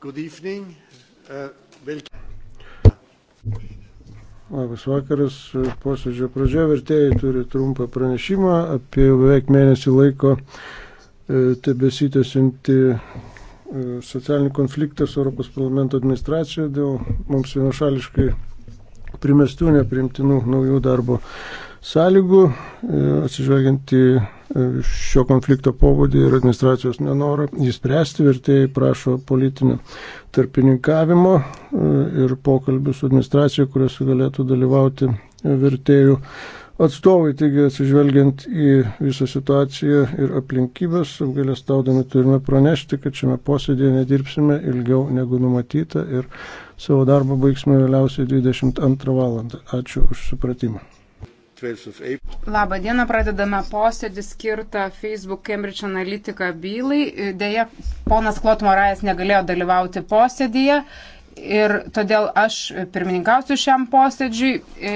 Good evening. Uh, Labas vakaras, posėdžio pradžia vertėjai turi trumpą pranešimą apie beveik mėnesį laiko e, tebesytėsinti e, socialinį konfliktą su Europos parlamento administracija dėl mums vienašališkai primestų nepriimtinų naujų darbo sąlygų, e, atsižvelgiant į šio konflikto pobūdį ir administracijos nenorą įspręsti. Vertėjai prašo politinio tarpininkavimo e, ir pokalbių su administracija, kuriuose galėtų dalyvauti vertėjų atstovai. Taigi, atsižvelgiant į visą situaciją ir aplinkybės, apgailestaudami turime pranešti, kad šiame posėdėje nedirbsime ilgiau negu numatyta ir savo darbą baigsime vėliausiai 22 val. Ačiū už supratimą. Labą dieną, pradedame posėdį skirtą Facebook Cambridge Analytica bylai. Deja, ponas Klot Morajas negalėjo dalyvauti posėdėje ir todėl aš pirmininkausiu šiam posėdžiui. E,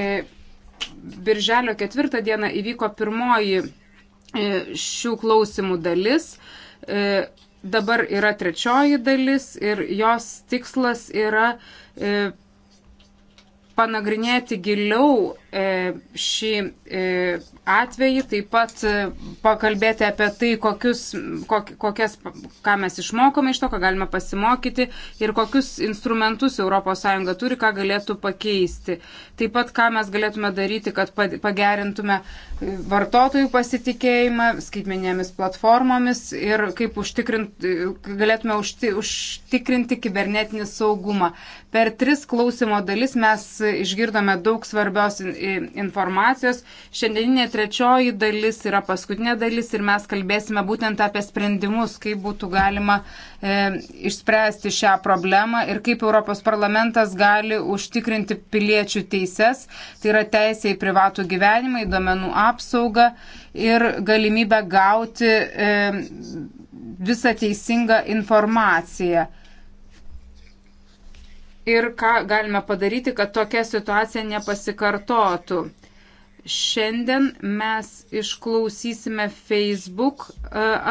Birželio ketvirtą dieną įvyko pirmoji e, šių klausimų dalis e, dabar yra trečioji dalis ir jos tikslas yra e, panagrinėti giliau E, šį e, atvejį, taip pat e, pakalbėti apie tai, kokius, kok, kokias, ką mes išmokome iš to, ką galime pasimokyti ir kokius instrumentus ES turi, ką galėtų pakeisti. Taip pat, ką mes galėtume daryti, kad pagerintume vartotojų pasitikėjimą skaitmenėmis platformomis ir kaip galėtume užti, užtikrinti kibernetinį saugumą. Per tris klausimo dalis mes išgirdome daug svarbios informacijos. Šiandieninė trečioji dalis yra paskutinė dalis ir mes kalbėsime būtent apie sprendimus, kaip būtų galima e, išspręsti šią problemą ir kaip Europos parlamentas gali užtikrinti piliečių teises, tai yra teisė į privatų gyvenimą, į duomenų apsaugą ir galimybę gauti e, visą teisingą informaciją ir ką galime padaryti, kad tokia situacija nepasikartotų. Šiandien mes išklausysime Facebook e,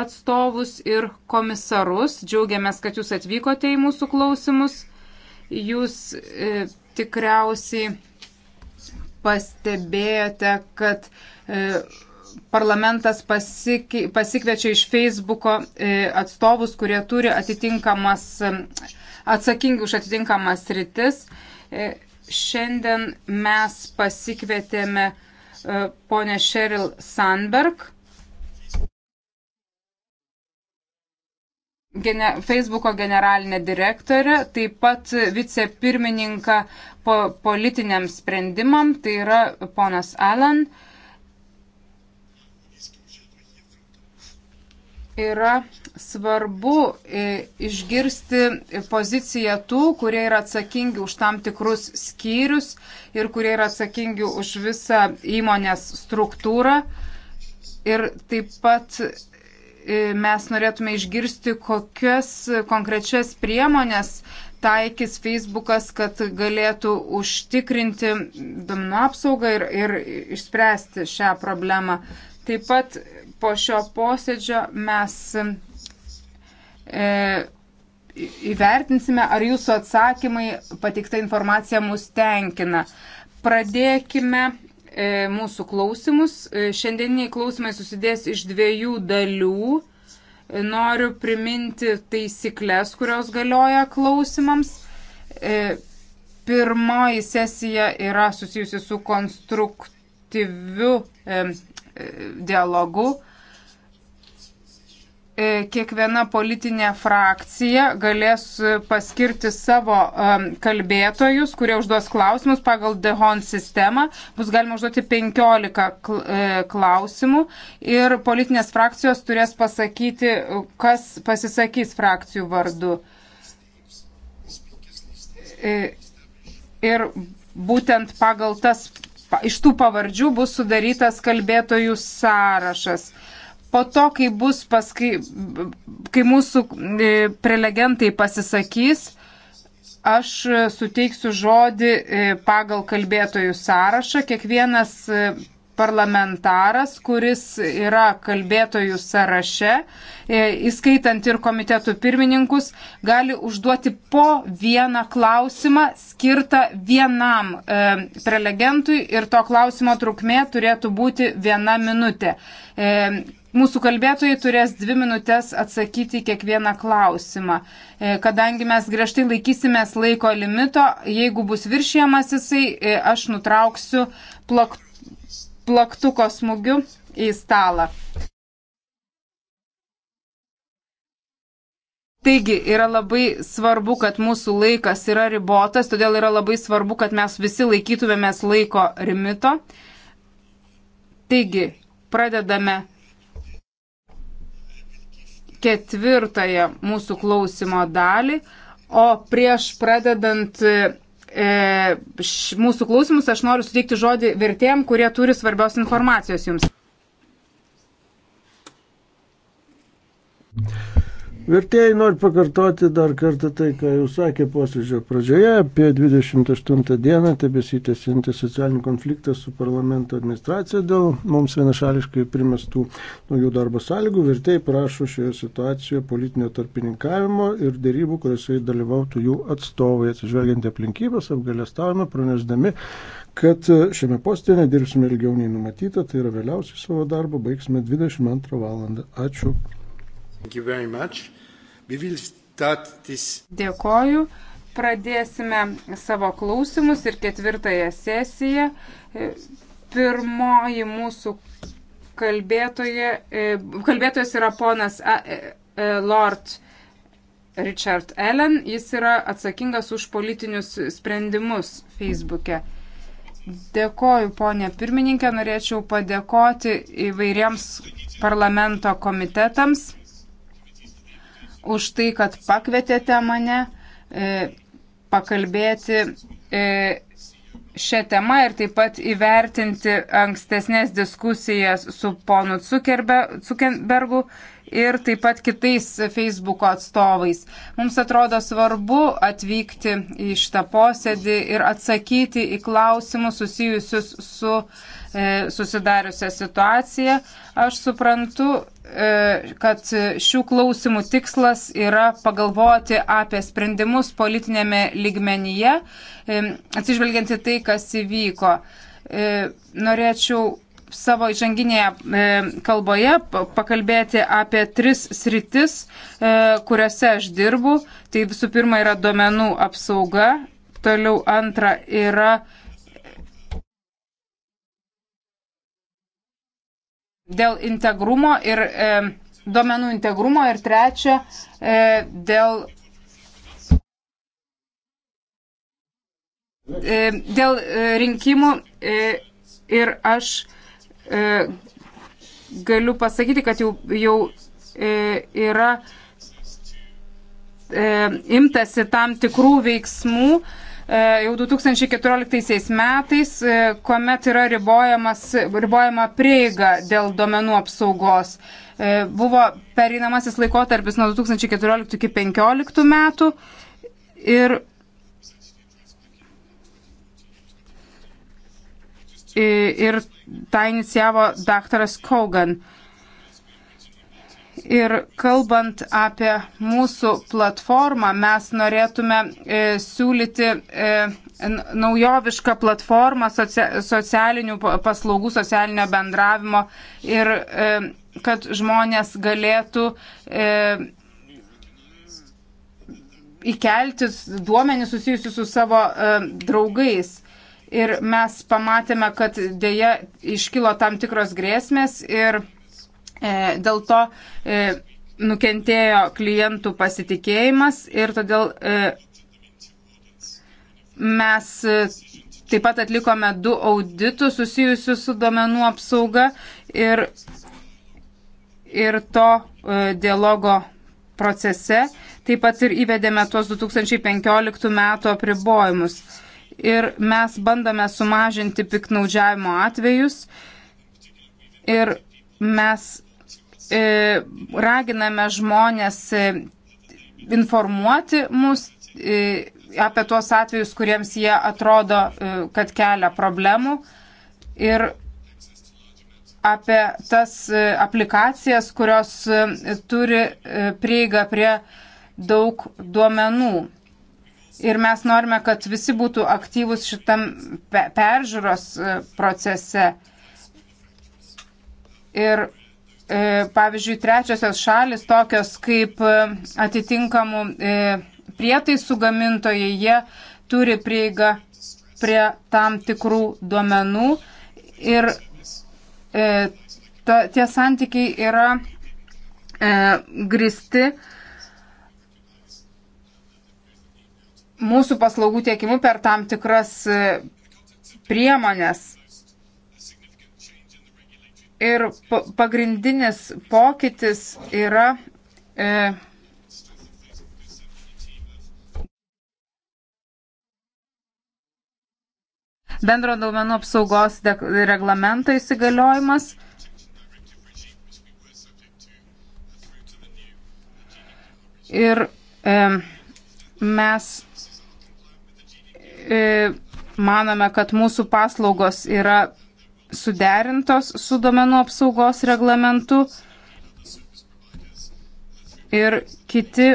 atstovus ir komisarus. Džiaugiamės, kad jūs atvykote į mūsų klausimus. Jūs e, tikriausiai pastebėjote, kad e, parlamentas pasikviečia iš Facebooko e, atstovus, kurie turi atitinkamas. E, atsakingi už atitinkamas rytis. E, šiandien mes pasikvietėme e, ponę Sheryl Sandberg. Gene, Facebooko generalinė direktorė, taip pat vicepirmininką po politiniam sprendimam, tai yra ponas Alan. Uh, yra svarbu e, išgirsti poziciją tų, kurie yra atsakingi už tam tikrus skyrius ir kurie yra atsakingi už visą įmonės struktūrą. Ir taip pat e, mes norėtume išgirsti, kokias konkrečias priemonės taikys Facebookas, kad galėtų užtikrinti duomenų apsaugą ir, ir išspręsti šią problemą. Taip pat po šio posėdžio mes e, įvertinsime, ar jūsų atsakymai patikta informacija mus tenkina. Pradėkime e, mūsų klausimus. E, šiandieniniai klausimai susidės iš dviejų dalių. E, noriu priminti taisyklės, kurios galioja klausimams. E, pirmoji sesija yra susijusi su konstruktyviu e, e dialogu E, kiekviena politinė frakcija galės paskirti savo e, kalbėtojus, kurie užduos klausimus pagal DEHON sistemą. Bus galima užduoti 15 e, klausimų ir politinės frakcijos turės pasakyti, kas pasisakys frakcijų vardu. Ir būtent pagal tas, iš tų pavardžių bus sudarytas kalbėtojų sąrašas po to, kai bus paskai, kai mūsų e, prelegentai pasisakys, aš suteiksiu žodį e, pagal kalbėtojų sąrašą. Kiekvienas e, parlamentaras, kuris yra kalbėtojų sąraše, įskaitant ir komitetų pirmininkus, gali užduoti po vieną klausimą skirtą vienam e, prelegentui ir to klausimo trukmė turėtų būti viena minutė. E, Mūsų kalbėtojai turės dvi minutės atsakyti kiekvieną klausimą. E, kadangi mes griežtai laikysimės laiko limito, jeigu bus viršijamas jisai, e, aš nutrauksiu plak, plaktuko smūgiu į stalą. Taigi yra labai svarbu, kad mūsų laikas yra ribotas, todėl yra labai svarbu, kad mes visi laikytumėmės laiko limito. Taigi, pradedame ketvirtąją mūsų klausimo dalį, o prieš pradedant e, š, mūsų klausimus aš noriu suteikti žodį vertėjim, kurie turi svarbios informacijos jums. Vertėjai nori pakartoti dar kartą tai, ką jau sakė posėdžio pradžioje apie 28 dieną tebesitęsinti socialinį konfliktą su parlamento administracija dėl mums vienašališkai primestų naujų darbo sąlygų. Vertėjai prašo šioje situacijoje politinio tarpininkavimo ir dėrybų, kuriuose dalyvautų jų atstovai. Atsižvelgiant aplinkybės, apgalėstavome pranešdami, kad šiame postėje nedirbsime ilgiau nei numatyta, tai yra vėliausiai savo darbą baigsime 22 valandą. Ačiū. Dėkoju. Pradėsime savo klausimus ir ketvirtąją sesiją. E, pirmoji mūsų kalbėtoja, e, kalbėtojas yra ponas e, Lord Richard Allen. Jis yra atsakingas už politinius sprendimus Facebook'e. Dėkoju, ponė pirmininkė, norėčiau padėkoti įvairiems parlamento komitetams už tai, kad pakvietėte mane e, pakalbėti e, šią temą ir taip pat įvertinti ankstesnės diskusijas su ponu Zuckerbergu ir taip pat kitais Facebook'o atstovais. Mums atrodo svarbu atvykti į šitą posėdį ir atsakyti į klausimus susijusius su e, susidariusią situaciją. Aš suprantu, E, kad šių klausimų tikslas yra pagalvoti apie sprendimus politinėme lygmenyje, e, atsižvelgiant į tai, kas įvyko. E, norėčiau savo įžanginėje kalboje pakalbėti apie tris sritis, kuriuose aš dirbu. Tai visų pirma yra duomenų apsauga, toliau antra yra dėl integrumo ir e, duomenų integrumo ir trečia e, dėl, e, dėl e, rinkimų e, ir aš e, galiu pasakyti, kad jau, jau e, yra e, imtasi tam tikrų veiksmų, e, E, jau 2014 metais, e, kuomet yra ribojama prieiga dėl domenų apsaugos. E, buvo pereinamasis laikotarpis nuo 2014 iki 2015 metų ir Ir tą inicijavo daktaras Kogan. Uh, Ir kalbant apie mūsų platformą, mes norėtume e, siūlyti e, naujovišką platformą socialinių paslaugų, socialinio bendravimo ir e, kad žmonės galėtų e, įkelti duomenį susijusiu su savo e, draugais. Ir mes pamatėme, kad dėja iškilo tam tikros grėsmės ir e, E, dėl to e, nukentėjo klientų pasitikėjimas ir todėl e, mes taip pat atlikome du auditus susijusius su duomenų apsauga ir, ir to dialogo procese. Taip pat ir įvedėme tuos 2015 metų apribojimus. Ir mes bandome sumažinti piknaudžiavimo atvejus. Ir mes E, raginame žmonės e, informuoti mus e, apie tuos atvejus, kuriems jie atrodo, kad kelia problemų ir apie tas aplikacijas, kurios turi prieigą prie daug duomenų. Ir mes norime, kad visi būtų aktyvus šitam peržiūros procese. Ir E, pavyzdžiui, trečiosios šalis, tokios kaip e, atitinkamų e, prietaisų gamintojai, jie turi prieigą prie tam tikrų duomenų ir ta, tie santykiai yra gristi mūsų paslaugų tiekimu per tam tikras priemonės. Ir pagrindinis pokytis yra. E, Bendro duomenų apsaugos reglamento įsigaliojimas. Ir e, mes e, manome, kad mūsų paslaugos yra suderintos su domenų apsaugos reglamentu ir kiti.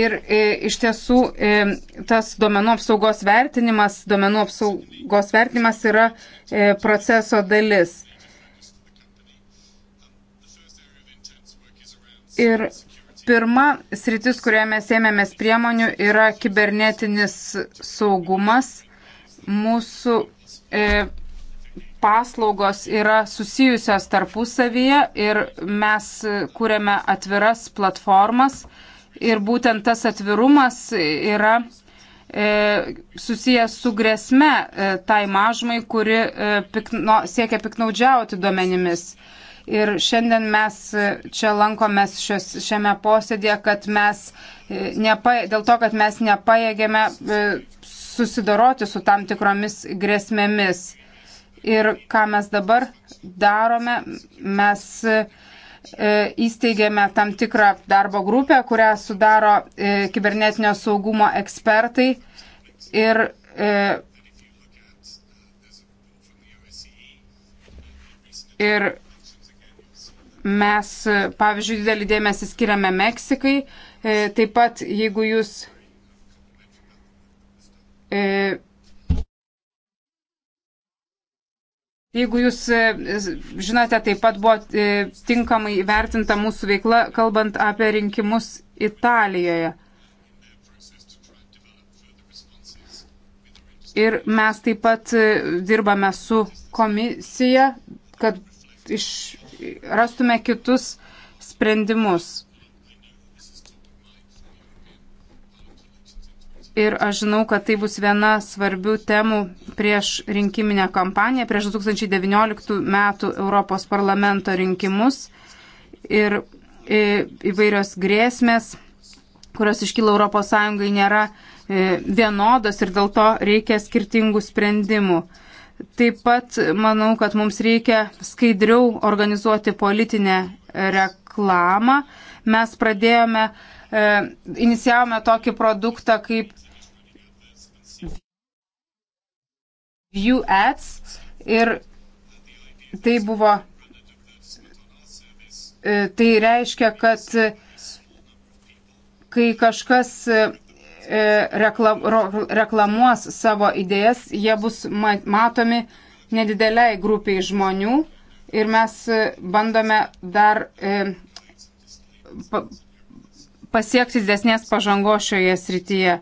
Ir e, iš tiesų e, tas duomenų apsaugos vertinimas, duomenų apsaugos vertinimas yra e, proceso dalis. Ir Pirma sritis, kurioje mes ėmėmės priemonių, yra kibernetinis saugumas. Mūsų e, paslaugos yra susijusios tarpusavyje ir mes kūrėme atviras platformas. Ir būtent tas atvirumas yra e, susijęs su grėsme e, tai mažmai, kuri e, pikno, siekia piknaudžiauti duomenimis. E, Ir šiandien mes e, čia lankomės šios, šiame posėdėje, kad mes e, nepa, dėl to, kad mes nepajėgėme e, susidoroti su tam tikromis grėsmėmis. Ir ką mes dabar darome, mes įsteigėme tam tikrą darbo grupę, kurią sudaro kibernetinio saugumo ekspertai. Ir Ir Mes, pavyzdžiui, didelį dėmesį skiriame Meksikai. E, taip pat, jeigu jūs. E, jeigu jūs e, žinote, taip pat buvo tinkamai vertinta mūsų veikla, kalbant apie rinkimus Italijoje. Ir mes taip pat dirbame su komisija, kad iš rastume kitus sprendimus. Ir aš žinau, kad tai bus viena svarbių temų prieš rinkiminę kampaniją, prieš 2019 metų Europos parlamento rinkimus ir e, įvairios grėsmės, kurios iškyla Europos Sąjungai, nėra e, vienodos ir dėl to reikia skirtingų sprendimų. Taip pat manau, kad mums reikia skaidriau organizuoti politinę reklamą. Mes pradėjome, e, inicijavome tokį produktą kaip View Ads ir tai buvo, e, tai reiškia, kad e, kai kažkas E, reklamuos savo idėjas, jie bus matomi nedideliai grupiai žmonių ir mes e, bandome dar e, pasiekti didesnės pažangos šioje srityje.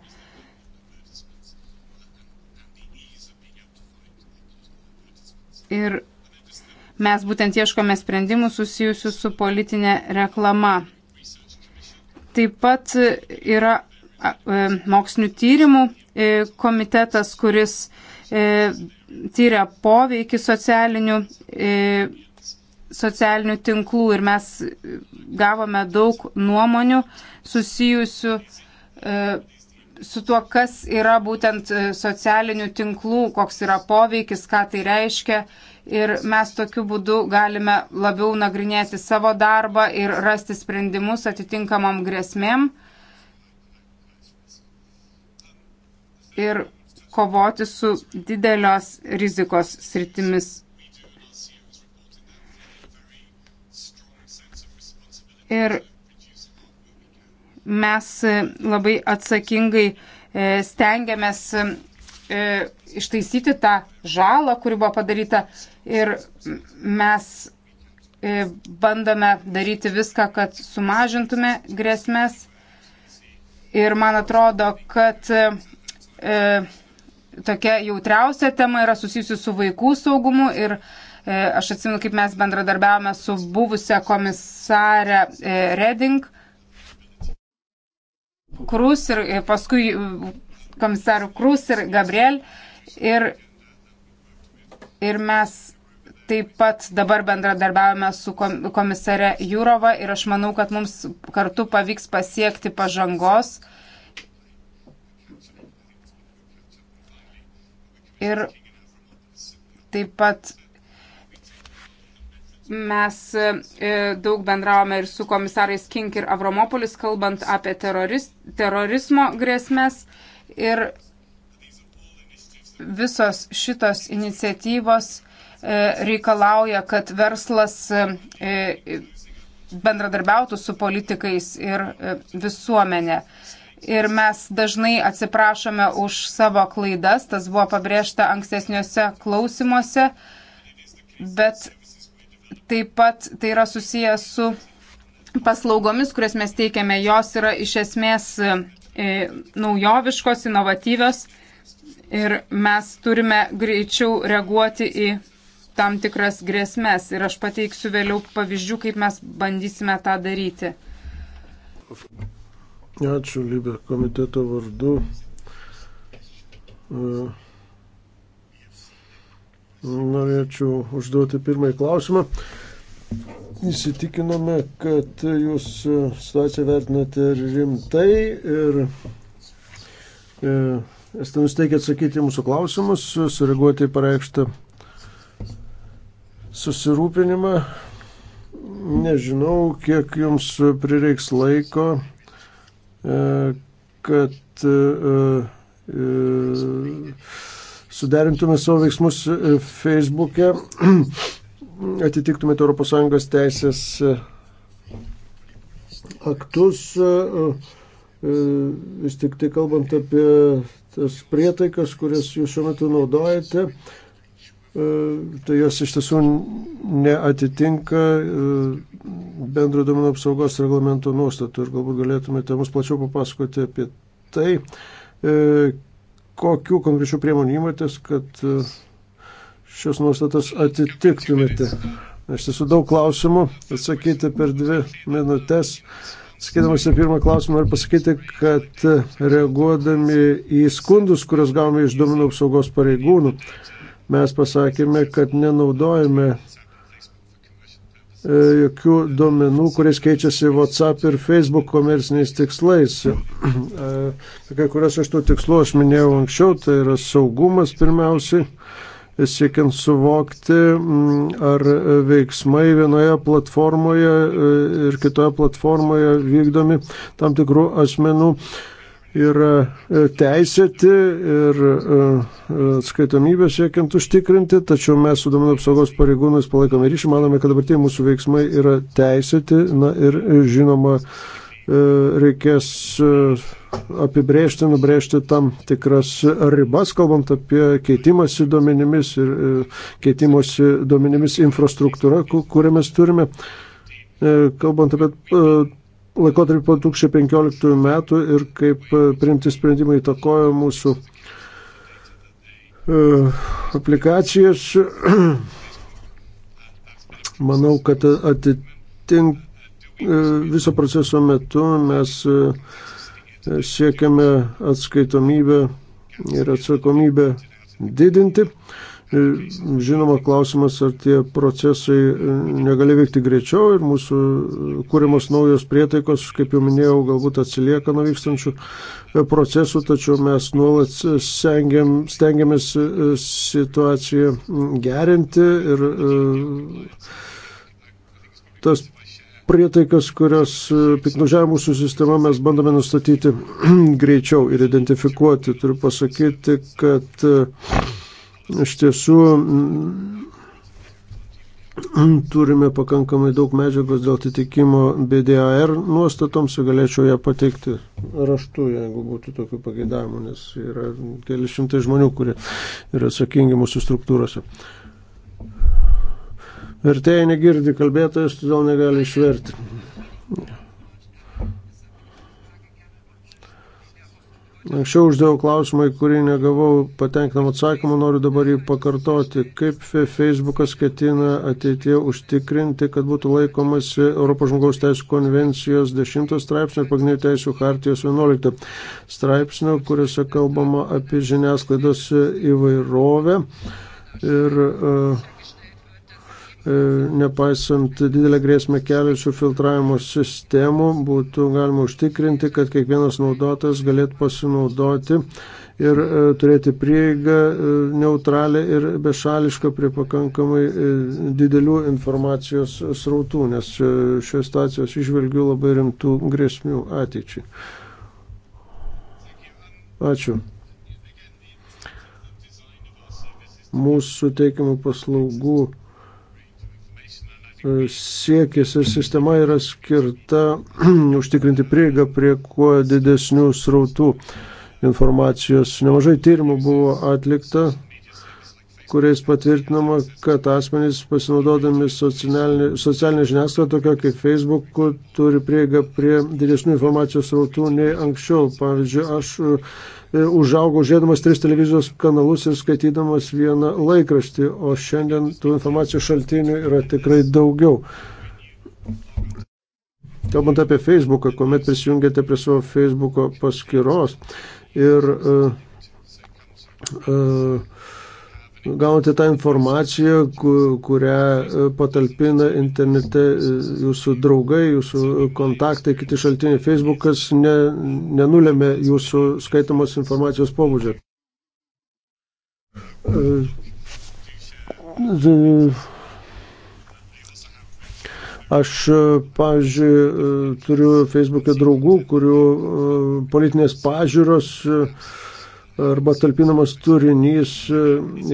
Ir mes būtent ieškome sprendimų susijusių su politinė reklama. Taip pat yra E, mokslinių tyrimų e, komitetas, kuris e, tyria poveikį socialinių, socialinių tinklų ir mes gavome daug nuomonių susijusių su tuo, kas yra būtent socialinių tinklų, koks yra poveikis, ką tai reiškia. Ir mes tokiu būdu galime labiau nagrinėti savo darbą ir rasti sprendimus atitinkamam grėsmėm. Uh, ir kovoti su didelios rizikos sritimis. Ir mes labai atsakingai e, stengiamės e, ištaisyti tą žalą, kuri buvo padaryta ir mes e, bandome daryti viską, kad sumažintume grėsmės. Ir man atrodo, kad e, tokia jautriausia tema yra susijusi su vaikų saugumu ir e, aš atsimenu, kaip mes bendradarbiavome su buvusią komisarę e, Reding Krus ir e, paskui e, komisarų Krus ir Gabriel. Ir, ir mes taip pat dabar bendradarbiavome su komisare Jūrova ir aš manau, kad mums kartu pavyks pasiekti pažangos. E, Ir taip pat mes e, daug bendravome ir su komisarais Kink ir Avromopolis, kalbant apie terorist, terorizmo grėsmės. Ir visos šitos iniciatyvos e, reikalauja, kad verslas e, bendradarbiautų su politikais ir visuomenė ir mes dažnai atsiprašome už savo klaidas, tas buvo pabrėžta ankstesniuose klausimuose, bet taip pat tai yra susijęs su paslaugomis, kurias mes teikiame, jos yra iš esmės e, naujoviškos, inovatyvios ir mes turime greičiau reaguoti į tam tikras grėsmės ir aš pateiksiu vėliau pavyzdžių, kaip mes bandysime tą daryti. Ačiū, Lybė komiteto vardu. E, norėčiau užduoti pirmąjį klausimą. Įsitikinome, kad jūs e, situaciją vertinate rimtai ir e, esate nusteikę atsakyti mūsų klausimus, sureaguoti į pareikštą susirūpinimą. Nežinau, kiek jums prireiks laiko E, kad e, e, suderintume savo veiksmus Facebook'e, atitiktumėte ES teisės aktus, vis tik tai kalbant apie tas prietaikas, kurias jūs šiuo metu naudojate, E, tai jos iš tiesų neatitinka e, bendro duomenų apsaugos reglamento nuostatų ir galbūt galėtumėte mus plačiau papasakoti apie tai, e, kokiu konkrečiu priemonių įmatės, kad šios nuostatas atitiktumėte. Aš tiesų daug klausimų, atsakyti per dvi minutės. Sakydamas į pirmą klausimą, noriu pasakyti, kad reaguodami į skundus, kuriuos gavome iš duomenų apsaugos pareigūnų, nu, mes pasakėme, kad nenaudojame e, jokių duomenų, kuriais keičiasi WhatsApp ir Facebook komerciniais tikslais. E, kai kurias iš tų tikslų aš minėjau anksčiau, tai yra saugumas pirmiausiai, siekiant suvokti, mm, ar veiksmai vienoje platformoje e, ir kitoje platformoje vykdomi tam tikrų asmenų yra e, teisėti ir e, e, atskaitomybę siekiant užtikrinti, tačiau mes su duomenų apsaugos pareigūnais palaikome ryšį, manome, kad dabartiniai mūsų veiksmai yra teisėti na, ir žinoma reikės apibrėžti, nubrėžti tam tikras ribas, kalbant apie keitimąsi duomenimis ir keitimosi duomenimis infrastruktūra, kurią mes turime. Kalbant apie laikotarpį po 2015 metų ir kaip e, priimti sprendimai įtakojo mūsų e, aplikacijas. Manau, kad atitink e, viso proceso metu mes siekiame atskaitomybę ir atsakomybę didinti. Žinoma, klausimas, ar tie procesai e, negali veikti greičiau ir mūsų e, kūrimos naujos prietaikos, kaip jau minėjau, galbūt atsilieka nuo vykstančių e, procesų, tačiau mes nuolat stengiam, stengiamės situaciją gerinti ir tas prietaikas, kurios piknužiavimų mūsų sistema mes bandome nustatyti greičiau ir identifikuoti. Turiu pasakyti, kad Iš tiesų mm, turime pakankamai daug medžiagos dėl atitikimo BDAR nuostatoms ir galėčiau ją pateikti raštu, jeigu būtų tokių pageidavimų, nes yra keli šimtai žmonių, kurie yra atsakingi mūsų struktūrose. Vertėjai negirdi kalbėtojas, todėl negali išverti. Anksčiau uždėjau klausimą, į kurį negavau patenkinamą atsakymą, noriu dabar jį pakartoti. Kaip Facebookas ketina ateitie užtikrinti, kad būtų laikomasi Europos žmogaus teisų konvencijos 10 straipsnio ir pagrindinių teisų hartijos 11 straipsnio, kuriuose kalbama apie žiniasklaidos įvairovę. Ir, uh, E, nepaisant didelę grėsmę keliančių filtravimo sistemų, būtų galima užtikrinti, kad kiekvienas naudotojas galėtų pasinaudoti ir e, turėti prieigą e, neutralią ir bešališką prie pakankamai didelių informacijos srautų, nes šios stacijos išvelgiu labai rimtų grėsmių ateičiai. Ačiū. Mūsų teikiamų paslaugų E, siekis ir sistema yra skirta užtikrinti prieigą prie kuo didesnių srautų informacijos. Nemažai tyrimų buvo atlikta, kuriais patvirtinama, kad asmenys pasinaudodami socialinė, socialinė žiniasklaida, tokia kaip Facebook, turi prieigą prie didesnių informacijos srautų nei anksčiau. Pavyzdžiui, aš E, užaugau žiūrėdamas tris televizijos kanalus ir skaitydamas vieną laikraštį, o šiandien tų informacijos šaltinių yra tikrai daugiau. Kalbant apie Facebooką, kuomet prisijungėte prie savo Facebooko paskyros ir uh, uh, gaunate tą informaciją, kurią e, patalpina internete e, jūsų draugai, jūsų kontaktai, kiti šaltiniai. Facebookas ne, nenulėmė jūsų skaitomos informacijos pobūdžio. E, aš, pavyzdžiui, turiu Facebook'e draugų, kurių politinės pažiūros uh, arba talpinamas turinys e,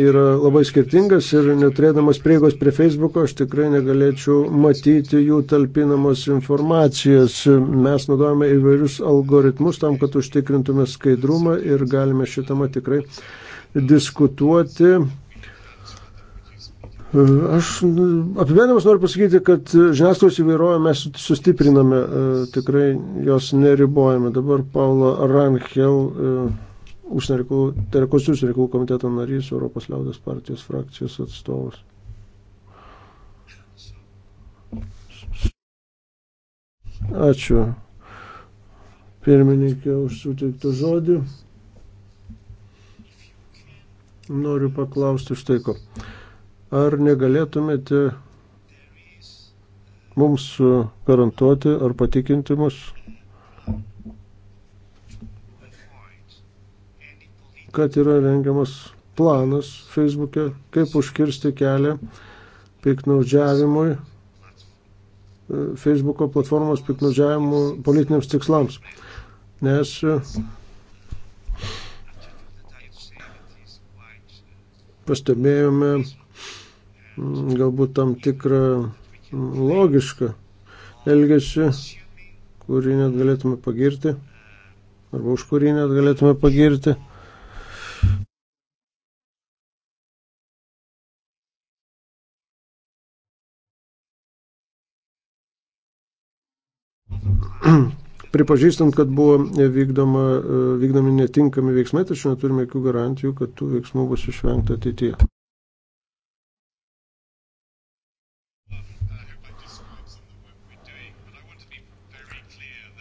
yra labai skirtingas ir neturėdamas prieigos prie Facebooko aš tikrai negalėčiau matyti jų talpinamos informacijos. Mes naudojame įvairius algoritmus tam, kad užtikrintume skaidrumą ir galime šitama tikrai diskutuoti. Aš apibendrinamas noriu pasakyti, kad žiniasklaidos įvairovę mes sustipriname, e, tikrai jos neribojame. Dabar Paulo Rankel e, užsienio reikalų, tai yra konstitucinio reikalų komiteto narys, Europos liaudės partijos frakcijos atstovas. Ačiū pirmininkė už suteiktą žodį. Noriu paklausti štai ko. Ar negalėtumėte mums garantuoti ar patikinti mus, kad yra rengiamas planas Facebook'e, kaip užkirsti kelią piknaudžiavimui, e, Facebook'o platformos piknaudžiavimu politiniams tikslams. Nes e, pastebėjome mm, galbūt tam tikrą mm, logišką elgesį, kurį net galėtume pagirti, arba už kurį net galėtume pagirti. pripažįstant, kad buvo vykdoma, e, vykdomi netinkami veiksmai, tačiau neturime jokių garantijų, kad tų veiksmų bus išvengta ateityje.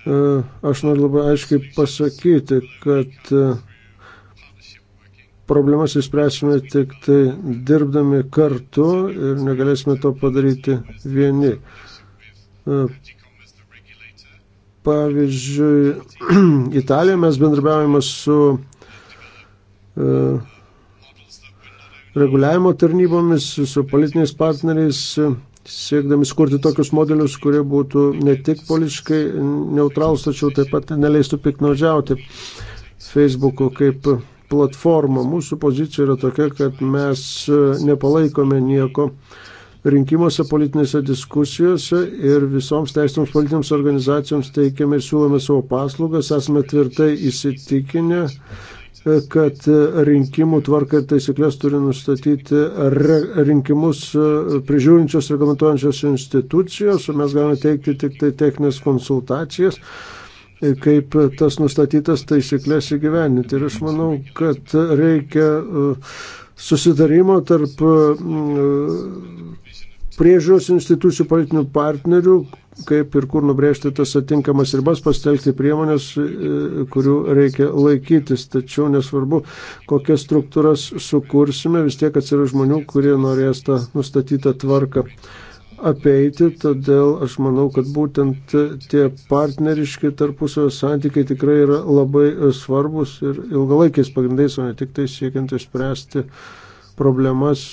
E, aš noriu labai aiškiai pasakyti, kad e, problemas įspręsime tik tai dirbdami kartu ir negalėsime to padaryti vieni Pavyzdžiui, Italijoje mes bendrabiavame su uh, reguliavimo tarnybomis, su politiniais partneriais, siekdami skurti tokius modelius, kurie būtų ne tik politiškai neutralus, tačiau taip pat neleistų piknaudžiauti Facebook'u kaip platformą. Mūsų pozicija yra tokia, kad mes nepalaikome nieko uh, rinkimuose, politinėse diskusijose ir visoms teisėms politinėms organizacijoms teikiame ir siūlome savo paslaugas. Esame tvirtai įsitikinę, e, kad e, rinkimų tvarką ir taisyklės turi nustatyti rinkimus e, prižiūrinčios reglamentuojančios institucijos, o mes galime teikti tik tai techninės konsultacijas kaip tas nustatytas taisyklės įgyveninti. Ir aš manau, kad reikia susidarimo tarp priežiūros institucijų politinių partnerių, kaip ir kur nubrėžti tas atinkamas ribas, pastelgti priemonės, e, kurių reikia laikytis. Tačiau nesvarbu, kokias struktūras sukursime, vis tiek atsiras žmonių, kurie norės tą nustatytą tvarką apeiti, todėl aš manau, kad būtent tie partneriški tarpusavio santykiai tikrai yra labai svarbus ir ilgalaikiais pagrindais, o ne tik tai siekiant išspręsti problemas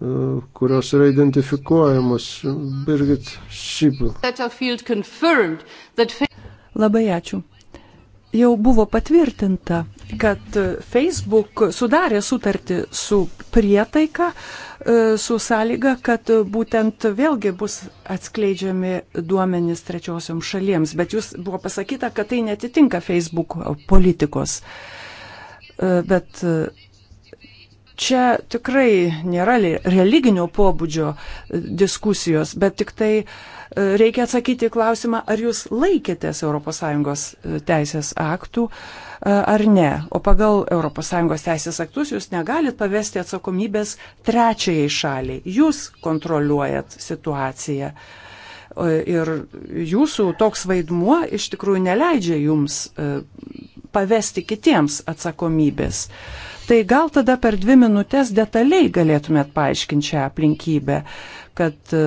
E, kurios yra identifikuojamos. Birgit Šipil. Labai ačiū. Jau buvo patvirtinta, kad Facebook sudarė sutartį su prietaika, e, su sąlyga, kad būtent vėlgi bus atskleidžiami duomenys trečiosiom šalims, bet jūs buvo pasakyta, kad tai netitinka Facebook politikos. E, bet Čia tikrai nėra religinio pobūdžio e, diskusijos, bet tik tai e, reikia atsakyti klausimą, ar jūs laikėtės ES e, teisės aktų ar ne. O pagal ES teisės aktus jūs negalit pavesti atsakomybės trečiajai šaliai. Jūs kontroliuojat situaciją ir jūsų toks vaidmuo iš tikrųjų neleidžia jums pavesti kitiems atsakomybės. Tai gal tada per dvi minutės detaliai galėtumėt paaiškinti šią aplinkybę, kad e,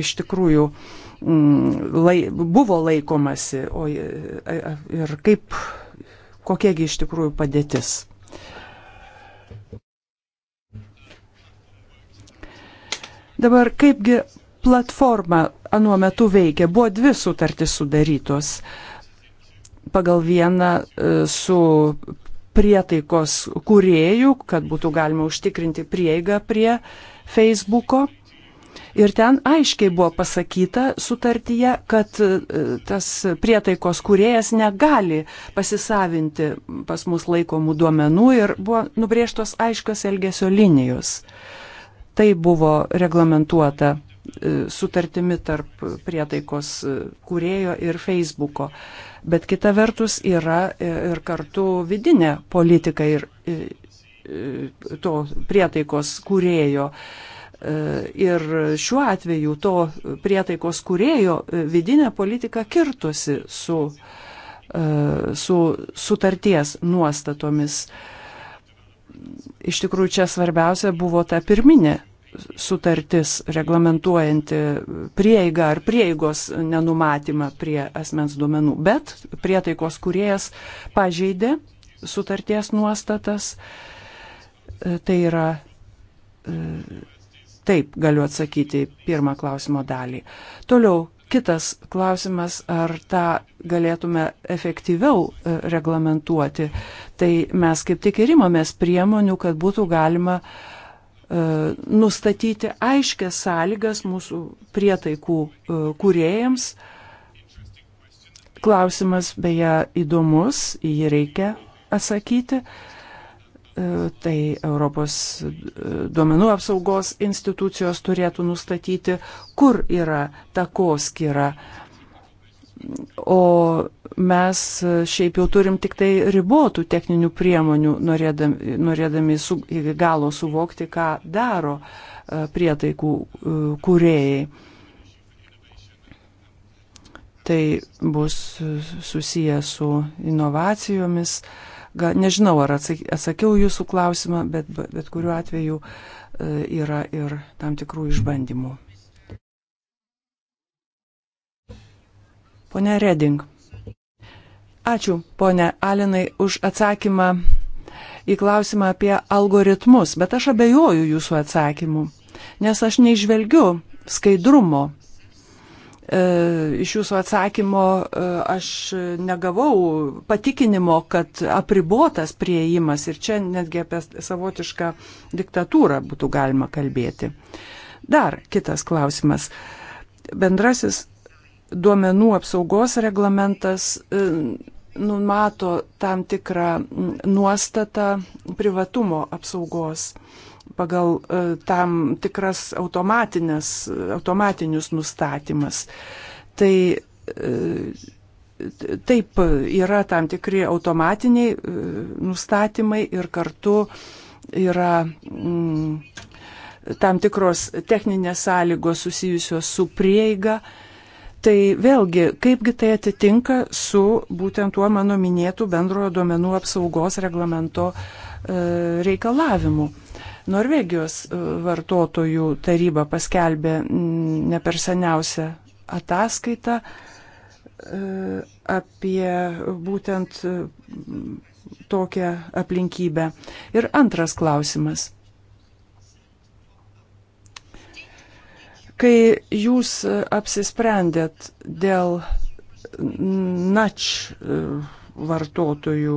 iš tikrųjų mm, lai, buvo laikomasi o, e, e, ir kaip, kokiegi iš tikrųjų padėtis. Dabar kaipgi platforma anuo metu veikė? Buvo dvi sutartys sudarytos. Pagal vieną su prietaikos kuriejų, kad būtų galima užtikrinti prieigą prie Facebooko. Ir ten aiškiai buvo pasakyta sutartyje, kad e, tas prietaikos kuriejas negali pasisavinti pas mus laikomų duomenų ir buvo nubrėžtos aiškios elgesio linijos. Tai buvo reglamentuota e, sutartimi tarp prietaikos e, kurėjo ir Facebooko bet kita vertus yra ir kartu vidinė politika ir to prietaikos kūrėjo. E, ir šiuo atveju to prietaikos kūrėjo e, vidinė politika kirtusi su, e, su sutarties nuostatomis. Iš tikrųjų, čia svarbiausia buvo ta pirminė sutartis reglamentuojanti prieigą ar prieigos nenumatymą prie asmens duomenų, bet prietaikos kuriejas pažeidė sutarties nuostatas. E, tai yra, e, taip galiu atsakyti pirmą klausimo dalį. Toliau, kitas klausimas, ar tą galėtume efektyviau e, reglamentuoti. Tai mes kaip tik ir imamės priemonių, kad būtų galima uh, E, nustatyti aiškias sąlygas mūsų prietaikų e, kūrėjams. Klausimas beje įdomus, jį reikia atsakyti. E, tai Europos duomenų apsaugos institucijos turėtų nustatyti, kur yra takoskira skira O mes šiaip jau turim tik tai ribotų techninių priemonių, norėdami, norėdami su, iki galo suvokti, ką daro e, prietaikų e, kūrėjai. Tai bus susiję su inovacijomis. Gal, nežinau, ar atsakiau jūsų klausimą, bet, bet kuriuo atveju e, yra ir tam tikrų išbandymų. Pone Reding. Ačiū, pone Alinai, už atsakymą į klausimą apie algoritmus, bet aš abejoju jūsų atsakymu, nes aš neižvelgiu skaidrumo. E, iš jūsų atsakymo e, aš negavau patikinimo, kad apribotas prieimas ir čia netgi apie savotišką diktatūrą būtų galima kalbėti. Dar kitas klausimas. Bendrasis duomenų apsaugos reglamentas e, numato tam tikrą nuostatą privatumo apsaugos pagal e, tam tikras automatinės, automatinius nustatymas. Tai e, taip yra tam tikri automatiniai nustatymai ir kartu yra tam tikros techninės sąlygos susijusios su prieiga, Tai vėlgi, kaipgi tai atitinka su būtent tuo mano minėtų bendrojo duomenų apsaugos reglamento e, reikalavimu. Norvegijos e, vartotojų taryba paskelbė mm, ne per seniausią ataskaitą e, apie būtent tokią aplinkybę. Ir antras klausimas Kai jūs apsisprendėt dėl nač e, vartotojų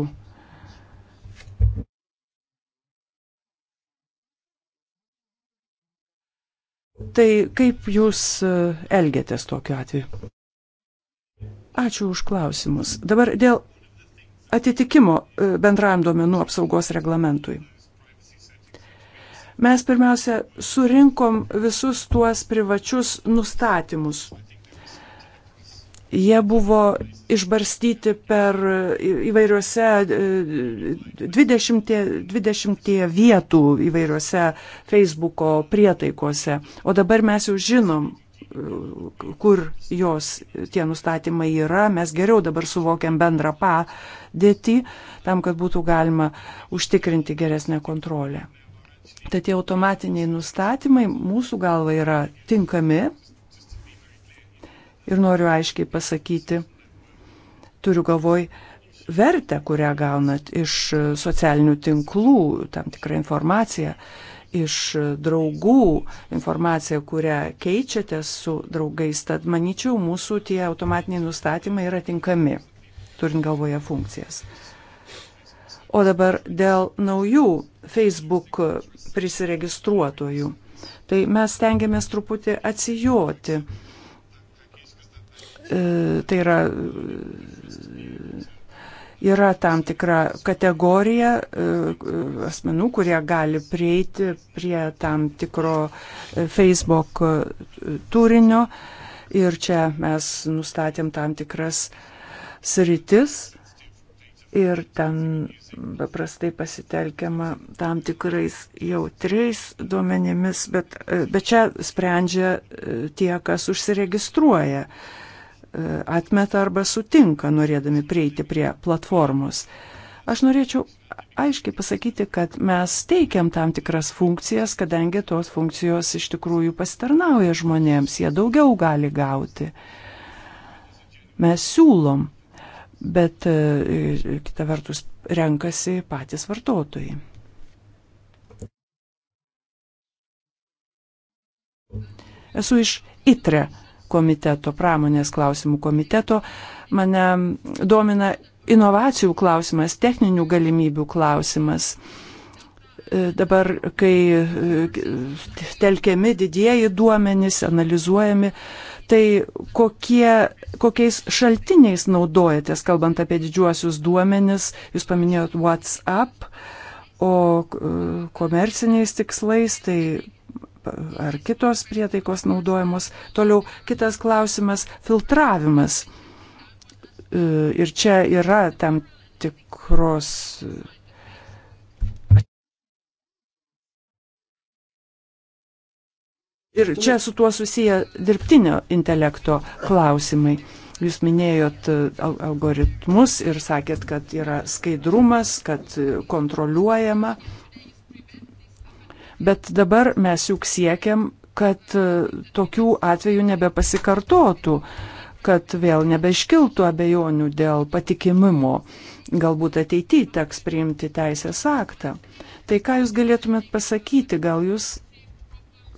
Tai kaip jūs e, elgiatės tokiu atveju? Ačiū už klausimus. Dabar dėl atitikimo e, bendram duomenų apsaugos reglamentui. Mes pirmiausia surinkom visus tuos privačius nustatymus. Jie buvo išbarstyti per įvairiuose 20, e, 20 vietų įvairiuose Facebooko prietaikose. O dabar mes jau žinom, e, kur jos e, tie nustatymai yra, mes geriau dabar suvokiam bendrą padėtį tam, kad būtų galima užtikrinti geresnę kontrolę. Tai tie automatiniai nustatymai mūsų galva yra tinkami. Ir noriu aiškiai pasakyti, turiu galvoj vertę, kurią gaunat iš socialinių tinklų, tam tikrą informaciją, iš draugų informaciją, kurią keičiatės su draugais. Tad manyčiau, mūsų tie automatiniai nustatymai yra tinkami, turint galvoje funkcijas. O dabar dėl naujų Facebook prisiregistruotojų. Tai mes tengiamės truputį atsijoti. E, tai yra, e, yra tam tikra kategorija e, asmenų, kurie gali prieiti prie tam tikro Facebook turinio. Ir čia mes nustatėm tam tikras sritis, ir ten paprastai pasitelkiama tam tikrais jautriais duomenimis, bet, bet čia sprendžia e, tie, kas užsiregistruoja, e, atmeta arba sutinka, norėdami prieiti prie platformos. Aš norėčiau aiškiai pasakyti, kad mes teikiam tam tikras funkcijas, kadangi tos funkcijos iš tikrųjų pasitarnauja žmonėms, jie daugiau gali gauti. Mes siūlom bet e, e, kita vertus renkasi patys vartotojai. Esu iš ITRE komiteto, pramonės klausimų komiteto. Mane domina inovacijų klausimas, techninių galimybių klausimas. E, dabar, kai telkiami didieji duomenys, analizuojami, Tai kokie, kokiais šaltiniais naudojatės, kalbant apie didžiuosius duomenis, jūs paminėjot WhatsApp, o komerciniais tikslais, tai ar kitos prietaikos naudojamos. Toliau kitas klausimas - filtravimas. E, ir čia yra tam tikros Ir čia su tuo susiję dirbtinio intelekto klausimai. Jūs minėjot e, algoritmus ir sakėt, kad yra skaidrumas, kad e, kontroliuojama. Bet dabar mes juk siekiam, kad e, tokių atvejų nebepasikartotų, kad vėl nebeiškiltų abejonių dėl patikimimo. Galbūt ateityje teks priimti teisės aktą. Tai ką jūs galėtumėt pasakyti, gal jūs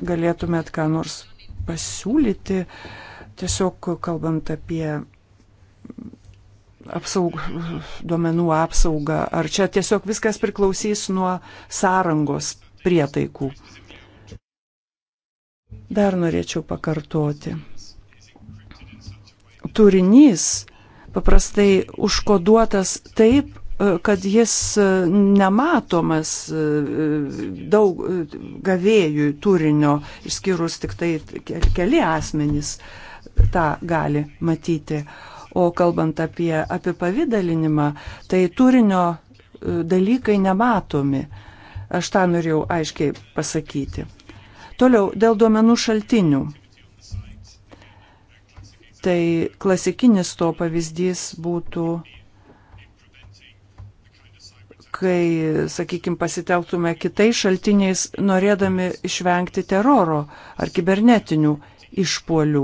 galėtumėt ką nors pasiūlyti, tiesiog kalbant apie apsaug, duomenų apsaugą, ar čia tiesiog viskas priklausys nuo sąrangos prietaikų. Dar norėčiau pakartoti. Turinys paprastai užkoduotas taip, kad jis e, nematomas e, e, daug gavėjų turinio, išskyrus tik tai keli asmenys tą gali matyti. O kalbant apie apipavydalinimą, tai turinio dalykai nematomi. Aš tą norėjau aiškiai pasakyti. Toliau, dėl duomenų šaltinių. Tai klasikinis to pavyzdys būtų kai, sakykime, pasitelktume kitais šaltiniais, norėdami išvengti teroro ar kibernetinių išpolių.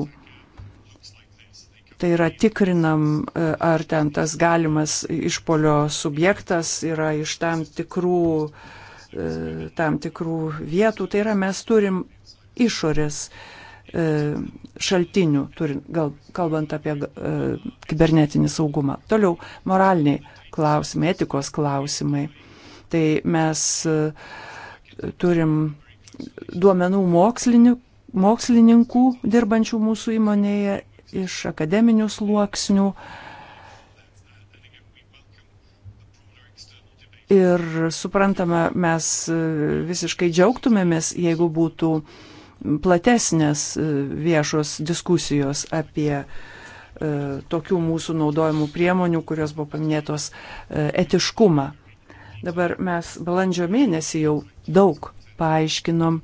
Tai yra tikrinam, e, ar ten tas galimas išpolio subjektas yra iš tam tikrų, e, tam tikrų vietų. Tai yra mes turim išorės e, šaltinių, turim, gal, kalbant apie kibernetinį saugumą. Toliau, moraliniai klausimai, etikos klausimai. Tai mes e, turim duomenų mokslininkų dirbančių mūsų įmonėje iš akademinių sluoksnių. Ir suprantama, mes e, visiškai džiaugtumėmės, jeigu būtų platesnės e, viešos diskusijos apie uh, E, tokių mūsų naudojimų priemonių, kurios buvo paminėtos, e, etiškumą. Dabar mes balandžio mėnesį jau daug paaiškinom,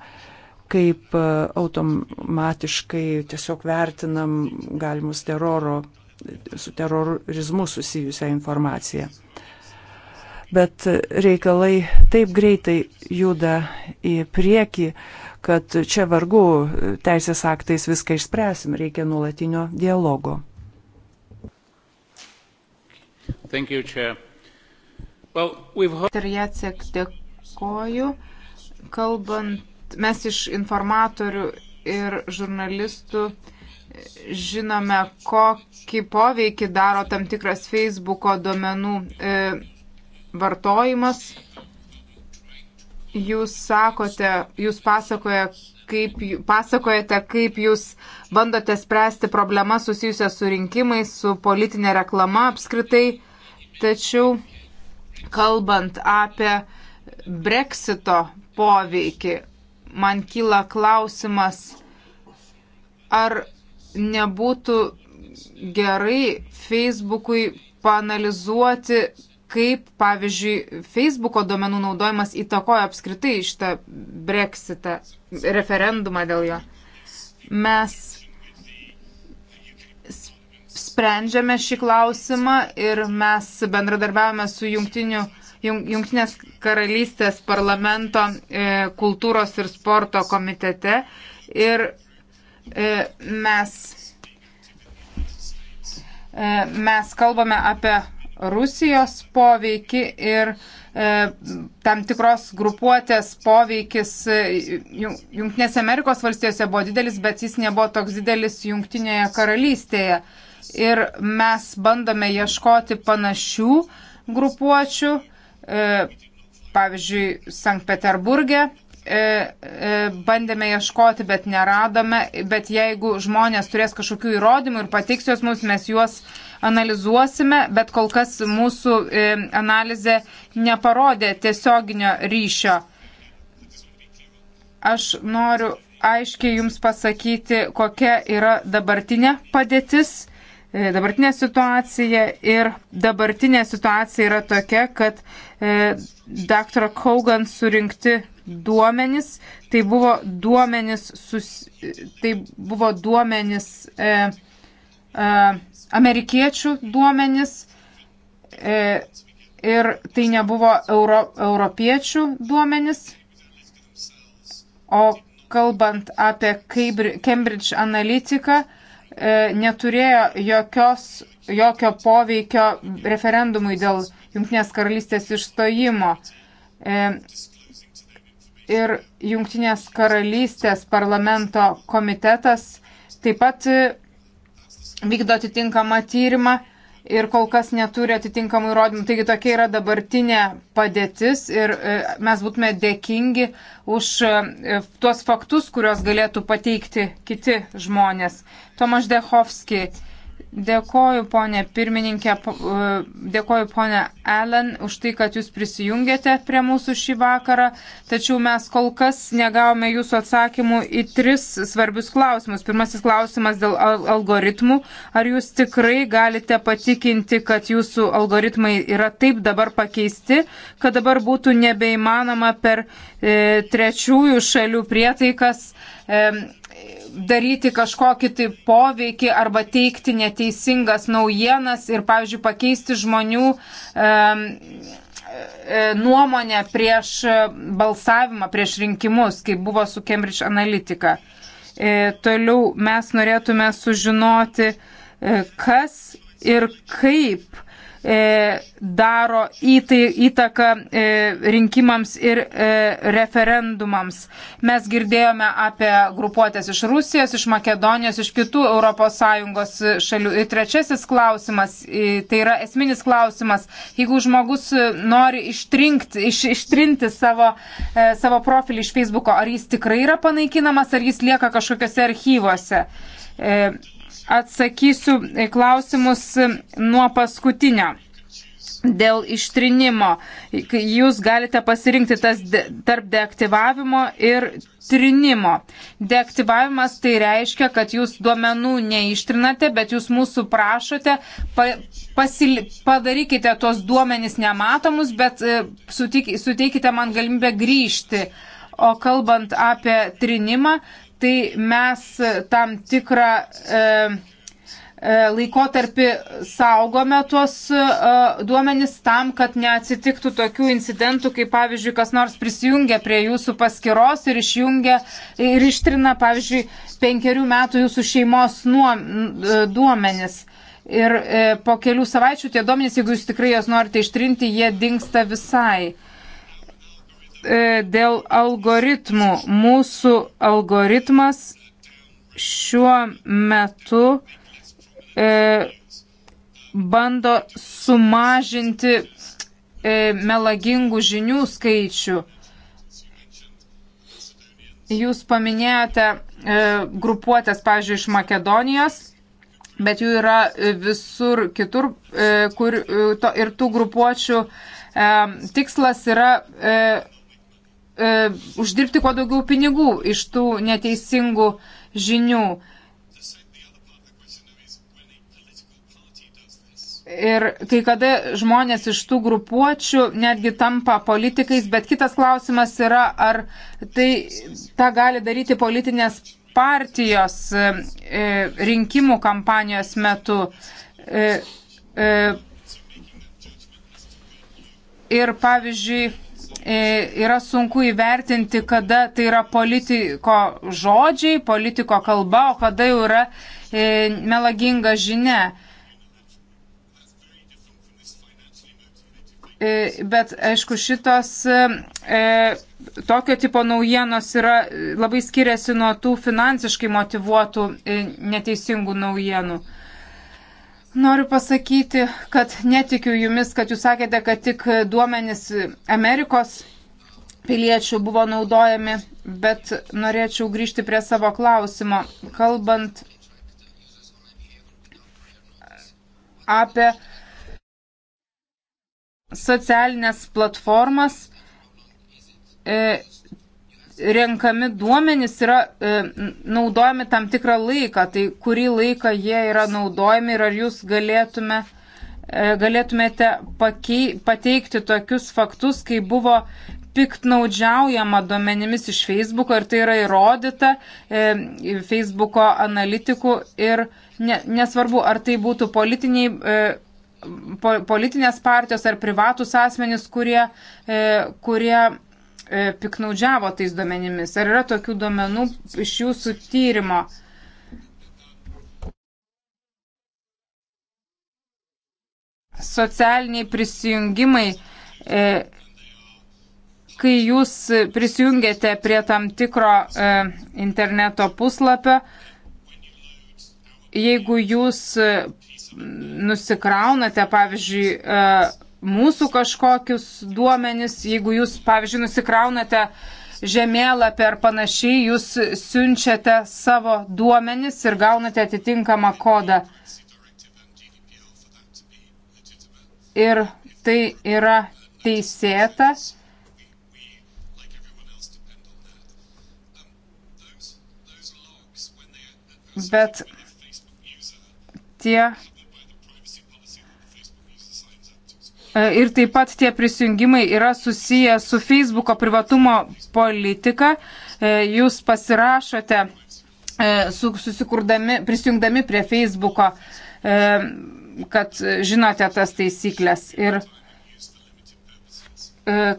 kaip e, automatiškai tiesiog vertinam galimus teroro, su terorizmu susijusią informaciją. Bet reikalai taip greitai juda į priekį, kad čia vargu teisės aktais viską išspręsim, reikia nuolatinio dialogo. Thank you, Chair. Well, we've... Ir Jacek, dėkoju. Kalbant, mes iš informatorių ir žurnalistų e, žinome, kokį poveikį daro tam tikras Facebooko duomenų e, vartojimas. Jūs sakote, jūs pasakoja, kaip, pasakojate, kaip jūs bandote spręsti problemas susijusias su rinkimais, su politinė reklama apskritai. Tačiau kalbant apie breksito poveikį, man kyla klausimas, ar nebūtų gerai Facebookui panalizuoti, kaip, pavyzdžiui, Facebooko duomenų naudojimas įtakoja apskritai šitą breksitą, referendumą dėl jo. Mes sprendžiame šį klausimą ir mes bendradarbiavame su jungtiniu, Jungtinės karalystės parlamento e, kultūros ir sporto komitete. Ir e, mes, e, mes kalbame apie Rusijos poveikį ir e, tam tikros grupuotės poveikis e, Junktinėse Amerikos valstijose buvo didelis, bet jis nebuvo toks didelis Junktinėje karalystėje. E, ir mes bandome ieškoti panašių grupuočių. E, pavyzdžiui, Sankt Peterburgė e, e, bandėme ieškoti, bet neradome. Bet jeigu žmonės turės kažkokių įrodymų ir patiks juos mums, mes juos analizuosime, bet kol kas mūsų analizė neparodė tiesioginio ryšio. Aš noriu aiškiai Jums pasakyti, kokia yra dabartinė padėtis E, dabartinę situaciją ir dabartinė situacija yra tokia, kad e, dr. Kaugan surinkti duomenys, tai buvo duomenys, sus, tai buvo duomenys e, e, amerikiečių duomenys e, ir tai nebuvo euro, europiečių duomenys. O kalbant apie Cambridge analitiką, e, E, neturėjo jokios, jokio poveikio referendumui dėl Junktinės karalystės išstojimo. E, ir Junktinės karalystės parlamento komitetas taip pat vykdo atitinkamą tyrimą ir kol kas neturi atitinkamų įrodymų. Taigi tokia yra dabartinė padėtis ir e, mes būtume dėkingi už e, tuos faktus, kuriuos galėtų pateikti kiti žmonės. Tomaš Dehovski Dėkoju, ponė pirmininkė, e, dėkoju, ponė Allen, už tai, kad jūs prisijungėte prie mūsų šį vakarą, tačiau mes kol kas negavome jūsų atsakymų į tris svarbius klausimus. Pirmasis klausimas dėl algoritmų. Ar jūs tikrai galite patikinti, kad jūsų algoritmai yra taip dabar pakeisti, kad dabar būtų nebeįmanoma per e, trečiųjų šalių prietaikas e, daryti kažkokį tai poveikį arba teikti neteisingas naujienas ir, pavyzdžiui, pakeisti žmonių e, nuomonę prieš balsavimą, prieš rinkimus, kaip buvo su Cambridge Analytica. E, toliau mes norėtume sužinoti, e, kas ir kaip E, daro įtaką e, rinkimams ir e, referendumams. Mes girdėjome apie grupuotės iš Rusijos, iš Makedonijos, iš kitų ES šalių. Ir trečiasis klausimas, tai yra esminis klausimas, jeigu žmogus nori ištrinkti, iš, ištrinti savo, savo profilį iš Facebook'o, ar jis tikrai yra panaikinamas, ar jis lieka kažkokiuose archyvuose. E, atsakysiu klausimus nuo paskutinio dėl ištrinimo. Jūs galite pasirinkti tas de, tarp deaktyvavimo ir trinimo. Deaktyvavimas tai reiškia, kad jūs duomenų neištrinate, bet jūs mūsų prašote, pa, pasil, padarykite tos duomenys nematomus, bet e, suteik, suteikite man galimybę grįžti. O kalbant apie trinimą, tai mes tam tikrą e, e laikotarpį saugome tuos e, duomenis tam, kad neatsitiktų tokių incidentų, kaip pavyzdžiui, kas nors prisijungia prie jūsų paskiros ir išjungia ir ištrina, pavyzdžiui, penkerių metų jūsų šeimos e, duomenis. Ir po kelių savaičių tie duomenys, jeigu jūs tikrai juos norite ištrinti, jie dinksta visai. E, dėl algoritmų. Mūsų algoritmas šiuo metu e, bando sumažinti e, melagingų žinių skaičių. Jūs paminėjote e, grupuotės, pavyzdžiui, iš Makedonijos, bet jų yra e, visur kitur, e, kur e, to, ir tų grupuočių e, tikslas yra. E, e, uždirbti kuo daugiau pinigų iš tų neteisingų žinių. Ir kai kada žmonės iš tų grupuočių netgi tampa politikais, bet kitas klausimas yra, ar tai tą gali daryti politinės partijos e, e rinkimų kampanijos metu. E, e, ir pavyzdžiui, E, yra sunku įvertinti, kada tai yra politiko žodžiai, politiko kalba, o kada jau yra e, melaginga žinia. E, bet, aišku, šitos tokio tipo naujienos yra labai skiriasi nuo tų finansiškai motivuotų neteisingų naujienų. Noriu pasakyti, kad netikiu jumis, kad jūs sakėte, kad tik duomenys Amerikos piliečių buvo naudojami, bet norėčiau grįžti prie savo klausimo, kalbant apie socialinės platformas. E, renkami duomenys yra e, naudojami tam tikrą laiką, tai kurį laiką jie yra naudojami ir ar jūs galėtume, e, galėtumėte pakei, pateikti tokius faktus, kai buvo piktnaudžiaujama duomenimis iš Facebooko ir tai yra įrodyta e, Facebooko analitikų ir ne, nesvarbu, ar tai būtų politiniai. E, po, politinės partijos ar privatus asmenys, kurie, e, kurie E, piknaudžiavo tais duomenimis? Ar yra tokių duomenų iš jūsų tyrimo? Socialiniai prisijungimai, e, kai jūs prisijungiate prie tam tikro e, interneto puslapio, jeigu jūs nusikraunate, pavyzdžiui, mūsų kažkokius duomenis, jeigu jūs, pavyzdžiui, nusikraunate žemėlapį ar panašiai, jūs siunčiate savo duomenis ir gaunate atitinkamą kodą. Ir tai yra teisėta. Bet tie E, ir taip pat tie prisijungimai yra susiję su Facebooko privatumo politika. E, jūs pasirašote, e, susikurdami, prisijungdami prie Facebooko, kad žinote tas taisyklės. Ir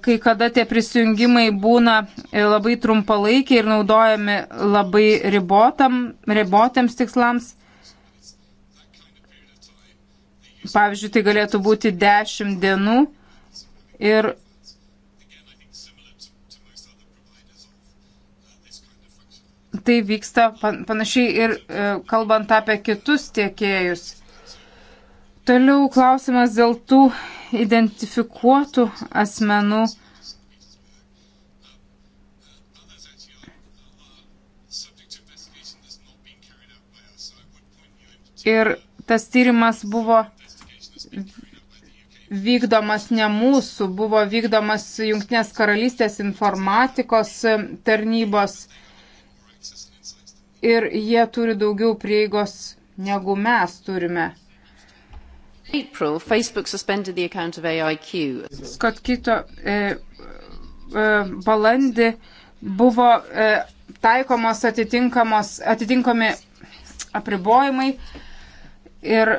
kai kada tie prisijungimai būna labai trumpalaikiai ir naudojami labai ribotam, ribotams tikslams. Pavyzdžiui, tai galėtų būti 10 dienų ir tai vyksta panašiai ir e, kalbant apie kitus tiekėjus. Toliau klausimas dėl tų identifikuotų asmenų. Ir tas tyrimas buvo vykdomas ne mūsų, buvo vykdomas Junktinės karalystės informatikos tarnybos ir jie turi daugiau prieigos negu mes turime. April, Facebook suspended the account of AIQ. Scott Kito e, e, balandį buvo e, taikomos atitinkamos, atitinkami apribojimai ir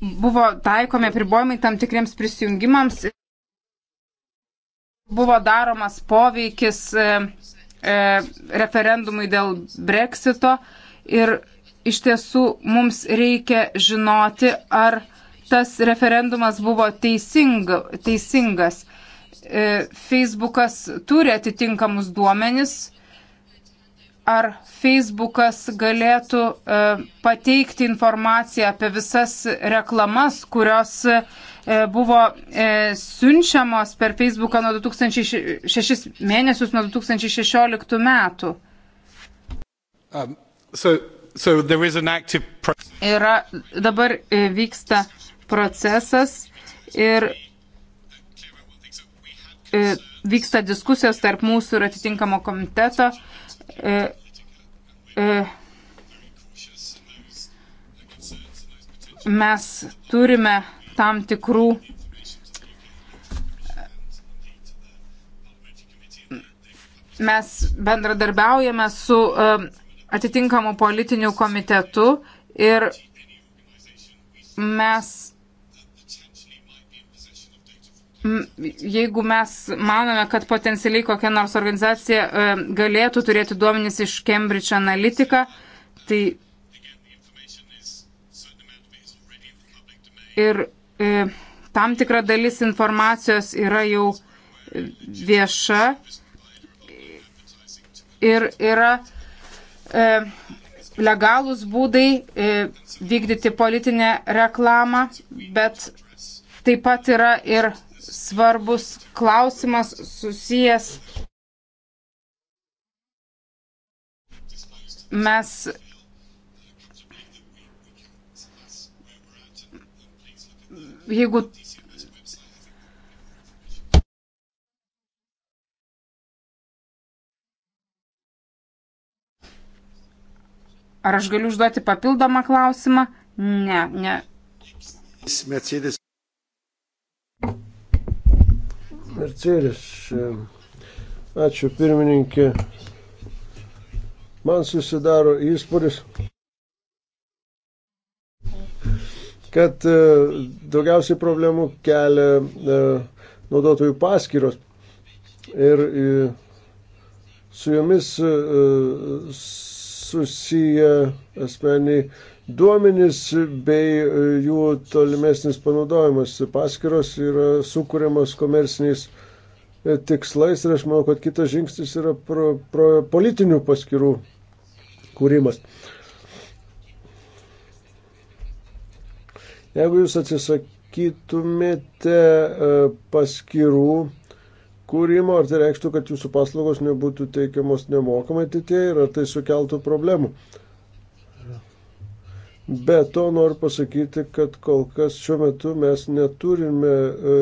buvo taikomi pribojimai tam tikriems prisijungimams, buvo daromas poveikis e, e, referendumui dėl breksito ir iš tiesų mums reikia žinoti, ar tas referendumas buvo teisinga, teisingas. E, Facebookas turi atitinkamus duomenis, ar Facebookas galėtų e, pateikti informaciją apie visas reklamas, kurios e, buvo e, siunčiamos per Facebooką nuo 2006 mėnesius, nuo 2016 metų. Um, so, so active... Yra dabar vyksta procesas ir vyksta diskusijos tarp mūsų ir atitinkamo komiteto E, e, mes turime tam tikrų mes bendradarbiaujame su e, atitinkamu politiniu komitetu ir mes jeigu mes manome, kad potencialiai kokia nors organizacija e, galėtų turėti duomenys iš Cambridge Analytica, tai ir e, tam tikra dalis informacijos yra jau vieša ir yra e, legalūs būdai vykdyti politinę reklamą, bet taip pat yra ir svarbus klausimas susijęs. Mes jeigu Ar aš galiu užduoti papildomą klausimą? Ne, ne. Mercedes. Mercedes. E, ačiū pirmininkė. Man susidaro įspūdis, kad e, daugiausiai problemų kelia e, naudotojų paskyros ir su jomis susiję asmeniai duomenys bei e, jų tolimesnis panaudojimas. Paskiros yra sukūriamas komerciniais e, tikslais ir aš manau, kad kitas žingsnis yra pro, pro politinių paskirų kūrimas. Jeigu jūs atsisakytumėte e, paskirų kūrimo, ar tai reikštų, kad jūsų paslaugos nebūtų teikiamos nemokamai ateitie ir ar tai sukeltų problemų? Uh, Be to noriu pasakyti, kad kol kas šiuo metu mes neturime e,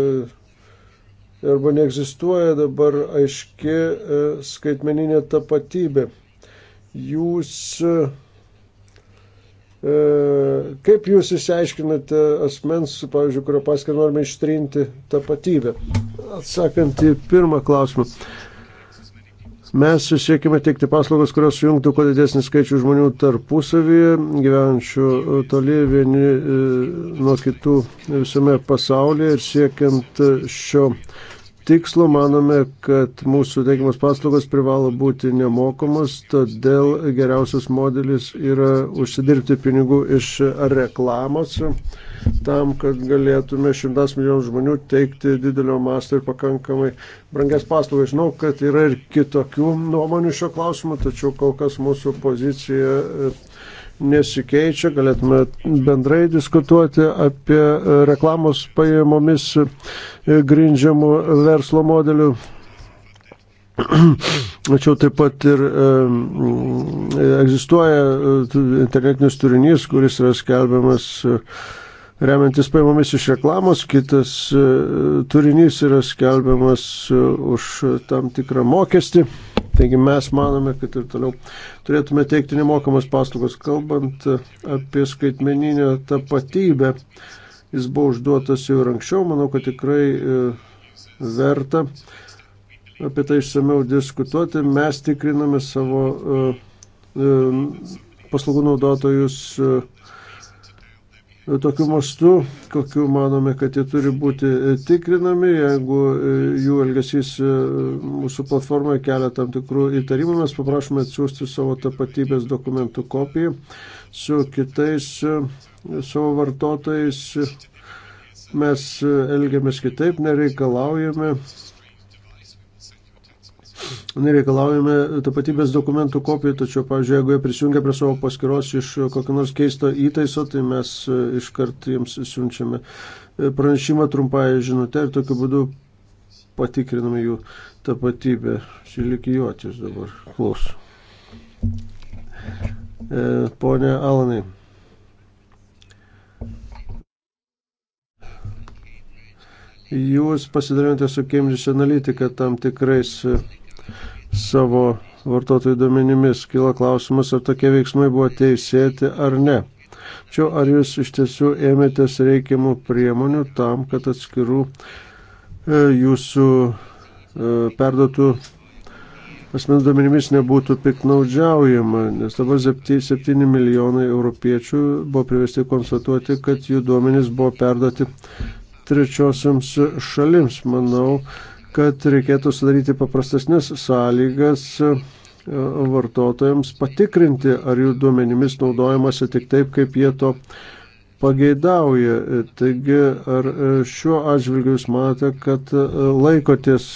arba neegzistuoja dabar aiški e, skaitmeninė tapatybė. Jūs e, Kaip jūs išsiaiškinate asmens, pavyzdžiui, kurio paskirtį norime ištrinti tapatybę? Atsakant į pirmą klausimą, Mes siekime teikti paslaugas, kurios sujungtų kuo didesnį skaičių žmonių tarpusavyje, gyvenančių toli vieni e, nuo kitų visame pasaulyje ir siekiant šio tikslo manome, kad mūsų teikiamas paslaugos privalo būti nemokamos, todėl geriausias modelis yra užsidirbti pinigų iš reklamos tam, kad galėtume šimtas milijonų žmonių teikti didelio masto ir pakankamai brangias paslaugas. Žinau, kad yra ir kitokių nuomonių šio klausimu, tačiau kol kas mūsų pozicija e, nesikeičia. Galėtume bendrai diskutuoti apie e, reklamos pajamomis e, grindžiamų verslo modelių Tačiau taip pat ir e, egzistuoja internetinis turinys, kuris yra skelbiamas remiantis pajamomis iš reklamos, kitas e, turinys yra skelbiamas e, už tam tikrą mokestį. Taigi mes manome, kad ir toliau turėtume teikti nemokamas paslaugas. Kalbant e, apie skaitmeninę tapatybę, jis buvo užduotas jau ir anksčiau, manau, kad tikrai verta apie tai išsameu diskutuoti. Mes tikriname savo paslaugų naudotojus. Uh, tokiu mastu, kokiu manome, kad jie turi būti e, tikrinami. Jeigu e, jų elgesys e, mūsų platformoje kelia tam tikrų įtarimų, mes paprašome atsiųsti savo tapatybės dokumentų kopiją su kitais savo vartotojais. Mes elgiamės kitaip, nereikalaujame nereikalaujame tapatybės dokumentų kopijų, tačiau, pavyzdžiui, jeigu jie prisijungia prie savo paskiros iš kokio nors keisto įtaiso, tai mes e, iškart jiems siunčiame e, pranešimą trumpąją žinutę ir tokiu būdu patikriname jų tapatybę. Šilikijuotis dabar klausiu. E, pone Alanai. Jūs pasidalinote su Cambridge Analytica tam tikrais savo vartotojų duomenimis. Kila klausimas, ar tokie veiksmai buvo teisėti ar ne. Čia ar jūs iš tiesų ėmėtės reikiamų priemonių tam, kad atskirų e, jūsų e, perduotų asmens duomenimis nebūtų piknaudžiaujama, nes dabar 7 milijonai europiečių buvo privesti konstatuoti, kad jų duomenys buvo perduoti trečiosiams šalims. Manau, kad reikėtų sudaryti paprastesnės sąlygas e, vartotojams patikrinti, ar jų duomenimis naudojamasi tik taip, kaip jie to pageidauja. Taigi, ar e, šiuo atžvilgiu jūs matote, kad e, laikotės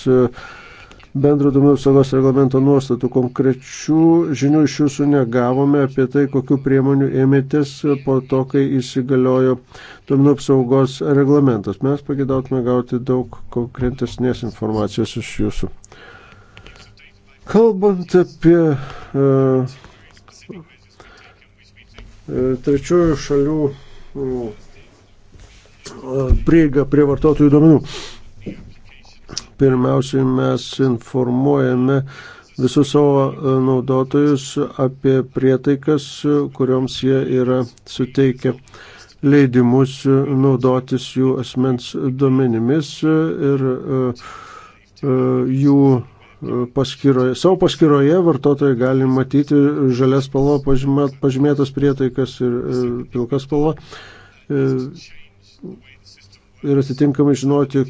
bendro duomenų saugos reglamento nuostatų. Konkrečių žinių iš jūsų negavome apie tai, kokiu priemoniu ėmėtės po to, kai įsigaliojo duomenų apsaugos reglamentas. Mes pagėdautume gauti daug konkretesnės informacijos iš jūsų. Kalbant apie uh, trečiųjų šalių uh, prieigą prie vartotojų duomenų. Uh, Pirmiausiai mes informuojame visus savo e, naudotojus apie prietaikas, kurioms jie yra suteikę leidimus naudotis jų asmens duomenimis ir e, e, jų paskyroje. Savo paskyroje vartotojai gali matyti žalias spalva pažymėtas prietaikas ir pilkas spalva ir atitinkamai žinoti,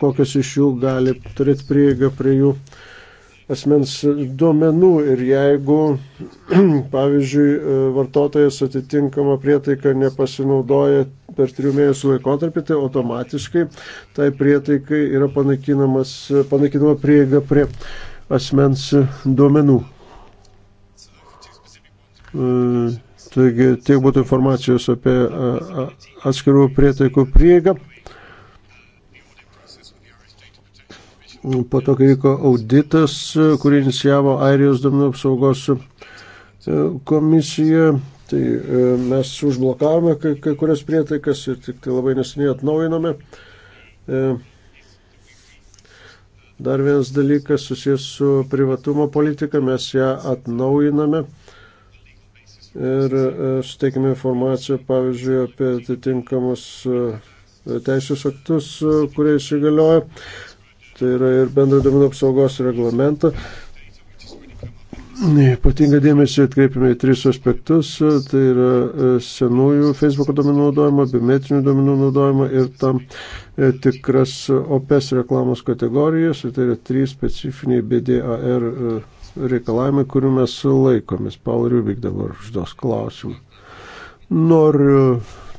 kokios iš jų gali turėti prieigą prie jų asmens duomenų ir jeigu, pavyzdžiui, e, vartotojas atitinkamą prietaiką nepasinaudoja per trijų mėnesių laikotarpį, tai automatiškai tai prietaikai yra e, panaikinama prieiga prie asmens duomenų. E, taigi tiek būtų informacijos apie atskirų prietaikų prieigą. po to, kai vyko auditas, kurį inicijavo Airijos duomenų apsaugos e, komisija. Tai e, mes užblokavome kai, kai kurias prietaikas ir tik tai labai neseniai atnaujinome. E, dar vienas dalykas susijęs su privatumo politika, mes ją atnaujiname ir suteikime informaciją, pavyzdžiui, apie atitinkamus teisės aktus, kurie įsigalioja tai yra ir bendro duomenų apsaugos reglamentą. Ypatingą dėmesį atkreipiame į tris aspektus, tai yra e, senųjų Facebook duomenų naudojimą, biometrinių duomenų naudojimą ir tam e, tikras OPS e reklamos kategorijas, tai yra trys specifiniai BDAR reikalavimai, kurių mes laikomės. Paul Rubik dabar užduos klausimą. Noriu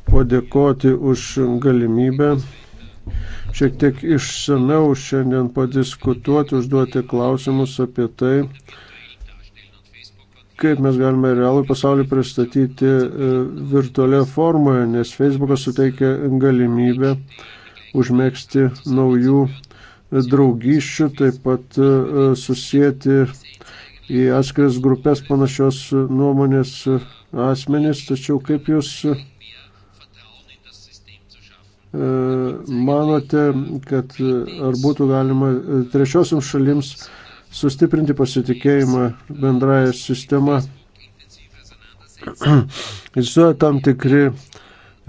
padėkoti už galimybę šiek tiek išsameu šiandien padiskutuoti, užduoti klausimus apie tai, kaip mes galime realų pasaulį pristatyti e, virtualioje formoje, nes Facebookas suteikia galimybę užmėgsti naujų draugyščių, taip pat e, e, susijęti į atskiras grupės panašios nuomonės asmenys, tačiau kaip jūs E, manote, kad e, ar būtų galima e, trečiosiam šalims sustiprinti pasitikėjimą bendrąją sistemą? Egzistuoja tam tikri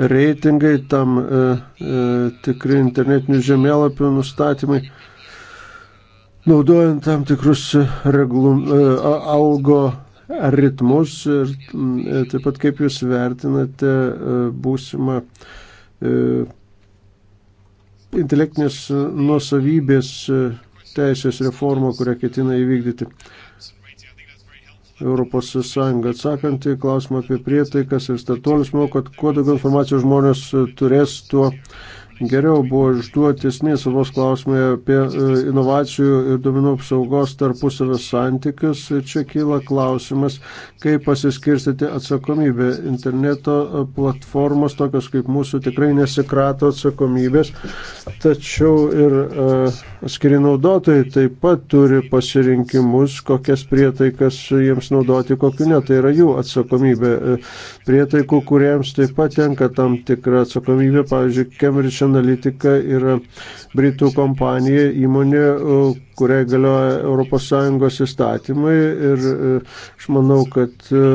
reitingai, tam e, e, tikri internetinių žemėlapių nustatymai, naudojant tam tikrus reglu, e, algo ritmus ir e, taip pat kaip jūs vertinate e, būsimą e, intelektinės e, nuosavybės e, teisės reformą, kurią ketina įvykdyti Europos Sąjunga. Atsakant į klausimą apie prietaikas ir startuolius, manau, kad kuo daugiau informacijos žmonės e, turės, tuo geriau buvo užduoti esmės savos klausimai apie e, inovacijų ir duomenų apsaugos tarpusavio santykius. Ir čia kyla klausimas, kaip pasiskirstyti atsakomybę. Interneto e, platformos, tokios kaip mūsų, tikrai nesikrato atsakomybės, tačiau ir e, atskiri naudotojai taip pat turi pasirinkimus, kokias prietaikas jiems naudoti, kokiu ne. Tai yra jų atsakomybė. Prietaikų, kuriems taip pat tenka tam tikra atsakomybė, pavyzdžiui, Cambridge Analytica yra Britų kompanija, įmonė, e, kuriai galioja ES įstatymai ir e, aš manau, kad e,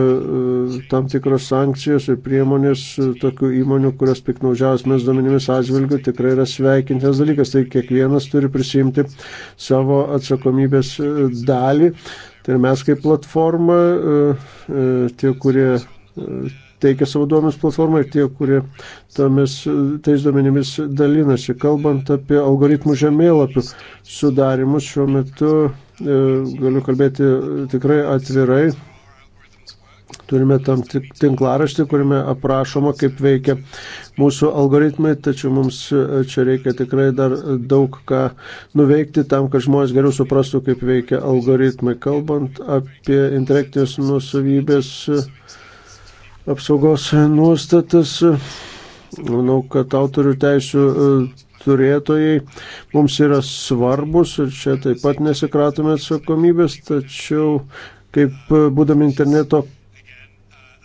tam tikros sankcijos ir priemonės tokių įmonių, kurios piknaudžiaus mes duomenimis atžvilgių, tikrai yra sveikintas dalykas. Tai kiekvienas turi prisimti savo atsakomybės dalį. Tai mes kaip platforma, tie, kurie teikia savo duomenis platformai ir tie, kurie tomis, tais duomenimis dalinasi. Kalbant apie algoritmų žemėlapių sudarimus, šiuo metu e, galiu kalbėti tikrai atvirai. Turime tam tinklaraštį, kuriame aprašoma, kaip veikia mūsų algoritmai, tačiau mums e, čia reikia tikrai dar daug ką nuveikti tam, kad žmonės geriau suprastų, kaip veikia algoritmai. Kalbant apie interaktinės nusavybės apsaugos nuostatas. Manau, kad autorių teisų e, turėtojai mums yra svarbus ir čia taip pat nesikratome atsakomybės, tačiau kaip e, būdami interneto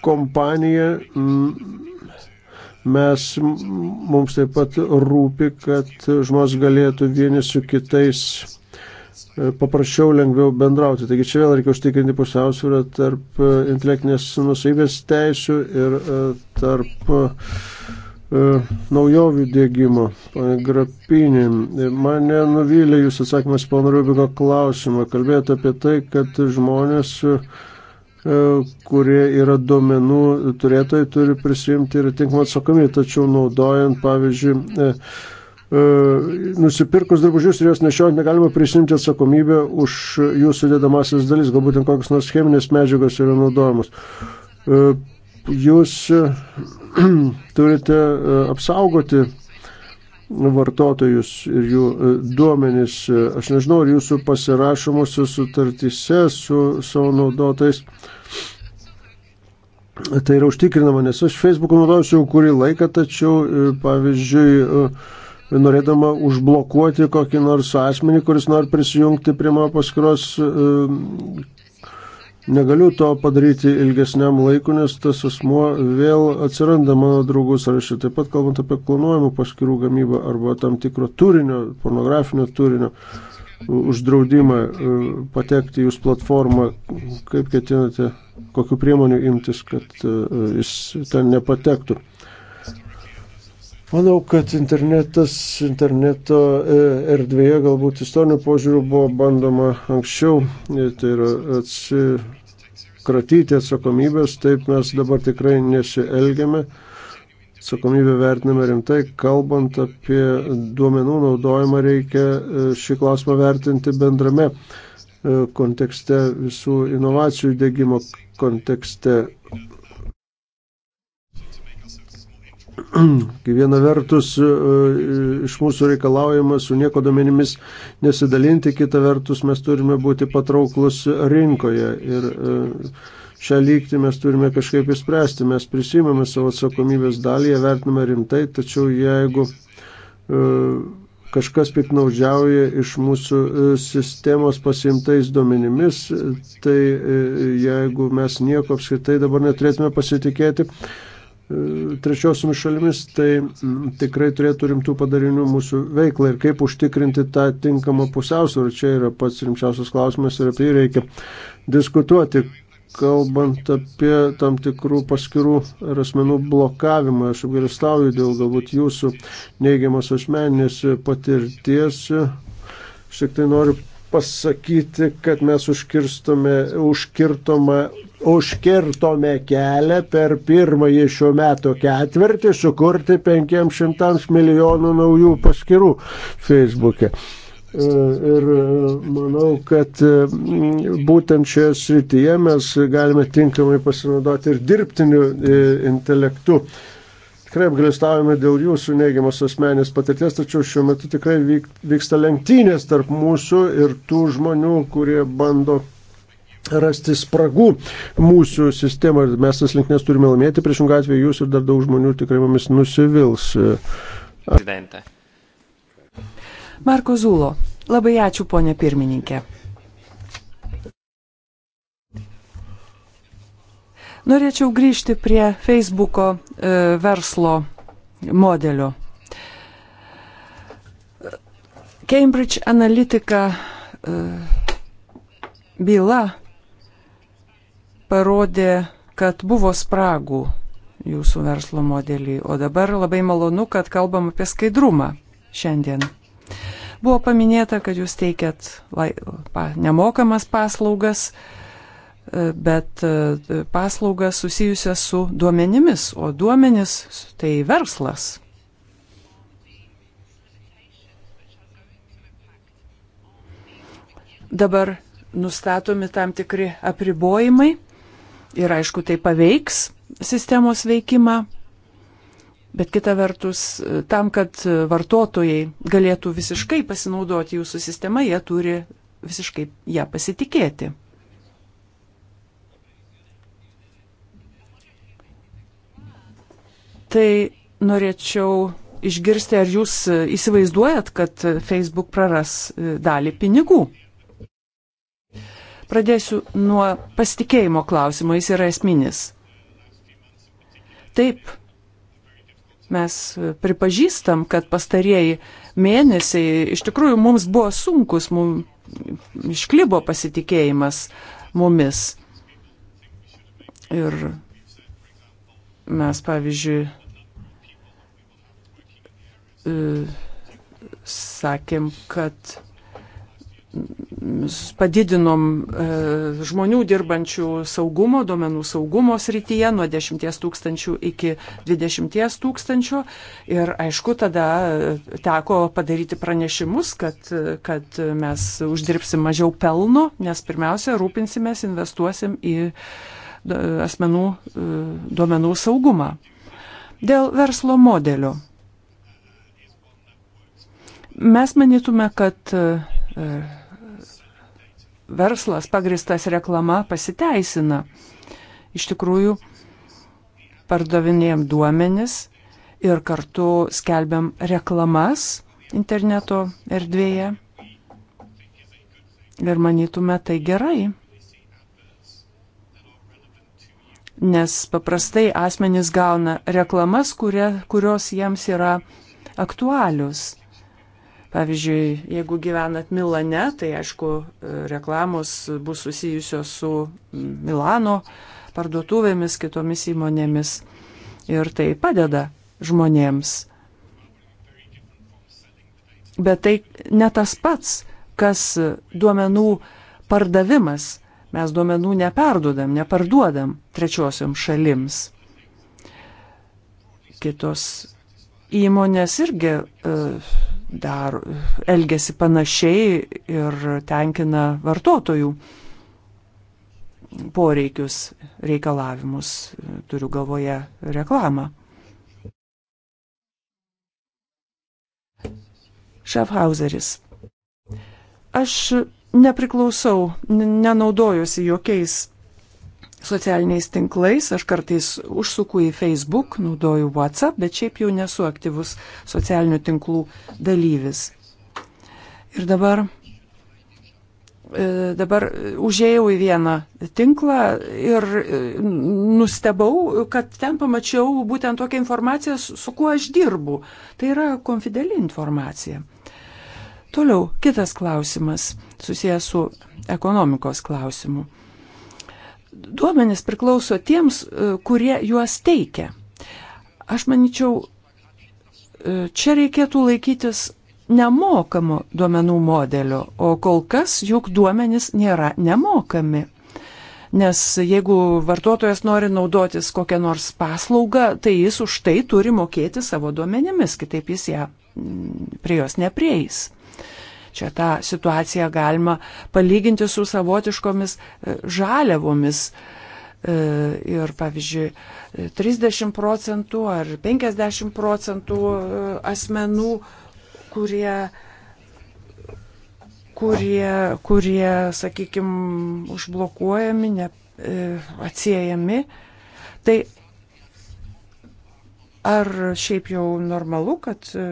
kompanija, mes mums taip pat rūpi, kad žmonės galėtų vieni su kitais E, paprasčiau, lengviau bendrauti. Taigi čia vėl reikia užtikrinti pusiausvyrą tarp e, intelektinės nusavybės teisių ir e, tarp naujovių dėgymo. Pane Grapinė, mane nuvylė jūsų atsakymas, pana Rubiko klausimą. Kalbėjote apie tai, kad žmonės kurie yra duomenų turėtojai, turi prisimti ir tinkamą atsakomybę, tačiau naudojant, pavyzdžiui, E, nusipirkus drabužius ir juos nešiojant negalima prisimti atsakomybę už jų sudėdamasis dalis, galbūt ten kokios nors cheminės medžiagos yra naudojamos. E, jūs e, turite apsaugoti vartotojus ir jų duomenys. Aš nežinau, ar jūsų pasirašomosios sutartyse su savo naudotais. Tai yra užtikrinama, nes aš Facebook'u naudosiu jau kurį laiką, tačiau, pavyzdžiui, norėdama užblokuoti kokį nors asmenį, kuris nori prisijungti prie mano paskiros, e, negaliu to padaryti ilgesniam laiku, nes tas asmuo vėl atsiranda mano draugų sąraše. Taip pat kalbant apie klonuojamų paskirų gamybą arba tam tikro turinio, pornografinio turinio uždraudimą e, patekti jūs platformą, kaip ketinate, kokiu priemoniu imtis, kad e, jis ten nepatektų. Manau, kad internetas, interneto e, erdvėje galbūt istorinių požiūrių buvo bandoma anksčiau, e, tai yra atsikratyti atsakomybės, taip mes dabar tikrai nesielgiame. Atsakomybę vertiname rimtai, kalbant apie duomenų naudojimą reikia e, šį klausimą vertinti bendrame kontekste, visų inovacijų dėgymo kontekste Kai viena vertus e, e, iš mūsų reikalaujama su nieko domenimis nesidalinti, kita vertus mes turime būti patrauklus rinkoje. Ir e, šią lygtį mes turime kažkaip įspręsti. Mes prisimame savo atsakomybės dalį, ją vertiname rimtai, tačiau jeigu kažkas piknaudžiauja iš mūsų sistemos pasimtais duomenimis, tai jeigu mes nieko apskritai dabar neturėtume pasitikėti, trečiosiomis šalimis, tai tikrai turėtų rimtų padarinių mūsų veiklą ir kaip užtikrinti tą tinkamą pusiausvyrą. Čia yra pats rimčiausias klausimas ir apie jį reikia diskutuoti. Kalbant apie tam tikrų paskirų ir asmenų blokavimą, aš apgailestauju dėl galbūt jūsų neigiamas asmeninės patirties. Šiek tai noriu pasakyti, kad mes užkirstome, užkirtome užkirtome kelią per pirmąjį šių metų ketvirtį sukurti 500 milijonų naujų paskirų Facebook'e. E, ir e, manau, kad e, būtent šioje srityje mes galime tinkamai pasinaudoti ir dirbtiniu intelektu. Tikrai apgalėstavome dėl jūsų neigiamos asmenės patirties, tačiau šiuo metu tikrai vyksta lenktynės tarp mūsų ir tų žmonių, kurie bando rasti spragų mūsų sistemoje. Mes tas linknes turime laimėti, priešingą atveju jūs ir dar daug žmonių tikrai mumis nusivils. Prezidente. Marko Zulo, labai ačiū ponė pirmininkė. Norėčiau grįžti prie Facebooko e, verslo modelio. Cambridge Analytica e, byla parodė, kad buvo spragų jūsų verslo modelį, o dabar labai malonu, kad kalbam apie skaidrumą šiandien. Buvo paminėta, kad jūs teikiat lai, pa, nemokamas paslaugas, e, bet e, paslaugas susijusias su duomenimis, o duomenis tai verslas. Dabar nustatomi tam tikri apribojimai ir aišku, tai paveiks sistemos veikimą. Bet kita vertus, tam, kad vartotojai galėtų visiškai pasinaudoti jūsų sistema, jie turi visiškai ją pasitikėti. Tai norėčiau išgirsti, ar jūs įsivaizduojat, kad Facebook praras dalį pinigų. Pradėsiu nuo pasitikėjimo klausimo, jis yra esminis. Taip, mes pripažįstam, kad pastarieji mėnesiai iš tikrųjų mums buvo sunkus, mums išklibo pasitikėjimas mumis. Ir mes, pavyzdžiui, e, sakėm, kad padidinom e, žmonių dirbančių saugumo, duomenų saugumo srityje nuo 10 tūkstančių iki 20 tūkstančių. Ir aišku, tada e, teko padaryti pranešimus, kad, e, kad mes uždirbsim mažiau pelno, nes pirmiausia, rūpinsimės, investuosim į asmenų duomenų saugumą. Dėl verslo modelio. Mes manytume, kad verslas pagristas reklama pasiteisina. Iš tikrųjų, pardavinėjom duomenis ir kartu skelbiam reklamas interneto erdvėje. Ir manytume tai gerai. Nes paprastai asmenys gauna reklamas, kurie, kurios jiems yra aktualius. Pavyzdžiui, jeigu gyvenat Milane, tai aišku, reklamos bus susijusios su Milano parduotuvėmis, kitomis įmonėmis. Ir tai padeda žmonėms. Bet tai ne tas pats, kas duomenų pardavimas. Mes duomenų neperdodam, neparduodam trečiosiom šalims. Kitos įmonės irgi uh, dar elgesi panašiai ir tenkina vartotojų poreikius, reikalavimus, turiu galvoje reklamą. Šefhauseris. Aš nepriklausau, nenaudojusi jokiais socialiniais tinklais, aš kartais užsuku į Facebook, naudoju WhatsApp, bet šiaip jau nesu aktyvus socialinių tinklų dalyvis. Ir dabar, e, dabar užėjau į vieną tinklą ir e, nustebau, kad ten pamačiau būtent tokią informaciją, su kuo aš dirbu. Tai yra konfideli informacija. Toliau, kitas klausimas susijęs su ekonomikos klausimu duomenys priklauso tiems, e, kurie juos teikia. Aš manyčiau, e, čia reikėtų laikytis nemokamo duomenų modelio, o kol kas juk duomenys nėra nemokami. Nes jeigu vartotojas nori naudotis kokią nors paslaugą, tai jis už tai turi mokėti savo duomenimis, kitaip jis ją prie jos neprieis. Čia tą situaciją galima palyginti su savotiškomis e, žaliavomis. E, ir pavyzdžiui, 30 procentų ar 50 procentų e, asmenų, kurie kurie, kurie sakykime, užblokuojami, ne, e, atsiejami. Tai ar šiaip jau normalu, kad e,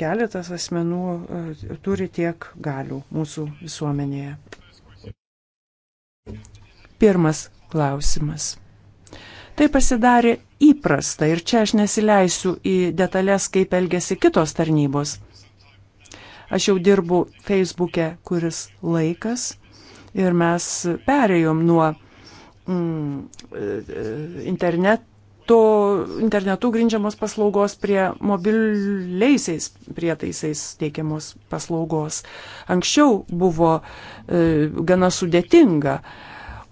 keletas asmenų e, turi tiek galių mūsų visuomenėje. Pirmas klausimas. Tai pasidarė įprasta ir čia aš nesileisiu į detalės, kaip elgesi kitos tarnybos. Aš jau dirbu Facebook'e kuris laikas ir mes perėjom nuo mm, e, e, internet to internetu grindžiamos paslaugos prie mobiliaisiais prietaisais teikiamos paslaugos. Anksčiau buvo e, gana sudėtinga.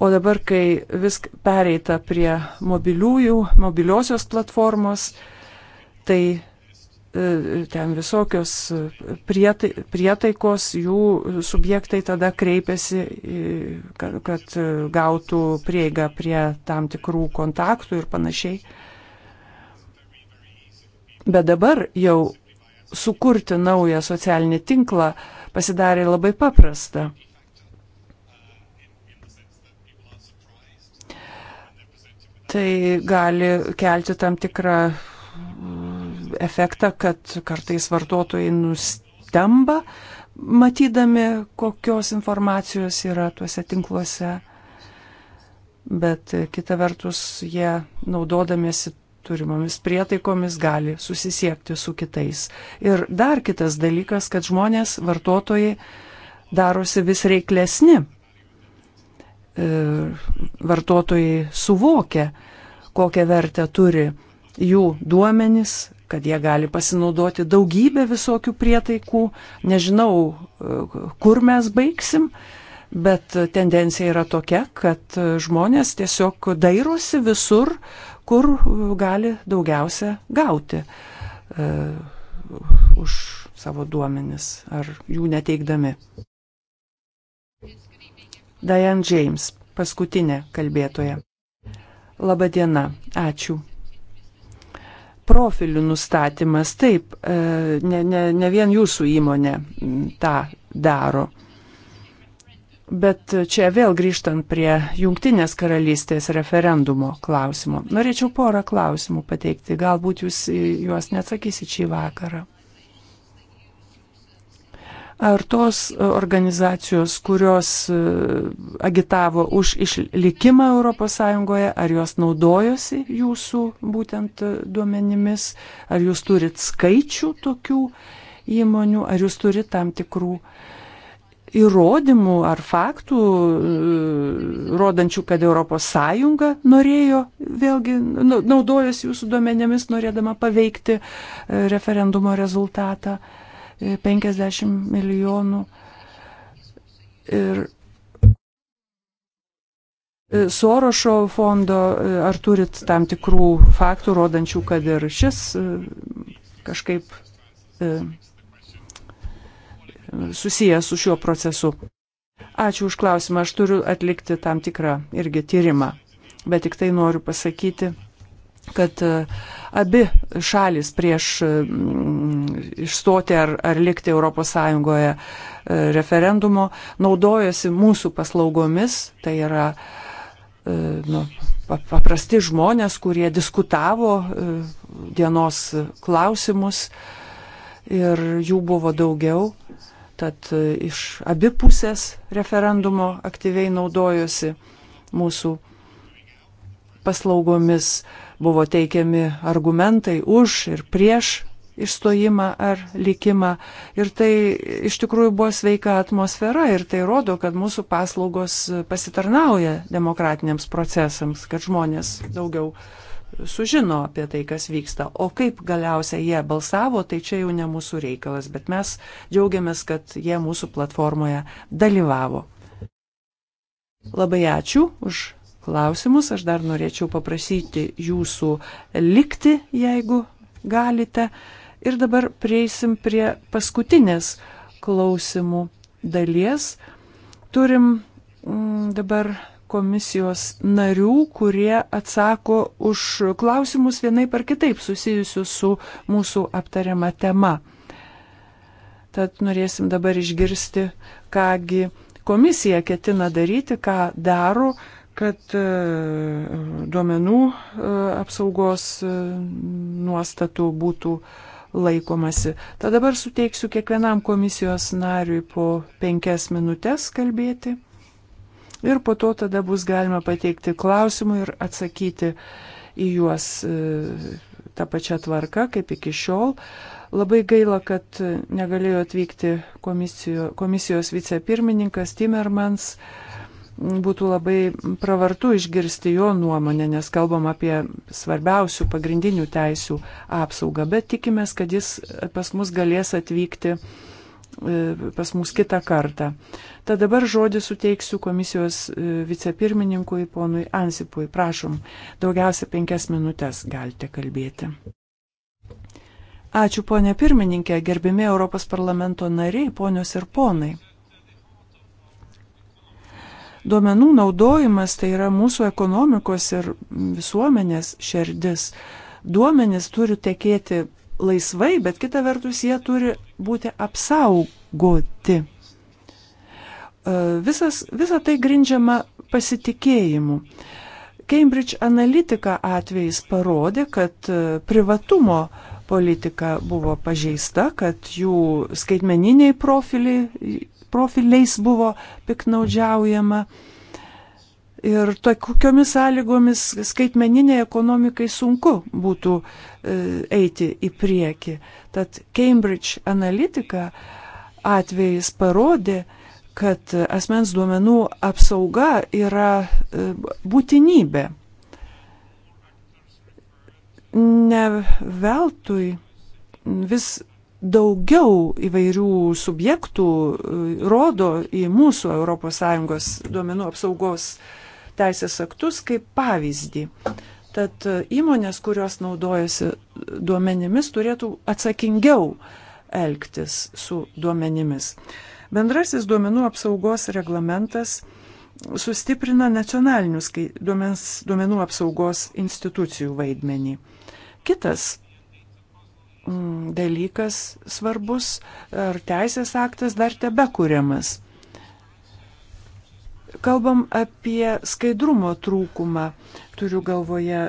O dabar, kai visk pereita prie mobiliųjų, mobiliosios platformos, tai E, ten visokios e, prietai, prietaikos, jų subjektai tada kreipiasi, kad, kad e, gautų prieigą prie tam tikrų kontaktų ir panašiai. Bet dabar jau sukurti naują socialinį tinklą pasidarė labai paprasta. Tai gali kelti tam tikrą efektą, kad kartais vartotojai nustemba, matydami, kokios informacijos yra tuose tinkluose. Bet kita vertus, jie naudodamiesi turimomis prietaikomis gali susisiekti su kitais. Ir dar kitas dalykas, kad žmonės, vartotojai, darosi vis reiklesni. E, vartotojai suvokia, kokią vertę turi jų duomenys, kad jie gali pasinaudoti daugybę visokių prietaikų. Nežinau, kur mes baigsim, bet tendencija yra tokia, kad žmonės tiesiog dairosi visur, kur gali daugiausia gauti uh, už savo duomenis ar jų neteikdami. Diane James, paskutinė kalbėtoja. Labadiena, ačiū profilių nustatymas, taip, e, ne, ne, ne vien jūsų įmonė tą daro. Bet čia vėl grįžtant prie Junktinės karalystės referendumo klausimo. Norėčiau porą klausimų pateikti, galbūt jūs juos neatsakysit šį vakarą. Ar tos organizacijos, kurios e, agitavo už išlikimą ES, ar jos naudojosi jūsų būtent e, duomenimis, ar jūs turit skaičių tokių įmonių, ar jūs turit tam tikrų įrodymų ar faktų, e, rodančių, kad ES norėjo, vėlgi naudojosi jūsų duomenėmis, norėdama paveikti referendumo rezultatą. 50 milijonų ir e, Sorošo fondo, e, ar turit tam tikrų faktų, rodančių, kad ir šis e, kažkaip susijęs su šiuo procesu? Ačiū už klausimą, aš turiu atlikti tam tikrą irgi tyrimą, bet tik tai noriu pasakyti, kad uh, abi šalis prieš mm, išstoti ar, ar likti ES e, referendumo naudojosi mūsų paslaugomis, tai yra e, nu, paprasti žmonės, kurie diskutavo e, dienos klausimus ir jų buvo daugiau. Tad iš abipusės referendumo aktyviai naudojosi mūsų paslaugomis. Uh, buvo teikiami argumentai už ir prieš išstojimą ar likimą. Ir tai iš tikrųjų buvo sveika atmosfera ir tai rodo, kad mūsų paslaugos pasitarnauja demokratiniams procesams, kad žmonės daugiau sužino apie tai, kas vyksta. O kaip galiausiai jie balsavo, tai čia jau ne mūsų reikalas, bet mes džiaugiamės, kad jie mūsų platformoje dalyvavo. Labai ačiū už klausimus. Aš dar norėčiau paprašyti jūsų likti, jeigu galite. Ir dabar prieisim prie paskutinės klausimų dalies. Turim mm, dabar komisijos narių, kurie atsako už klausimus vienaip ar kitaip susijusius su mūsų aptariama tema. Tad norėsim dabar išgirsti, kągi komisija ketina daryti, ką daro, kad e, duomenų e, apsaugos e, nuostatų būtų laikomasi. Tad dabar suteiksiu kiekvienam komisijos nariui po penkias minutės kalbėti ir po to tada bus galima pateikti klausimų ir atsakyti į juos tą pačią tvarką kaip iki šiol. Labai gaila, kad negalėjo atvykti komisijo, komisijos vicepirmininkas Timermans. Uh, būtų labai pravartu išgirsti jo nuomonę, nes kalbam apie svarbiausių pagrindinių teisių apsaugą, bet tikimės, kad jis pas mus galės atvykti e, pas mus kitą kartą. Tad dabar žodį suteiksiu komisijos e, vicepirmininkui ponui Ansipui. Prašom, daugiausia penkias minutės galite kalbėti. Ačiū ponė pirmininkė, gerbimi Europos parlamento nariai, ponios ir ponai. Duomenų naudojimas tai yra mūsų ekonomikos ir visuomenės šerdis. Duomenys turi tekėti laisvai, bet kita vertus jie turi būti apsaugoti. E, visas, visa tai grindžiama pasitikėjimu. Cambridge Analytica atvejais parodė, kad e, privatumo politika buvo pažeista, kad jų skaitmeniniai profiliai profiliais buvo piknaudžiaujama. Ir tokiomis sąlygomis skaitmeniniai ekonomikai sunku būtų e, eiti į priekį. Tad Cambridge Analytica atvejais parodė, kad asmens duomenų apsauga yra e, būtinybė. Ne veltui vis daugiau įvairių subjektų e, rodo į mūsų ES duomenų apsaugos teisės aktus kaip pavyzdį. Tad e, įmonės, kurios naudojasi duomenimis, turėtų atsakingiau elgtis su duomenimis. Bendrasis duomenų apsaugos reglamentas sustiprina nacionalinius duomens, duomenų apsaugos institucijų vaidmenį. Kitas Mm, dalykas svarbus, ar teisės aktas dar tebe kuriamas. Kalbam apie skaidrumo trūkumą, turiu galvoje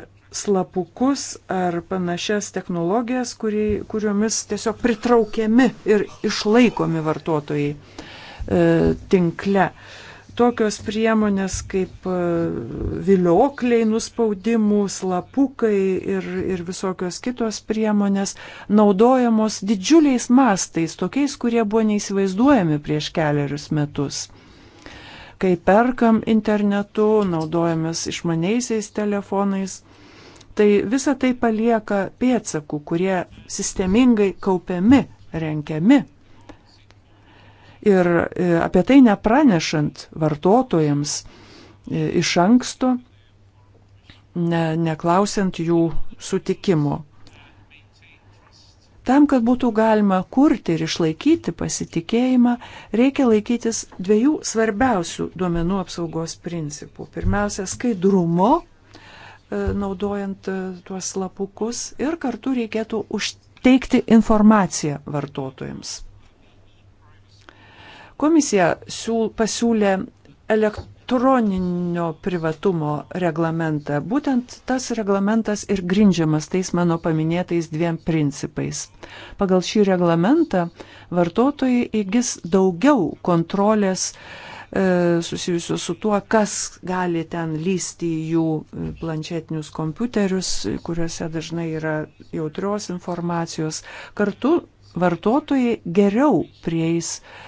slapukus ar panašias technologijas, kuri, kuriomis tiesiog pritraukiami ir išlaikomi vartotojai e, tinkle. E, tokios priemonės kaip e, viliokliai, nuspaudimų, slapukai ir, ir visokios kitos priemonės naudojamos didžiuliais mastais, tokiais, kurie buvo neįsivaizduojami prieš keliarius metus. Kai perkam internetu, naudojamės išmaniaisiais telefonais, tai visa tai palieka pėdsakų, kurie sistemingai kaupiami, renkiami ir e, apie tai nepranešant vartotojams e, iš anksto, ne, neklausiant jų sutikimo. Tam, kad būtų galima kurti ir išlaikyti pasitikėjimą, reikia laikytis dviejų svarbiausių duomenų apsaugos principų. Pirmiausia, skaidrumo, e, naudojant tuos lapukus, ir kartu reikėtų užteikti informaciją vartotojams. Komisija siūl, pasiūlė elektroninio privatumo reglamentą. Būtent tas reglamentas ir grindžiamas tais mano paminėtais dviem principais. Pagal šį reglamentą vartotojai įgis daugiau kontrolės e, susijusių su tuo, kas gali ten lysti į jų e, planšetinius kompiuterius, kuriuose dažnai yra jautrios informacijos. Kartu vartotojai geriau prieis prie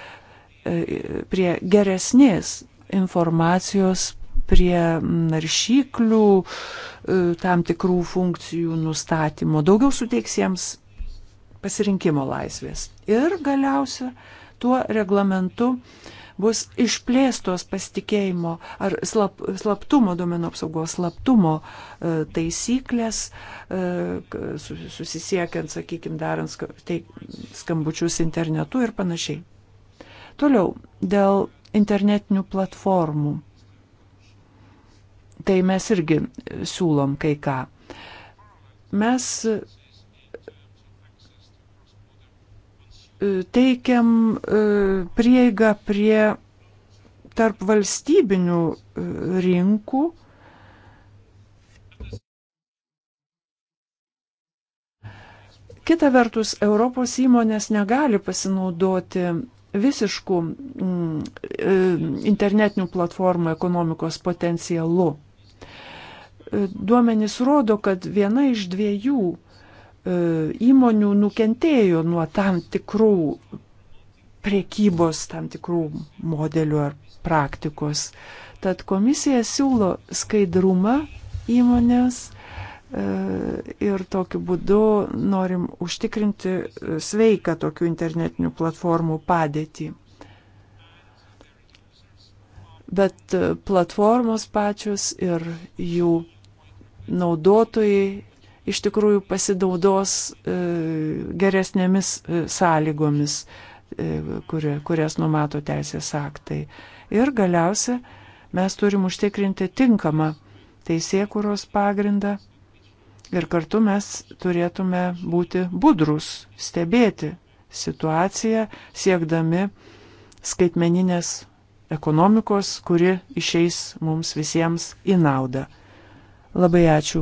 E, prie geresnės informacijos, prie naršyklių, e, tam tikrų funkcijų nustatymo, daugiau suteiks jiems pasirinkimo laisvės. Ir galiausia, tuo reglamentu bus išplėstos pasitikėjimo ar slap, slaptumo, duomenų apsaugos slaptumo e, taisyklės, e, susisiekiant, sakykime, darant skambučius internetu ir panašiai. Toliau, dėl internetinių platformų. Tai mes irgi siūlom kai ką. Mes e, teikiam e, prieigą prie tarp valstybinių e, rinkų. Kita vertus, Europos įmonės negali pasinaudoti visiškų mm, e, internetinių platformų ekonomikos potencialu. E, duomenys rodo, kad viena iš dviejų e, įmonių nukentėjo nuo tam tikrų priekybos, tam tikrų modelių ar praktikos. Tad komisija siūlo skaidrumą įmonės, E, ir tokiu būdu norim užtikrinti e, sveiką tokių internetinių platformų padėtį. Bet e, platformos pačios ir jų naudotojai iš tikrųjų pasidaudos geresnėmis sąlygomis, kurias numato teisės aktai. Ir galiausia, mes turim užtikrinti tinkamą teisėkuros pagrindą Ir kartu mes turėtume būti budrus, stebėti situaciją, siekdami skaitmeninės ekonomikos, kuri išeis mums visiems į naudą. Labai ačiū.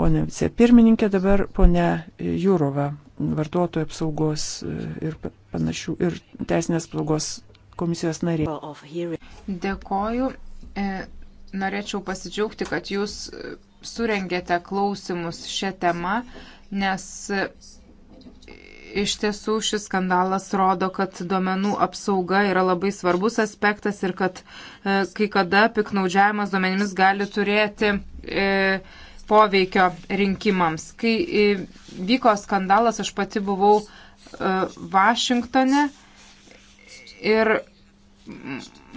Pone vicepirmininkė, dabar pone Jūrova, vartotojų apsaugos e, ir panašių ir teisinės apsaugos komisijos narė. Dėkoju. E, norėčiau pasidžiaugti, kad jūs surengėte klausimus šią temą, nes iš tiesų šis skandalas rodo, kad duomenų apsauga yra labai svarbus aspektas ir kad e, kai kada piknaudžiavimas duomenimis gali turėti e, poveikio rinkimams. Kai e, vyko skandalas, aš pati buvau e, Vašingtone ir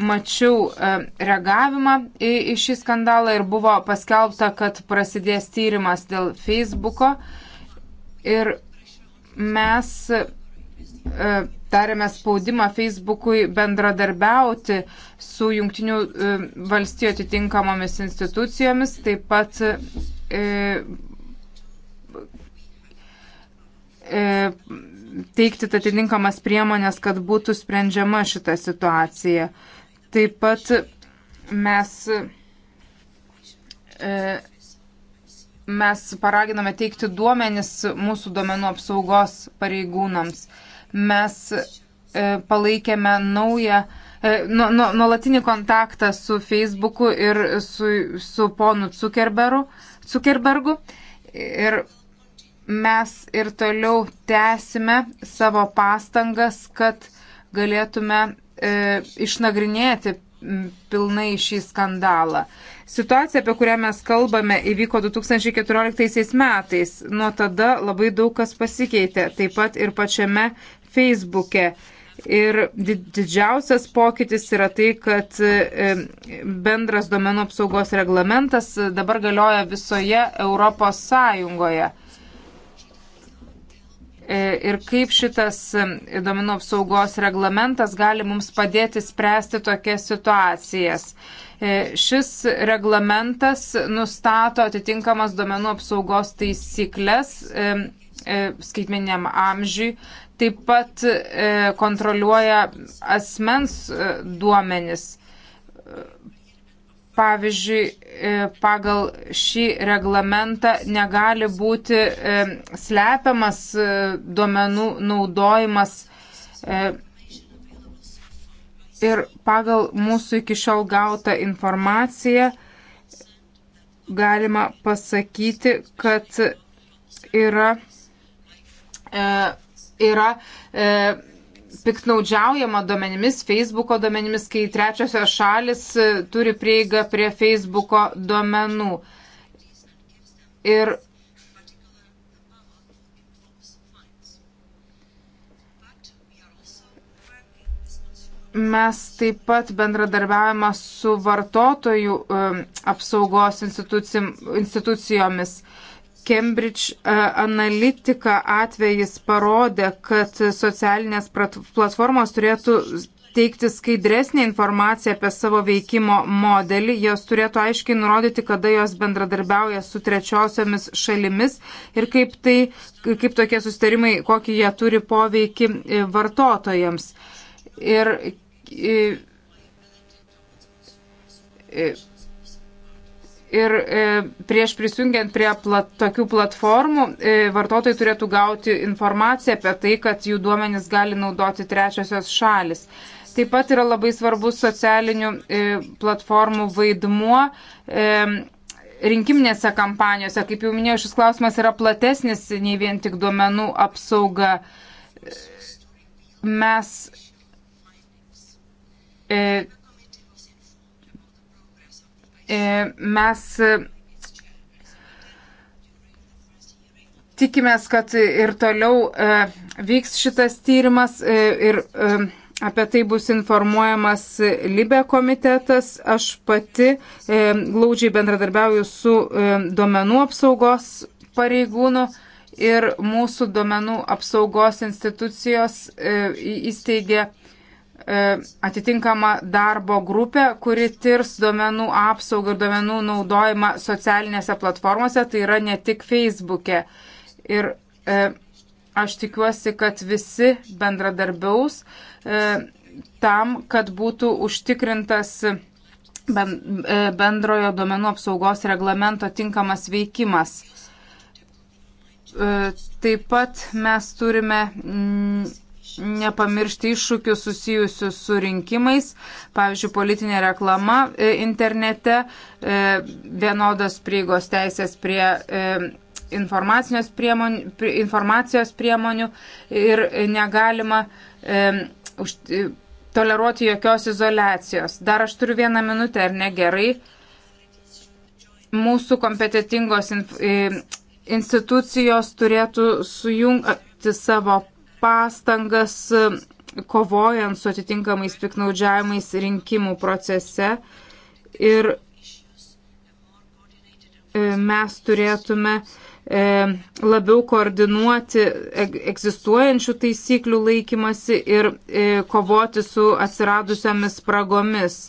mačiau e, reagavimą į šį skandalą ir buvo paskelbta, kad prasidės tyrimas dėl Facebooko. Ir mes e, darėme spaudimą Facebookui bendradarbiauti su jungtinių e, valstijų atitinkamomis institucijomis, taip pat teikti atitinkamas priemonės, kad būtų sprendžiama šita situacija. Taip pat mes, e, mes paraginame teikti duomenis mūsų duomenų apsaugos pareigūnams. Mes e, palaikėme naują nuolatinį e, nu, nu kontaktą su Facebooku ir su, su ponu Zuckerberu, Zuckerbergu. Ir mes ir toliau tęsime savo pastangas, kad galėtume e, išnagrinėti pilnai šį skandalą. Situacija, apie kurią mes kalbame, įvyko 2014 metais. Nuo tada labai daug kas pasikeitė, taip pat ir pačiame Facebook'e. Ir didžiausias pokytis yra tai, kad e, bendras domenų apsaugos reglamentas dabar galioja visoje Europos Sąjungoje. E, ir kaip šitas e, duomenų apsaugos reglamentas gali mums padėti spręsti tokias situacijas. E, šis reglamentas nustato atitinkamas duomenų apsaugos taisyklės skaitmeniniam amžiui, taip pat kontroliuoja asmens duomenis. Pavyzdžiui, E, pagal šį reglamentą negali būti e, slepiamas e, duomenų naudojimas. Ir pagal mūsų iki šiol gautą informaciją galima pasakyti, kad yra, yra piknaudžiaujama duomenimis, Facebooko duomenimis, kai trečiosios šalis e, turi prieigą prie Facebooko duomenų. Ir mes taip pat bendradarbiavame su vartotojų e, apsaugos institucijomis Cambridge e, analitika atvejis parodė, kad socialinės platformos turėtų teikti skaidresnį informaciją apie savo veikimo modelį, jos turėtų aiškiai nurodyti, kada jos bendradarbiauja su trečiosiomis šalimis ir kaip, tai, kaip tokie sustarimai, kokį jie turi poveikį e, vartotojams. Ir, ir, e, ir Ir e, prieš prisijungiant prie plat, tokių platformų, e, vartotojai turėtų gauti informaciją apie tai, kad jų duomenys gali naudoti trečiosios šalis. Taip pat yra labai svarbus socialinių e, platformų vaidmuo. E, rinkiminėse kampanijose, kaip jau minėjau, šis klausimas yra platesnis nei vien tik duomenų apsauga. Mes e, E, mes e, tikimės, kad ir toliau e, vyks šitas tyrimas ir apie tai bus informuojamas Libė komitetas. Aš pati glaudžiai bendradarbiauju su duomenų apsaugos pareigūnu ir mūsų duomenų apsaugos institucijos įsteigė E, atitinkama darbo grupė, kuri tirs duomenų apsaugą ir duomenų naudojimą socialinėse platformose, tai yra ne tik Facebook'e. Ir e, aš tikiuosi, kad visi bendradarbiaus e, tam, kad būtų užtikrintas e, bendrojo duomenų apsaugos reglamento tinkamas veikimas. E, taip pat mes turime. Mm, nepamiršti iššūkių susijusių su rinkimais, pavyzdžiui, politinė reklama e, internete, e, vienodos prieigos teisės prie e, informacijos priemonių, informacijos priemonių ir negalima toleruoti jokios izolacijos. Dar aš turiu vieną minutę, ar ne gerai? Mūsų kompetitingos institucijos turėtų sujungti savo pastangas e, kovojant su atitinkamais piknaudžiavimais rinkimų procese. Ir e, mes turėtume e, labiau koordinuoti egzistuojančių taisyklių laikymasi ir kovoti su atsiradusiamis spragomis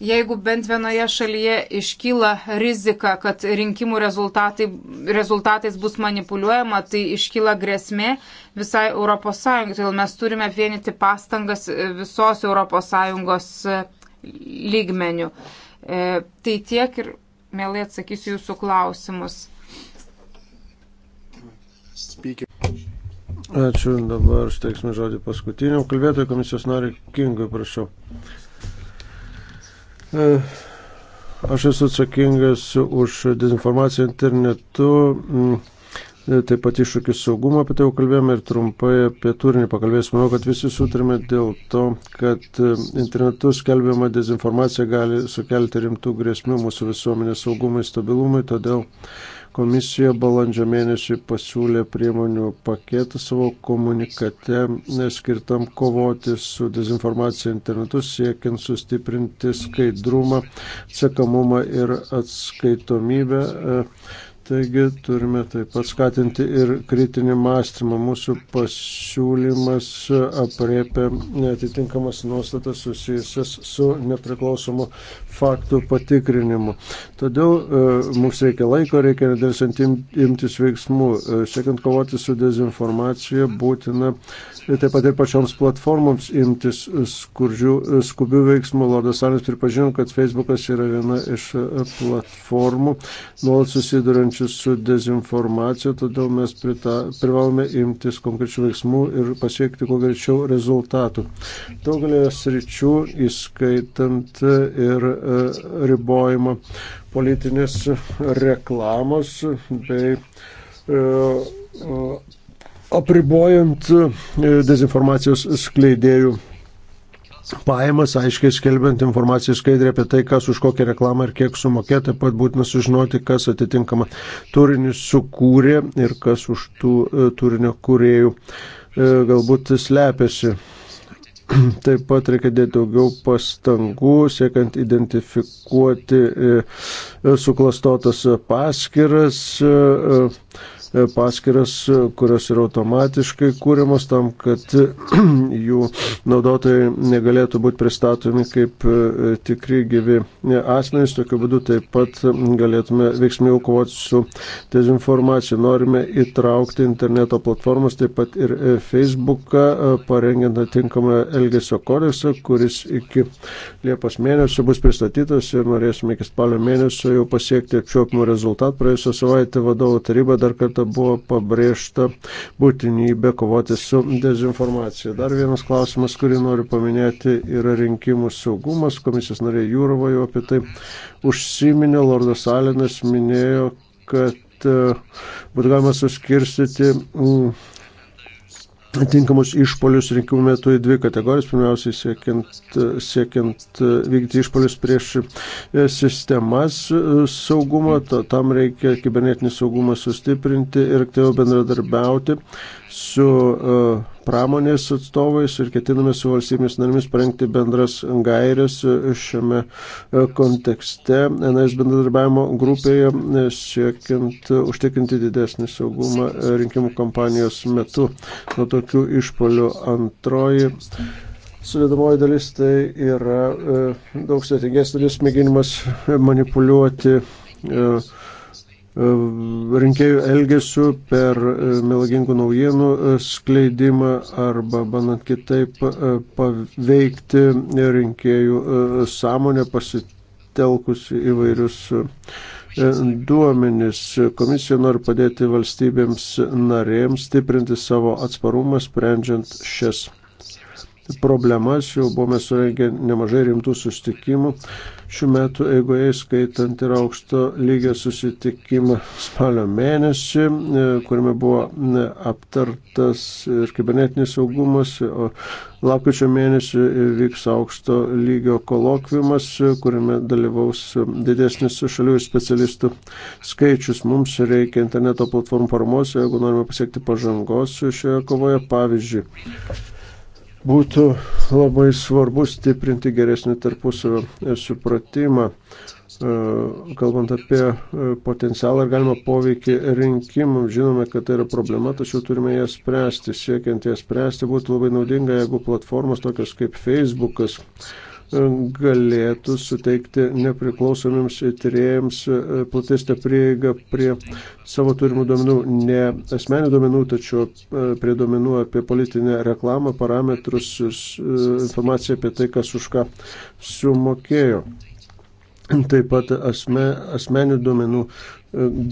jeigu bent vienoje šalyje iškyla rizika, kad rinkimų rezultatai, rezultatais bus manipuliuojama, tai iškyla grėsmė visai ES. Todėl mes turime vienyti pastangas visos ES e, lygmenių. E, tai tiek ir mielai atsakysiu jūsų klausimus. Ačiū. Dabar steiksime žodį paskutiniam kalbėtojui komisijos nariui Kingui, prašau. E, aš esu atsakingas už dezinformaciją internetu, e, taip pat iššūkis saugumo, apie tai jau kalbėjome ir trumpai apie turinį pakalbėsime. Manau, kad visi sutarime dėl to, kad e, internetu skelbiama dezinformacija gali sukelti rimtų grėsmių mūsų visuomenės saugumui, stabilumui, todėl Komisija balandžio mėnesį pasiūlė priemonių paketą savo komunikate skirtam kovoti su dezinformacija internetu, siekiant sustiprinti skaidrumą, atsakamumą ir atskaitomybę. E, Taigi turime taip pat skatinti ir kritinį mąstymą. Mūsų pasiūlymas apriepia atitinkamas nuostatas susijusias su nepriklausomu faktų patikrinimu. Todėl e, mums reikia laiko, reikia nedėlsant imtis veiksmų. E, siekiant kovoti su dezinformacija, būtina taip pat ir pačioms platformoms imtis skurdžių, e, skubių veiksmų. Lordas Salis pripažino, kad Facebookas yra viena iš platformų nuolat susidurančių kovojančius su dezinformacija, todėl mes prita, privalome imtis konkrečių veiksmų ir pasiekti kuo greičiau rezultatų. Daugelėje sričių, įskaitant ir e, ribojimo politinės reklamos bei e, e, apribojant dezinformacijos skleidėjų pajamas, aiškiai skelbiant informaciją skaidrė apie tai, kas už kokią reklamą ir kiek sumokėta, taip pat būtina sužinoti, kas atitinkamą turinį sukūrė ir kas už tų e, turinio kūrėjų e, galbūt slepiasi. Taip pat reikia dėti daugiau pastangų, siekiant identifikuoti e, suklastotas paskiras E, paskiras, e, kurios yra automatiškai kūriamos tam, kad e, jų naudotojai negalėtų būti pristatomi kaip tikri gyvi asmenys. Tokiu būdu taip pat galėtume veiksmiau kovoti su dezinformacija. Norime įtraukti interneto platformas, taip pat ir Facebooką, parengiant atinkamą Elgesio kodeksą, kuris iki Liepos mėnesio bus pristatytas ir norėsime iki spalio mėnesio jau pasiekti apčiopimų rezultatų. Praėjusią savaitę vadovų taryba dar kartą kartą buvo pabrėžta būtinybė kovoti su dezinformacija. Dar vienas klausimas, kurį noriu paminėti, yra rinkimų saugumas. Komisijos narė Jūrova jau apie tai užsiminė, Lordas Alinas minėjo, kad e, būtų galima suskirstyti atinkamus išpolius rinkimų metu į dvi kategorijas. Pirmiausiai siekiant, siekiant vykdyti išpolius prieš e, sistemas e, saugumo, tam reikia kibernetinį saugumą sustiprinti ir aktyviau bendradarbiauti su e, pramonės atstovais ir ketiname su valstybės narimis parengti bendras gairias e, šiame e, kontekste NS bendradarbiavimo grupėje siekiant užtikrinti didesnį saugumą rinkimų kampanijos metu nuo tokių išpolių antroji. Sudėdamoji dalis tai yra daug sudėtingesnė dalis mėginimas manipuliuoti rinkėjų elgesiu per e, melagingų naujienų e, skleidimą arba bandant kitaip e, paveikti rinkėjų sąmonę pasitelkus įvairius duomenis. Komisija nori padėti valstybėms narėms stiprinti savo atsparumą sprendžiant šias problemas. Jau buvome surengę nemažai rimtų sustikimų šių metų eigoje, skaitant ir aukšto lygio susitikimą spalio mėnesį, e, kuriame buvo e, aptartas ir kibernetinis saugumas, o lapkričio mėnesį vyks aukšto lygio kolokvimas, kuriame dalyvaus didesnis šalių specialistų skaičius. Mums reikia interneto platformų paramos, jeigu norime pasiekti pažangos šioje kovoje. Pavyzdžiui, būtų labai svarbu stiprinti geresnį tarpusavio e, supratimą, e, kalbant apie e, potencialą ir galimą poveikį rinkimam. Žinome, kad tai yra problema, tačiau turime ją spręsti. Siekiant ją spręsti, būtų labai naudinga, jeigu platformos tokios kaip Facebookas galėtų suteikti nepriklausomiems tyrėjams e, platesnę prieigą prie savo turimų duomenų, ne asmenių duomenų, tačiau e, prie duomenų apie politinę reklamą, parametrus, e, informaciją apie tai, kas už ką sumokėjo. Taip pat asme, asmenių duomenų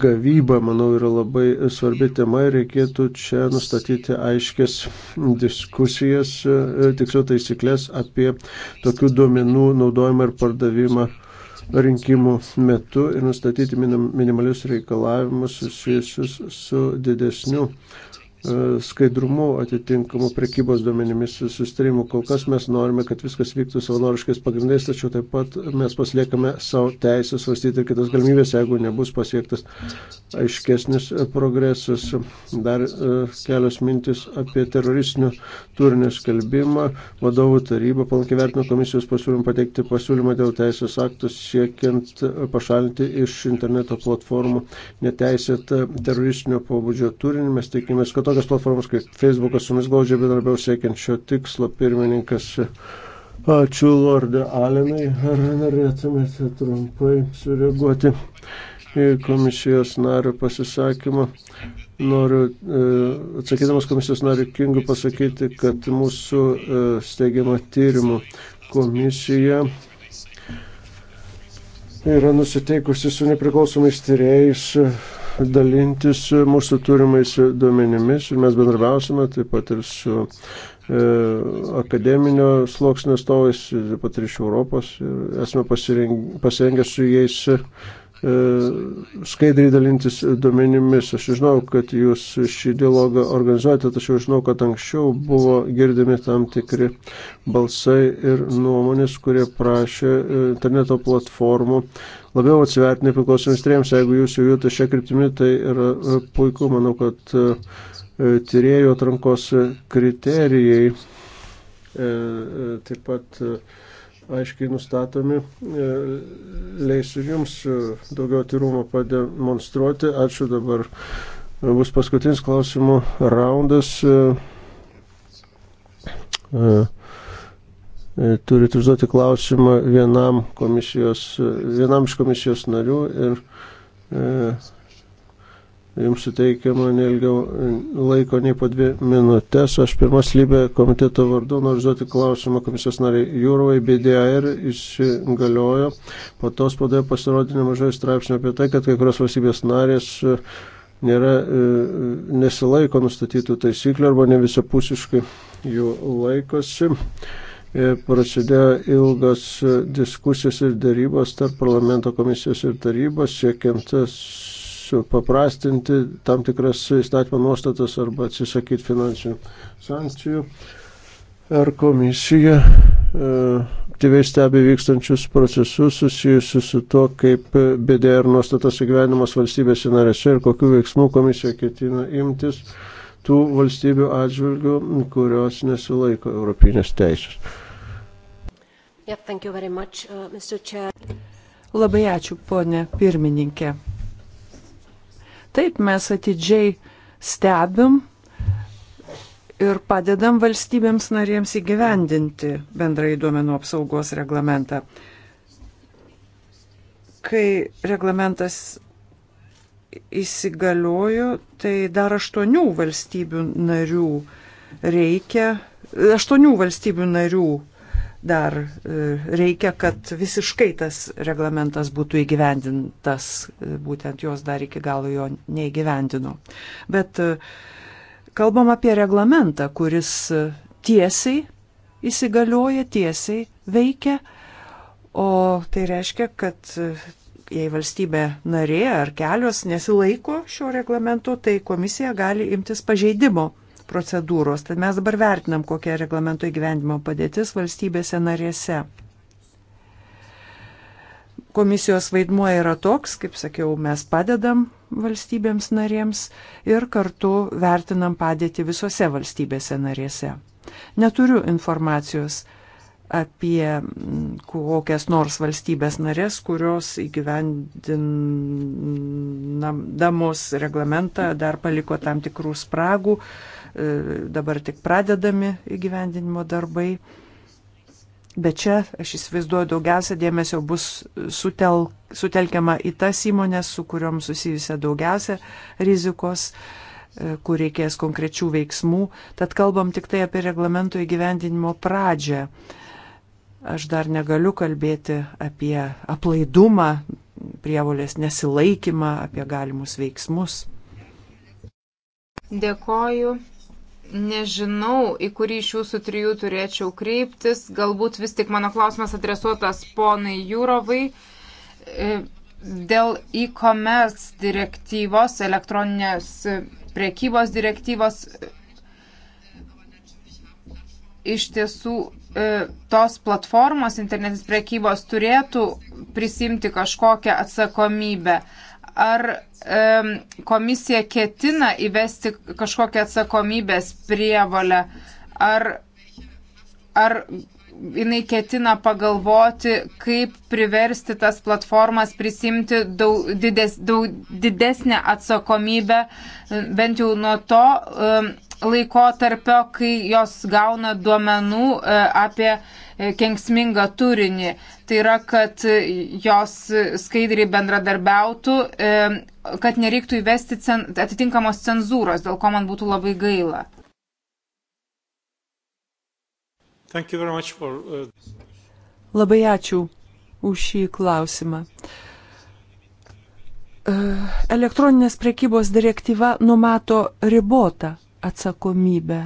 gavyba, manau, yra labai svarbi tema ir reikėtų čia nustatyti aiškės diskusijas, e, tiksliau taisyklės apie tokių duomenų naudojimą ir pardavimą rinkimų metu ir nustatyti minimalius reikalavimus susijusius su didesniu E, skaidrumu atitinkamų prekybos duomenimis sustarimų. Kol kas mes norime, kad viskas vyktų savanoriškais pagrindais, tačiau taip pat mes pasliekame savo teisę svarstyti ir kitas galimybės, jeigu nebus pasiektas aiškesnis progresas. Dar e, kelios mintis apie teroristinių turinio skelbimą. Vadovų taryba palankiai vertino komisijos pasiūlymą pateikti pasiūlymą dėl teisės aktus siekiant pašalinti iš interneto platformų neteisėtą teroristinio pobūdžio turinį. Mes tikimės, kad tokios platformos kaip Facebookas, su mumis glaudžiai bendarbiau siekiant šio tikslo pirmininkas. Ačiū, Lorde Alenai. Ar norėtumėte trumpai sureaguoti į komisijos nario pasisakymą? Noriu, e, atsakydamas komisijos nario Kingų, pasakyti, kad mūsų e, steigiama tyrimų komisija yra nusiteikusi su nepriklausomais tyrėjais dalintis mūsų turimais duomenimis ir mes bendrabiausime taip pat ir su e, akademinio sluoksnio stovais, taip pat ir iš Europos. Ir esame pasirengę su jais E, skaidriai dalintis duomenimis. Aš žinau, kad jūs šį dialogą organizuojate, tačiau žinau, kad anksčiau buvo girdimi tam tikri balsai ir nuomonės, kurie prašė e, interneto platformų labiau atsiverti nepriklausomis triems. Jeigu jūs jau jūtate šią kryptimį, tai yra e, puiku, manau, kad tyriejų atrankos kriterijai taip pat aiškiai nustatomi, e, leis ir jums e, daugiau tyrumo pademonstruoti. Ačiū dabar. E, bus paskutinis klausimų raundas. Turite užduoti klausimą vienam, komisijos, vienam iš komisijos narių ir jums suteikiama nelgiau e, laiko nei po dvi minutės. Aš pirmas lybė komiteto vardu noriu duoti klausimą komisijos nariai Jūrovai, BDR įsigaliojo. Po to spaudoje pasirodė nemažai straipsnių apie tai, kad kai kurios valstybės narės e, nėra, e, nesilaiko nustatytų taisyklių arba ne visapusiškai jų laikosi prasidėjo ilgas diskusijos ir darybos tarp parlamento komisijos ir tarybos, siekiant supaprastinti tam tikras įstatymo nuostatas arba atsisakyti finansinių sankcijų. Ar komisija e, aktyviai stebi vykstančius procesus susijusius su to, kaip BDR nuostatas įgyvenimas valstybėse narėse ir kokiu veiksmu komisija ketina imtis tų valstybių atžvilgių, kurios nesilaiko europinės teisės. Yeah, much, uh, Labai ačiū, ponė pirmininkė. Taip, mes atidžiai stebim ir padedam valstybėms narėms įgyvendinti bendrąjį duomenų apsaugos reglamentą. Kai reglamentas įsigaliojo, tai dar aštuonių valstybių narių reikia, aštuonių valstybių narių dar e, reikia, kad visiškai tas reglamentas būtų įgyvendintas, e, būtent jos dar iki galo jo neįgyvendino. Bet e, kalbam apie reglamentą, kuris tiesiai įsigalioja, tiesiai veikia, o tai reiškia, kad jei valstybė narė ar kelios nesilaiko šio reglamento, tai komisija gali imtis pažeidimo procedūros. Tad mes dabar vertinam, kokia reglamento įgyvendimo padėtis valstybėse narėse. Komisijos vaidmuo yra toks, kaip sakiau, mes padedam valstybėms narėms ir kartu vertinam padėtį visose valstybėse narėse. Neturiu informacijos apie kokias nors valstybės narės, kurios įgyvendinamos reglamentą dar paliko tam tikrų spragų E, dabar tik pradedami įgyvendinimo darbai. Bet čia, aš įsivaizduoju, daugiausia dėmesio bus sutel, sutelkiama į tas įmonės, su kuriuom susijusia daugiausia rizikos, e, kur reikės konkrečių veiksmų. Tad kalbam tik tai apie reglamento įgyvendinimo pradžią. Aš dar negaliu kalbėti apie aplaidumą, prievolės nesilaikymą, apie galimus veiksmus. Dėkoju. Nežinau, į kurį iš jūsų trijų turėčiau kreiptis. Galbūt vis tik mano klausimas adresuotas ponai Jūrovai. E, dėl e-commerce direktyvos, elektroninės priekybos direktyvos, iš tiesų e, tos platformos internetinės priekybos turėtų prisimti kažkokią atsakomybę. Ar e, komisija ketina įvesti kažkokią atsakomybės prievalę? Ar, ar jinai ketina pagalvoti, kaip priversti tas platformas prisimti daug, dides, daug didesnę atsakomybę, bent jau nuo to laiko tarpio, kai jos gauna duomenų e, apie E, kengsmingą turinį. Tai yra, kad jos skaidriai bendradarbiautų, e, kad nereiktų įvesti cen, atitinkamos cenzūros, dėl ko man būtų labai gaila. For, uh... Labai ačiū už šį klausimą e, elektroninės prekybos direktyva numato ribotą atsakomybę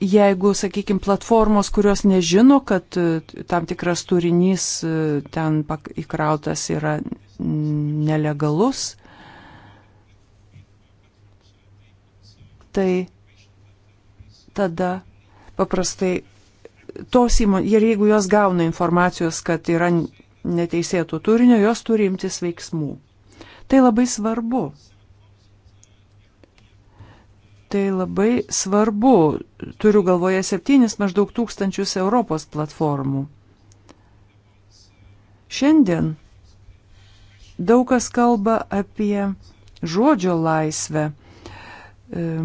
jeigu, sakykime, platformos, kurios nežino, kad e, tam tikras turinys e, ten įkrautas yra nelegalus, tai tada paprastai tos įmonės, ir jeigu jos gauna informacijos, kad yra neteisėtų turinio, jos turi imtis veiksmų. Tai labai svarbu. Tai labai svarbu, turiu galvoje septynis maždaug tūkstančius Europos platformų. Šiandien daug kas kalba apie žodžio laisvę e,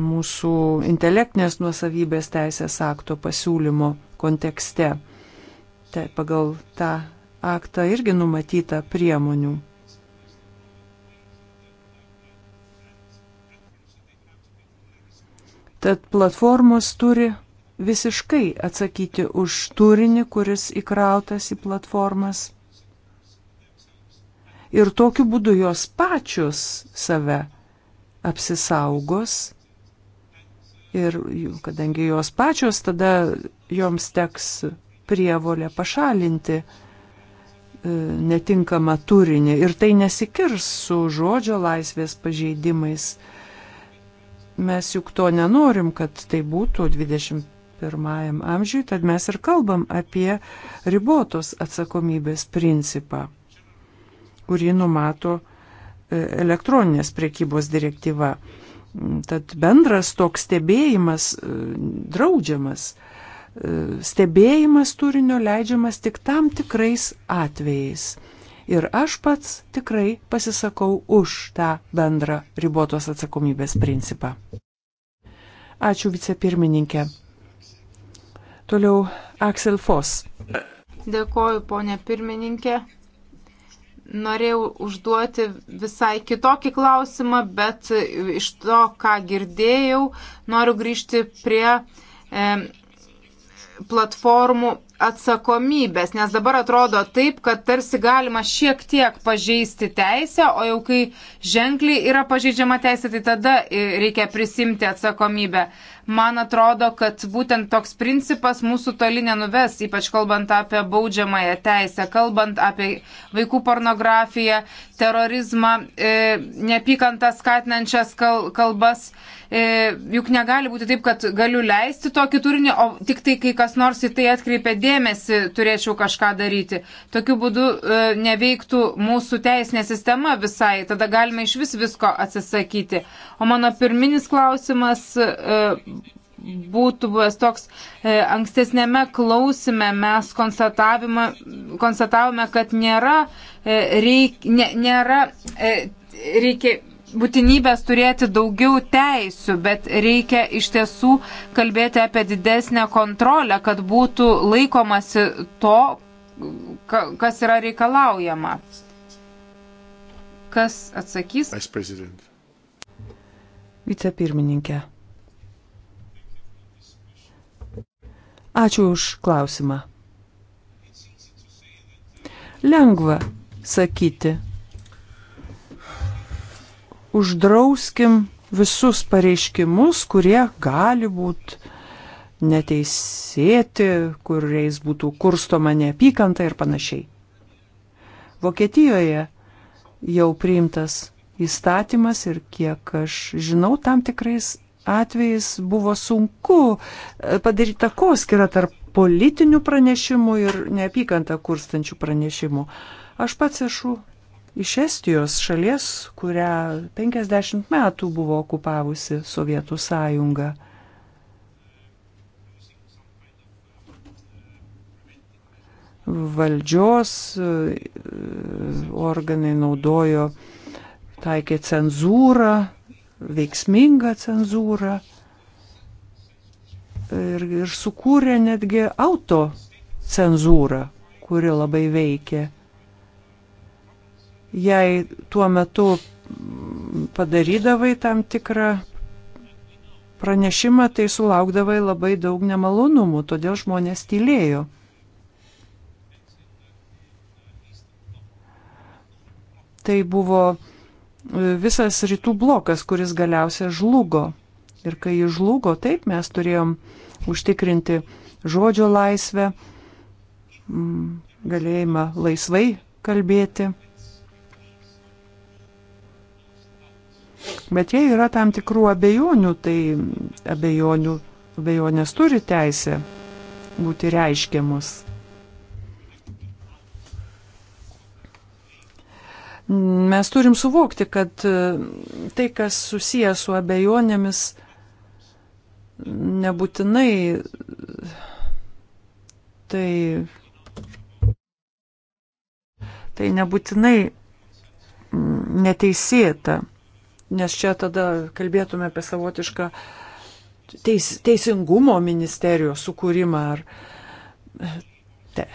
mūsų intelektinės nuosavybės teisės akto pasiūlymo kontekste. Tai pagal tą aktą irgi numatyta priemonių. Tad platformos turi visiškai atsakyti už turinį, kuris įkrautas į platformas. Ir tokiu būdu jos pačios save apsisaugos. Ir kadangi jos pačios, tada joms teks prievolė pašalinti e, netinkamą turinį. Ir tai nesikirs su žodžio laisvės pažeidimais mes juk to nenorim, kad tai būtų 21 amžiui, tad mes ir kalbam apie ribotos atsakomybės principą, kurį numato e, elektroninės priekybos direktyva. Tad bendras toks stebėjimas e, draudžiamas. E, stebėjimas turinio leidžiamas tik tam tikrais atvejais. Ir aš pats tikrai pasisakau už tą bendrą ribotos atsakomybės principą. Ačiū vicepirmininkė. Toliau Aksel Fos. Dėkoju, ponė pirmininkė. Norėjau užduoti visai kitokį klausimą, bet iš to, ką girdėjau, noriu grįžti prie e, platformų atsakomybės, nes dabar atrodo taip, kad tarsi galima šiek tiek pažeisti teisę, o jau kai ženkliai yra pažeidžiama teisė, tai tada reikia prisimti atsakomybę man atrodo, kad būtent toks principas mūsų toli nenuves, ypač kalbant apie baudžiamąją teisę, kalbant apie vaikų pornografiją, terorizmą, e, neapykantą skatinančias kal kalbas. E, juk negali būti taip, kad galiu leisti tokį turinį, o tik tai, kai kas nors į tai atkreipia dėmesį, turėčiau kažką daryti. Tokiu būdu e, neveiktų mūsų teisinė sistema visai, tada galime iš vis visko atsisakyti. O mano pirminis klausimas e, būtų buvęs toks. E, Ankstesnėme klausime mes konstatavome, kad nėra, e, reik, nė, nėra e, reikia būtinybės turėti daugiau teisių, bet reikia iš tiesų kalbėti apie didesnę kontrolę, kad būtų laikomasi to, kas yra reikalaujama. Kas atsakys? Vicepirmininkė. Ačiū už klausimą. Lengva sakyti. Uždrauskim visus pareiškimus, kurie gali būti neteisėti, kuriais būtų kurstoma neapykanta ir panašiai. Vokietijoje jau priimtas įstatymas ir kiek aš žinau, tam tikrais atvejais buvo sunku e, padaryti takoskirą tarp politinių pranešimų ir neapykantą kurstančių pranešimų. Aš pats esu iš Estijos šalies, kurią 50 metų buvo okupavusi Sovietų sąjunga. Valdžios e, e, organai naudojo, taikė cenzūrą, veiksmingą cenzūrą ir, ir sukūrė netgi auto cenzūrą, kuri labai veikė. Jei tuo metu padarydavai tam tikrą pranešimą, tai sulaukdavai labai daug nemalonumų, todėl žmonės tylėjo. Tai buvo visas rytų blokas, kuris galiausia žlugo. Ir kai jis žlugo, taip mes turėjom užtikrinti žodžio laisvę, mm, galėjimą laisvai kalbėti. Bet jei yra tam tikrų abejonių, tai abejonių, abejonės turi teisę būti reiškiamus. Mes turim suvokti, kad e, tai, kas susijęs su abejonėmis, nebūtinai tai, tai nebūtinai mm, neteisėta, nes čia tada kalbėtume apie savotišką teis, teisingumo ministerijos sukūrimą ar te,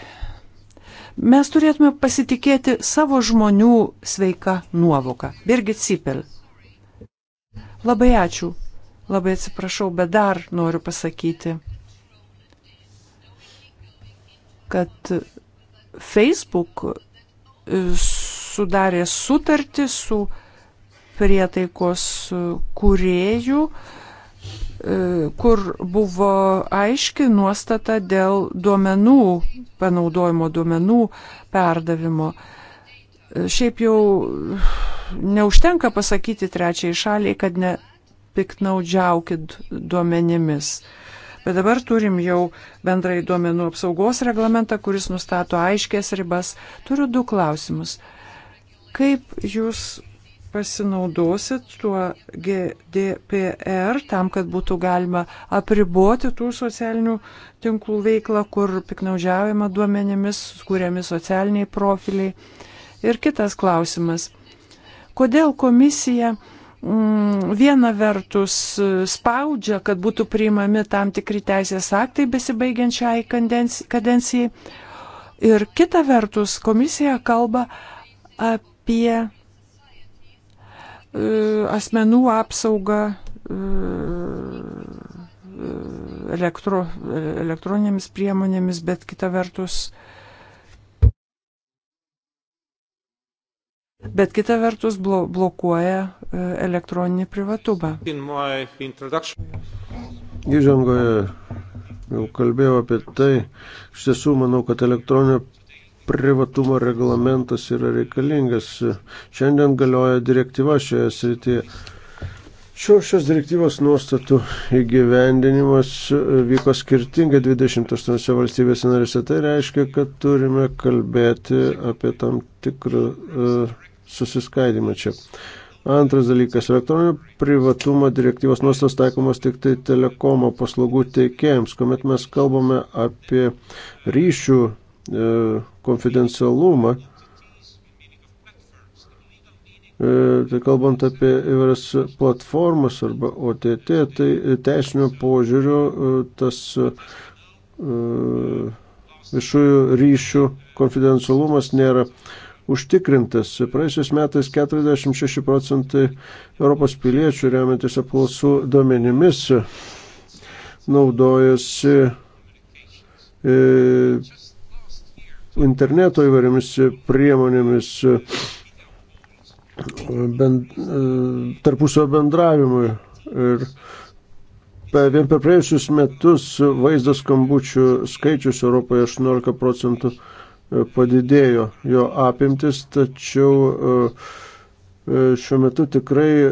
Mes turėtume pasitikėti savo žmonių sveika nuovoka. Birgit Sipel. Labai ačiū, labai atsiprašau, bet dar noriu pasakyti, kad Facebook sudarė sutartį su prietaikos kuriejų, uh, E, kur buvo aiški nuostata dėl duomenų panaudojimo, duomenų perdavimo. E, šiaip jau neužtenka pasakyti trečiai šaliai, kad ne piknaudžiaukit duomenimis. Bet dabar turim jau bendrai duomenų apsaugos reglamentą, kuris nustato aiškės ribas. Turiu du klausimus. Kaip jūs pasinaudosit tuo GDPR tam, kad būtų galima apriboti tų socialinių tinklų veiklą, kur piknaudžiaujama duomenimis, kuriami socialiniai profiliai. Ir kitas klausimas. Kodėl komisija mm, viena vertus spaudžia, kad būtų priimami tam tikri teisės aktai besibaigiančiai kadencijai. Ir kita vertus komisija kalba apie E, asmenų apsaugą e, e, elektro, elektroninėmis priemonėmis, bet kita vertus. Bet kita vertus blo, blokuoja elektroninį privatumą. Įžangoje jau kalbėjau apie tai. Iš tiesų, manau, kad elektroninio privatumo reglamentas yra reikalingas. Šiandien galioja direktyva šioje srityje. Šio šios direktyvos nuostatų įgyvendinimas e, vyko skirtingai 28 valstybėse narėse. Tai reiškia, kad turime kalbėti apie tam tikrą uh, susiskaidimą čia. Antras dalykas - elektroninio privatumo direktyvos nuostatos taikomos tik tai telekomo paslaugų teikėjams, kuomet mes kalbame apie ryšių E, konfidencialumą. E, tai kalbant apie įvairias platformas arba OTT, tai teisinio požiūriu e, tas viešųjų ryšių konfidencialumas nėra užtikrintas. Praėjusiais metais 46 procentai Europos piliečių remiantis apklausų duomenimis naudojasi interneto įvairiomis priemonėmis bend, tarpusio bendravimui. Ir per, vien per praėjusius metus vaizdo skambučių skaičius Europoje 18 procentų e, padidėjo jo apimtis, tačiau uh, E, šiuo metu tikrai e,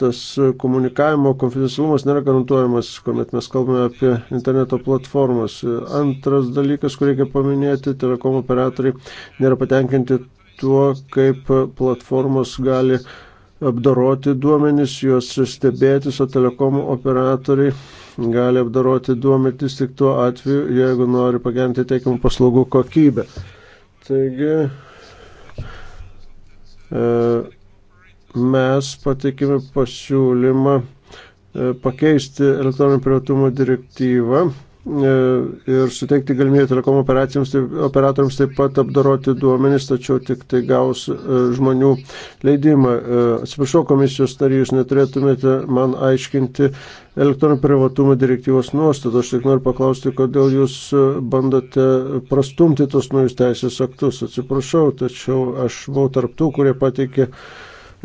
tas komunikavimo konfidencialumas nėra garantuojamas, kuomet mes kalbame apie interneto platformas. E, antras dalykas, kurį reikia paminėti, telekom operatoriai nėra patenkinti tuo, kaip platformos gali apdaroti duomenys, juos stebėti, o telekom operatoriai gali apdaroti duomenys tik tuo atveju, jeigu nori pagerinti teikiamų paslaugų kokybę. Taigi, e, mes pateikėme pasiūlymą e, pakeisti elektroninio privatumo direktyvą e, ir suteikti galimybę telekom operatoriams taip pat apdaroti duomenys, tačiau tik tai gaus e, žmonių leidimą. Atsiprašau, komisijos nariai, jūs neturėtumėte man aiškinti elektroninio privatumo direktyvos nuostatų. Aš tik noriu paklausti, kodėl jūs bandote prastumti tos naujus teisės aktus. Atsiprašau, tačiau aš buvau tarptų, kurie pateikė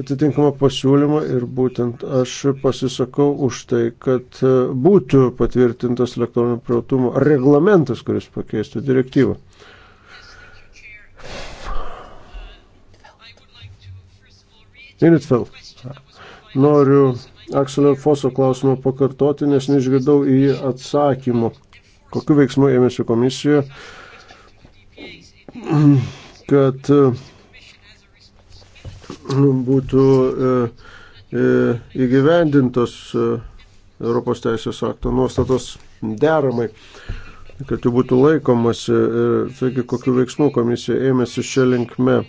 atitinkamą pasiūlymą ir būtent aš pasisakau už tai, kad e, būtų patvirtintas elektroninio privatumo reglamentas, kuris pakeistų direktyvą. Initfeld. Noriu Akselio Foso klausimą pakartoti, nes neišgirdau į jį atsakymo. Kokiu veiksmu ėmėsi komisija, kad uh, Nu, būtų e, e, įgyvendintos e, Europos teisės akto nuostatos deramai, kad jų būtų laikomasi. Taigi, kokiu veiksmu komisija ėmėsi šią linkmę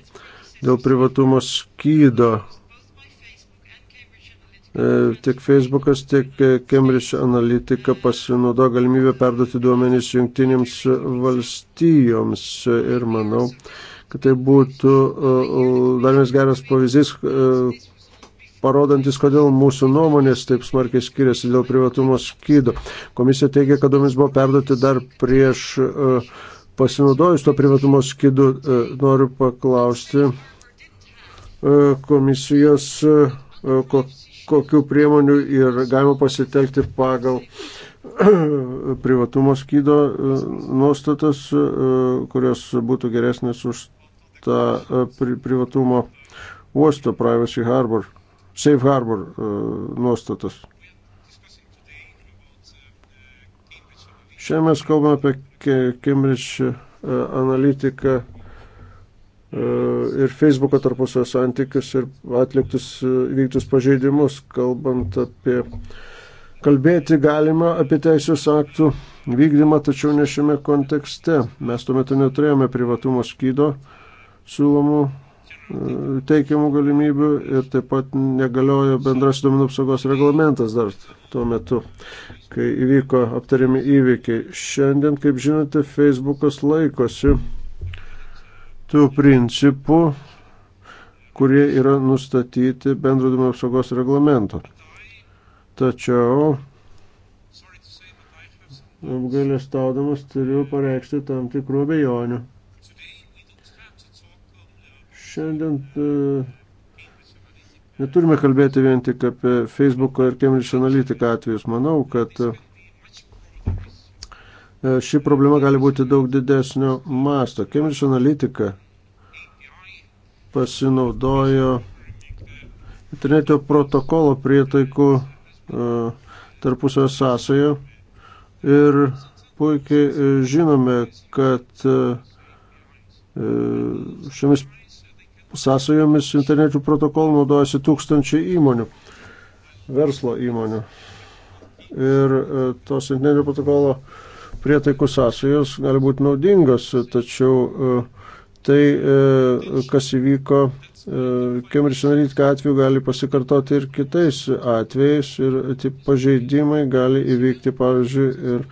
dėl privatumo skydo. Tiek Facebookas, tiek Cambridge Analytica pasinaudo galimybę perduoti duomenys jungtinėms valstijoms ir manau, kad tai būtų e, e, dar vienas geras pavyzdys, e, parodantis, kodėl mūsų nuomonės taip smarkiai skiriasi dėl privatumo skydo. Komisija teigia, kad duomenys buvo perduoti dar prieš pasinaudojus to privatumo skydu. Noriu paklausti komisijos, kokiu priemoniu ir galima pasitelkti pagal privatumo skydo nuostatas, kurios būtų geresnės už tą e, pri, privatumo uosto, privacy harbor, safe harbor e, nuostatas. Šiandien mes kalbame apie Cambridge e, analitiką ir Facebooko tarpusio santykius ir atliktus vyktus pažeidimus, kalbant apie kalbėti galima apie teisės aktų vykdymą, tačiau ne šiame kontekste. Mes tuo metu neturėjome privatumo skydo siūlomų e, teikiamų galimybių ir taip pat negaliojo bendras duomenų apsaugos reglamentas dar tuo metu, kai įvyko aptariami įvykiai. Šiandien, kaip žinote, Facebookas laikosi tų principų, kurie yra nustatyti bendro duomenų apsaugos reglamento. Tačiau apgailestaudamas turiu pareikšti tam tikrų abejonių. Šiandien e, neturime kalbėti vien tik apie Facebook ir Cambridge Analytica atvejus. Manau, kad e, e, ši problema gali būti daug didesnio masto. Cambridge Analytica pasinaudojo internetinio protokolo prietaikų tarpusio sąsojo ir puikiai žinome, kad šiomis sąsajomis internetinių protokolų naudojasi tūkstančiai įmonių, verslo įmonių. Ir e, tos internetinio protokolo prietaikų sąsajos gali būti naudingos, tačiau e, tai, e, kas įvyko Cambridge e, Analytica atveju gali pasikartoti ir kitais atvejais ir taip, pažeidimai gali įvykti, pavyzdžiui, ir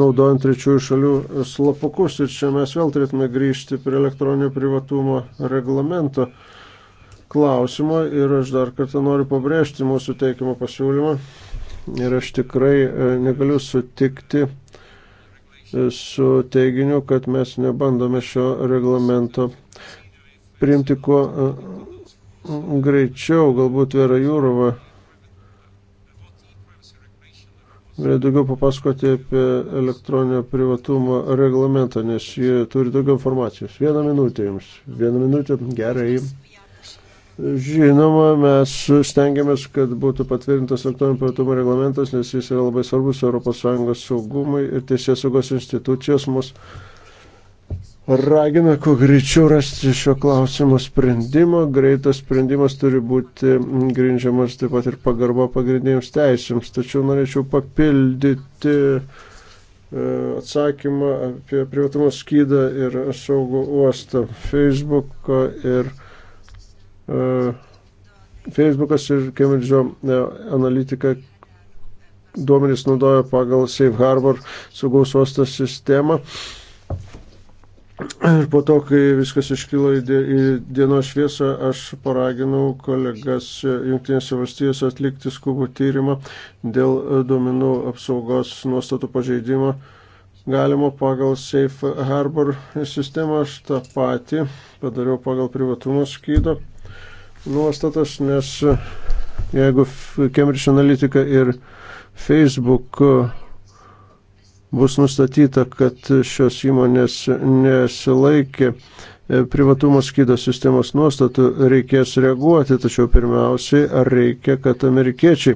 naudojant trečiųjų šalių slapukus. Ir čia mes vėl turėtume grįžti prie elektroninio privatumo reglamento klausimo ir aš dar kartą noriu pabrėžti mūsų teikimo pasiūlymą. Ir aš tikrai e, negaliu sutikti e, su teiginiu, kad mes nebandome šio reglamento priimti kuo e, greičiau, galbūt Vera Jūrova. Vėl daugiau papasakoti apie elektroninio privatumo reglamentą, nes jie turi daugiau informacijos. Vieną minutę jums. Vieną minutę. Gerai. Žinoma, mes stengiamės, kad būtų patvirtintas elektroninio privatumo reglamentas, nes jis yra labai svarbus ES saugumui ir teisės saugos institucijos mūsų ragina kuo greičiau rasti šio klausimo sprendimą. Greitas sprendimas turi būti grindžiamas taip pat ir pagarba pagrindiniams teisėms. Tačiau norėčiau papildyti e, atsakymą apie privatumo skydą ir saugų uostą. Facebook ir e, Facebookas ir Cambridge'o e, analitika duomenys naudoja pagal Safe Harbor saugaus uosto sistemą. Uh, Po to, kai viskas iškilo į dienos šviesą, aš paraginau kolegas Junktinėse valstijose atlikti skubų tyrimą dėl duomenų apsaugos nuostatų pažeidimo galima pagal Safe Harbor sistemą. Aš tą patį padariau pagal privatumo skydo nuostatas, nes jeigu Cambridge Analytica ir Facebook bus nustatyta, kad šios įmonės nesilaikė e, privatumo skydo sistemos nuostatų, reikės reaguoti, tačiau pirmiausiai, ar reikia, kad amerikiečiai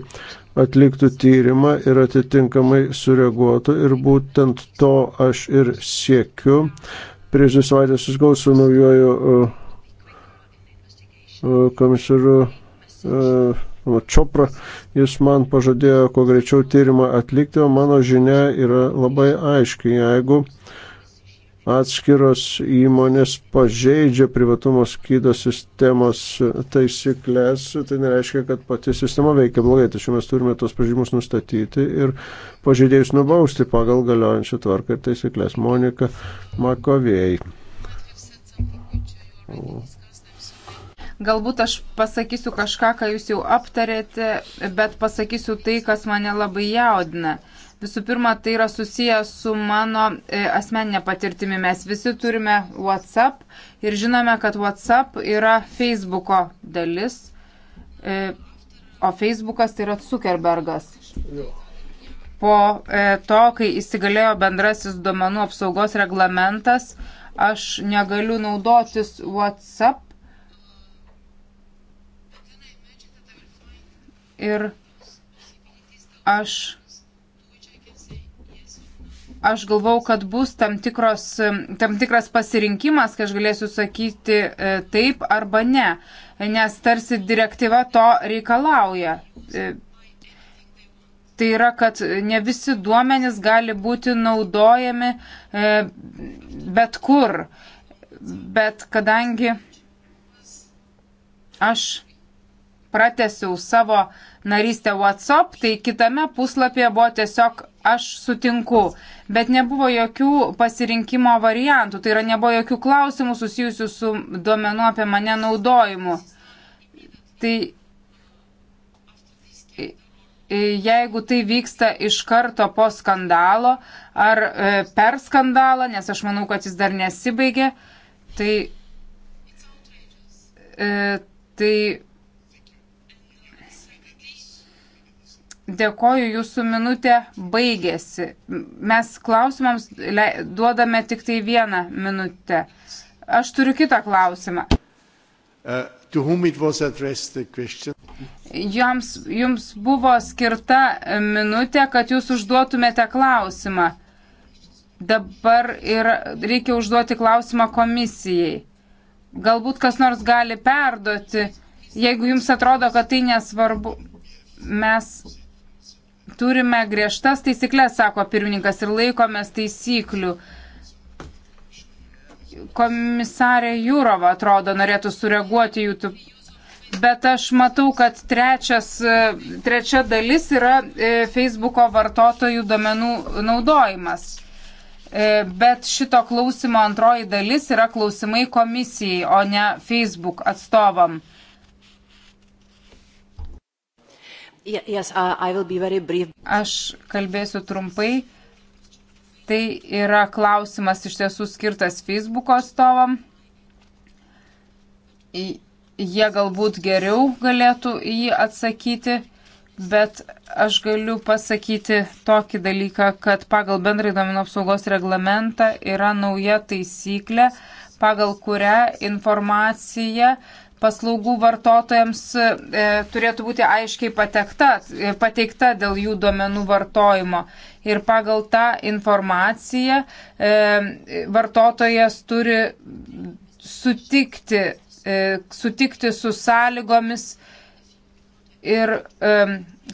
atliktų tyrimą ir atitinkamai sureaguotų ir būtent to aš ir siekiu. Prieš dvi savaitės susikau su naujoju e, e, komisaru Čiopra, jis man pažadėjo, kuo greičiau tyrimą atlikti, o mano žinia yra labai aiški. Jeigu atskiros įmonės pažeidžia privatumo skydo sistemos taisyklės, tai nereiškia, kad pati sistema veikia blogai, tačiau mes turime tos pažymus nustatyti ir pažeidėjus nubausti pagal galiojančią tvarką ir taisyklės. Monika Makovėjai. Galbūt aš pasakysiu kažką, ką jūs jau aptarėte, bet pasakysiu tai, kas mane labai jaudina. Visų pirma, tai yra susijęs su mano e, asmeninė patirtimi. Mes visi turime WhatsApp ir žinome, kad WhatsApp yra Facebooko dalis, e, o Facebookas tai yra Zuckerbergas. Po e, to, kai įsigalėjo bendrasis duomenų apsaugos reglamentas, aš negaliu naudotis WhatsApp ir aš, aš galvau, kad bus tam, tikros, tam tikras pasirinkimas, kai aš galėsiu sakyti e, taip arba ne, nes tarsi direktyva to reikalauja. E, tai yra, kad ne visi duomenys gali būti naudojami e, bet kur, bet kadangi aš pratesiau savo narystę WhatsApp, tai kitame puslapyje buvo tiesiog aš sutinku, bet nebuvo jokių pasirinkimo variantų, tai yra nebuvo jokių klausimų susijusių su duomenų apie mane naudojimu. Tai jeigu tai vyksta iš karto po skandalo ar e, per skandalą, nes aš manau, kad jis dar nesibaigė, tai, e, tai Dėkoju, jūsų minutė baigėsi. Mes klausimams duodame tik tai vieną minutę. Aš turiu kitą klausimą. Uh, Jums, jums buvo skirta minutė, kad jūs užduotumėte klausimą. Dabar yra, reikia užduoti klausimą komisijai. Galbūt kas nors gali perduoti, jeigu jums atrodo, kad tai nesvarbu. Mes Turime griežtas taisyklės, sako pirmininkas, ir laikomės taisyklių. Komisarė Jūrova, atrodo, norėtų sureaguoti jų Bet aš matau, kad trečias, e, trečia dalis yra e, Facebooko vartotojų domenų naudojimas. E, bet šito klausimo antroji dalis yra klausimai komisijai, o ne Facebook atstovam. Yes, Aš kalbėsiu trumpai. Tai yra klausimas iš tiesų skirtas Facebook atstovam. Jie galbūt geriau galėtų jį atsakyti, bet aš galiu pasakyti tokį dalyką, kad pagal bendrai domino apsaugos reglamentą yra nauja taisyklė, pagal kurią informacija paslaugų vartotojams e, turėtų būti aiškiai patekta, e, pateikta dėl jų duomenų vartojimo. Ir pagal tą informaciją e, vartotojas turi sutikti, e, sutikti su sąlygomis ir e,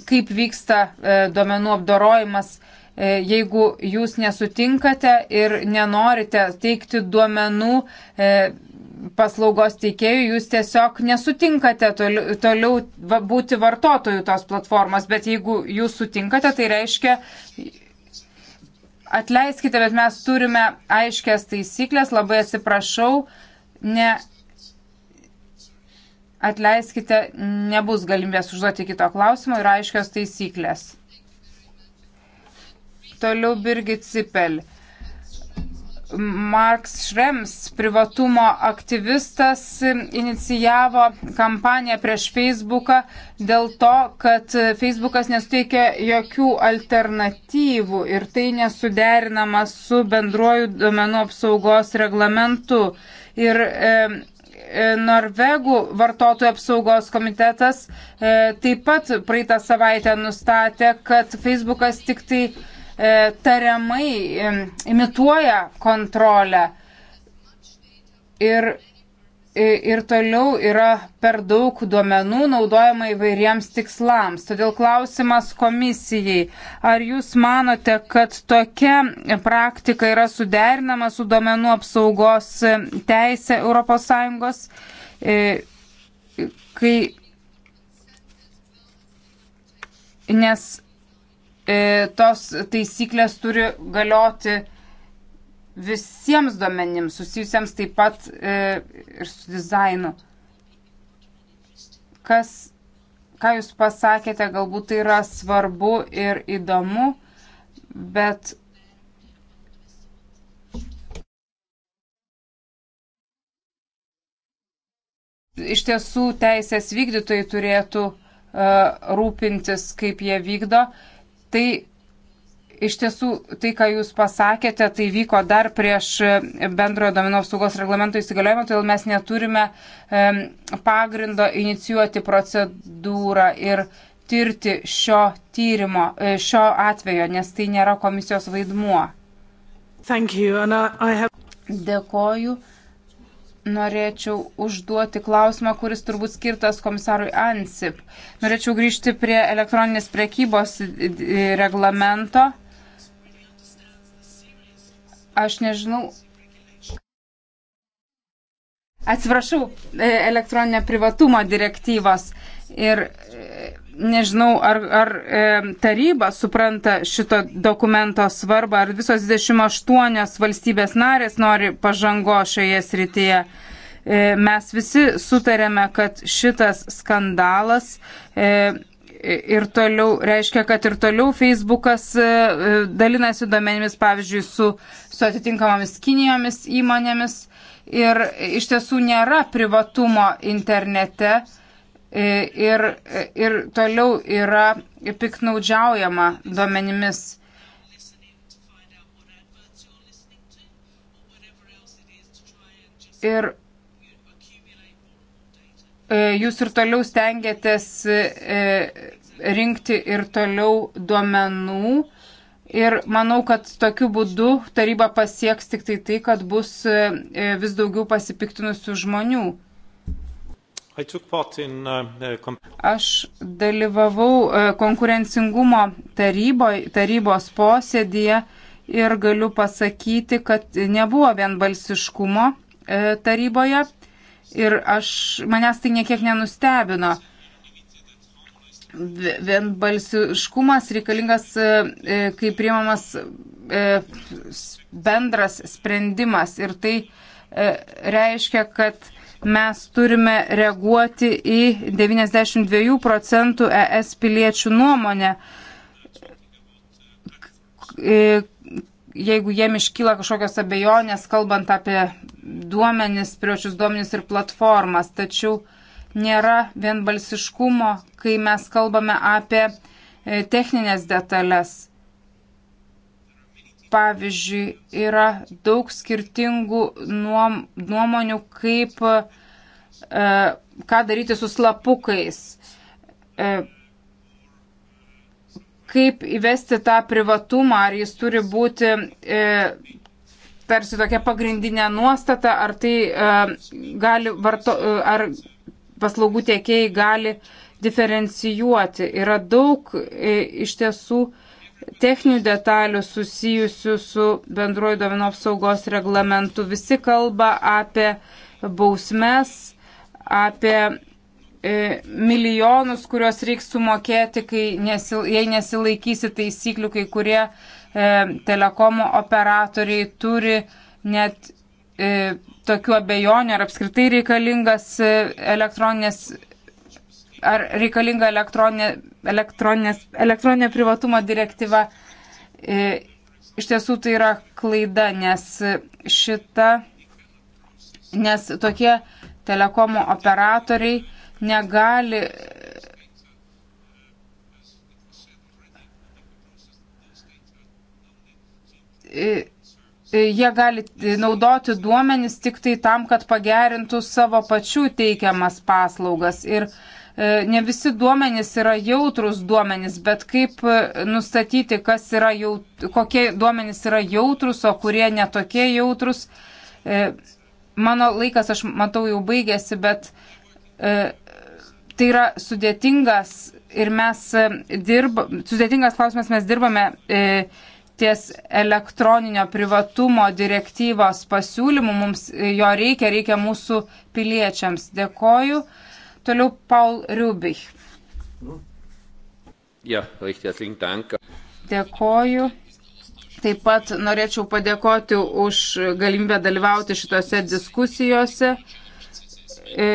kaip vyksta e, duomenų apdorojimas e, jeigu jūs nesutinkate ir nenorite teikti duomenų e, paslaugos teikėjų, jūs tiesiog nesutinkate toliau, toliau va, būti vartotojų tos platformos, bet jeigu jūs sutinkate, tai reiškia, atleiskite, bet mes turime aiškias taisyklės, labai atsiprašau, ne, atleiskite, nebus galimybės užduoti kito klausimo ir aiškios taisyklės. Toliau Birgit Cipel. Marks Šrems, privatumo aktyvistas, inicijavo kampaniją prieš Facebooką dėl to, kad Facebookas nesuteikia jokių alternatyvų ir tai nesuderinama su bendruoju domenų apsaugos reglamentu. Ir e, e, Norvegų vartotojų apsaugos komitetas e, taip pat praeitą savaitę nustatė, kad Facebookas tik tai E, tariamai e, imituoja kontrolę ir, ir toliau yra per daug duomenų naudojama įvairiems tikslams. Todėl klausimas komisijai, ar jūs manote, kad tokia praktika yra suderinama su duomenų apsaugos teisė ES, e, kai nes E, tos taisyklės turi galioti visiems duomenims, susijusiems taip pat e, ir su dizainu. Kas, ką Jūs pasakėte, galbūt tai yra svarbu ir įdomu, bet iš tiesų teisės vykdytojai turėtų uh, rūpintis, kaip jie vykdo. Uh, Tai iš tiesų tai, ką Jūs pasakėte, tai vyko dar prieš e, bendrojo domino apsaugos reglamento įsigaliojimą, todėl mes neturime e, pagrindo inicijuoti procedūrą ir tirti šio tyrimo, e, šio atvejo, nes tai nėra komisijos vaidmuo. Have... Dėkoju norėčiau užduoti klausimą, kuris turbūt skirtas komisarui Ansip. Norėčiau grįžti prie elektroninės prekybos reglamento. Aš nežinau. Atsiprašau, e, elektroninė privatumo direktyvos. Ir e, nežinau, ar, ar e, taryba supranta šito dokumento svarbą, ar visos 28 valstybės narės nori pažango šioje srityje. E, mes visi sutarėme, kad šitas skandalas e, ir toliau, reiškia, kad ir toliau Facebookas e, e dalinasi duomenimis, pavyzdžiui, su, su atitinkamomis Kinijomis įmonėmis ir iš tiesų nėra privatumo internete. E, E, ir, ir toliau yra piknaudžiaujama duomenimis. Ir e, jūs ir toliau stengiatės e, rinkti ir toliau duomenų. Ir manau, kad tokiu būdu taryba pasieks tik tai tai, kad bus vis daugiau pasipiktinusių žmonių. Uh, aš dalyvavau e, konkurencingumo taryboj, tarybos posėdėje ir galiu pasakyti, kad nebuvo vienbalsiškumo e, taryboje ir aš, manęs tai niekiek nenustebino. Vienbalsiškumas reikalingas, e, kai priimamas bendras sprendimas ir tai reiškia, kad mes turime reaguoti į 92 procentų ES piliečių nuomonę. Jeigu jiem iškyla kažkokios abejonės, kalbant apie duomenis, priečius duomenis ir platformas, tačiau nėra vienbalsiškumo, kai mes kalbame apie e, techninės detalės Pavyzdžiui, yra daug skirtingų nuom, nuomonių, kaip, e, ką daryti su slapukais, e, kaip įvesti tą privatumą, ar jis turi būti e, tarsi tokia pagrindinė nuostata, ar tai e, gali varto, e, ar paslaugų tiekėjai gali diferencijuoti. Yra daug e, iš tiesų e, techninių detalių susijusių su bendroju duomenų apsaugos reglamentu. Visi kalba apie bausmes, apie e, milijonus, kuriuos reiks sumokėti, kai nesil, jei nesilaikysi taisyklių, kai kurie e, telekomo operatoriai turi net e, tokių abejonių, ar apskritai reikalingas e, elektroninės ar reikalinga elektroninė, elektroninė, elektroninė privatumo direktyva. E, iš tiesų tai yra klaida, nes šita, nes tokie telekomo operatoriai negali e, e, jie gali naudoti duomenis tik tai tam, kad pagerintų savo pačių teikiamas paslaugas. Ir uh, E, ne visi duomenys yra jautrus duomenys, bet kaip e, nustatyti, jaut, kokie duomenys yra jautrus, o kurie netokie jautrus. E, mano laikas, aš matau, jau baigėsi, bet tai yra sudėtingas ir mes dirbame, sudėtingas klausimas, mes dirbame ties elektroninio privatumo direktyvos pasiūlymų, mums jo reikia, reikia mūsų piliečiams. Dėkoju. Toliau Paul Rubich. Ja, Dėkoju. Taip pat norėčiau padėkoti už galimybę dalyvauti šitose diskusijose. E,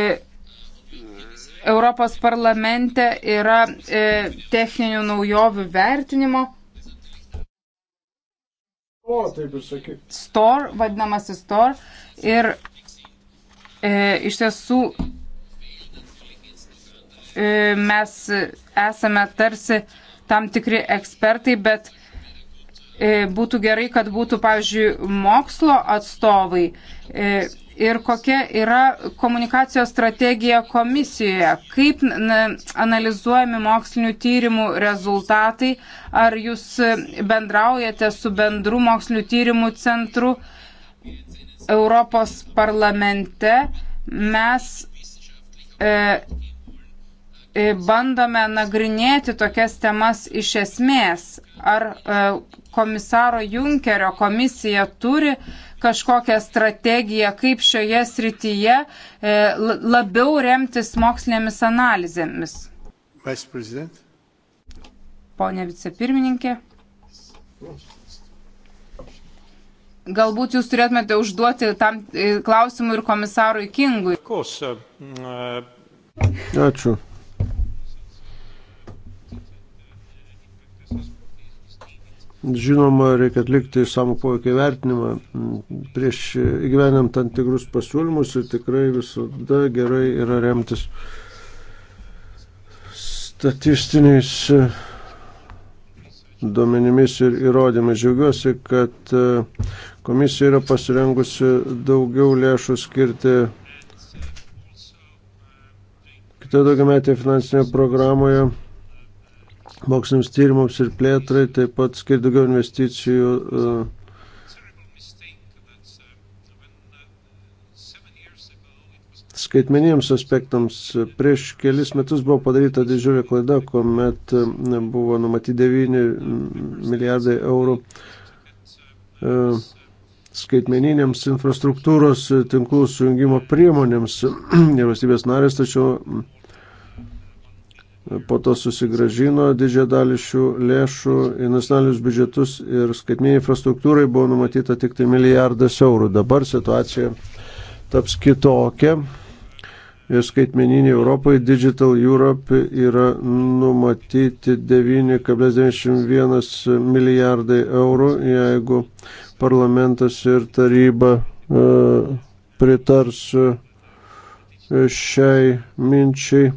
Europos parlamente yra e, techninių naujovių vertinimo. O, taip ir sakyk. Store, vadinamasis store. Ir e, iš tiesų E, mes esame tarsi tam tikri ekspertai, bet e, būtų gerai, kad būtų, pavyzdžiui, mokslo atstovai. E, ir kokia yra komunikacijos strategija komisijoje? Kaip analizuojami mokslinių tyrimų rezultatai? Ar jūs bendraujate su bendru mokslinių tyrimų centru Europos parlamente? Mes e, E, bandome nagrinėti tokias temas iš esmės. Ar e, komisaro Junkerio komisija turi kažkokią strategiją, kaip šioje srityje e, labiau remtis mokslinėmis analizėmis? Pone vicepirmininkė. Galbūt jūs turėtumėte užduoti tam klausimų ir komisarui Kingui. Uh, mm, uh, Ačiū. Žinoma, reikia atlikti išsamų poveikį vertinimą prieš įgyvenam tam tikrus pasiūlymus ir tikrai visada gerai yra remtis statistiniais e, duomenimis ir įrodymais. Džiaugiuosi, kad e, komisija yra pasirengusi daugiau lėšų skirti kitoje daugiametėje finansinėje programoje moksliniams tyrimams ir plėtrai, taip pat skiria daugiau investicijų. E, skaitmeniniams aspektams prieš kelis metus buvo padaryta didžiulė klaida, kuomet e, buvo numatyti 9 milijardai eurų e, skaitmeniniams infrastruktūros tinklų sujungimo priemonėms ir valstybės narės, tačiau po to susigražino didžiąją dalį šių lėšų į nacionalinius biudžetus ir skaitminiai infrastruktūrai buvo numatyta tik tai milijardas eurų. Dabar situacija taps kitokia ir skaitmeniniai Europai Digital Europe yra numatyti 9,91 milijardai eurų, jeigu parlamentas ir taryba e, pritars e, šiai minčiai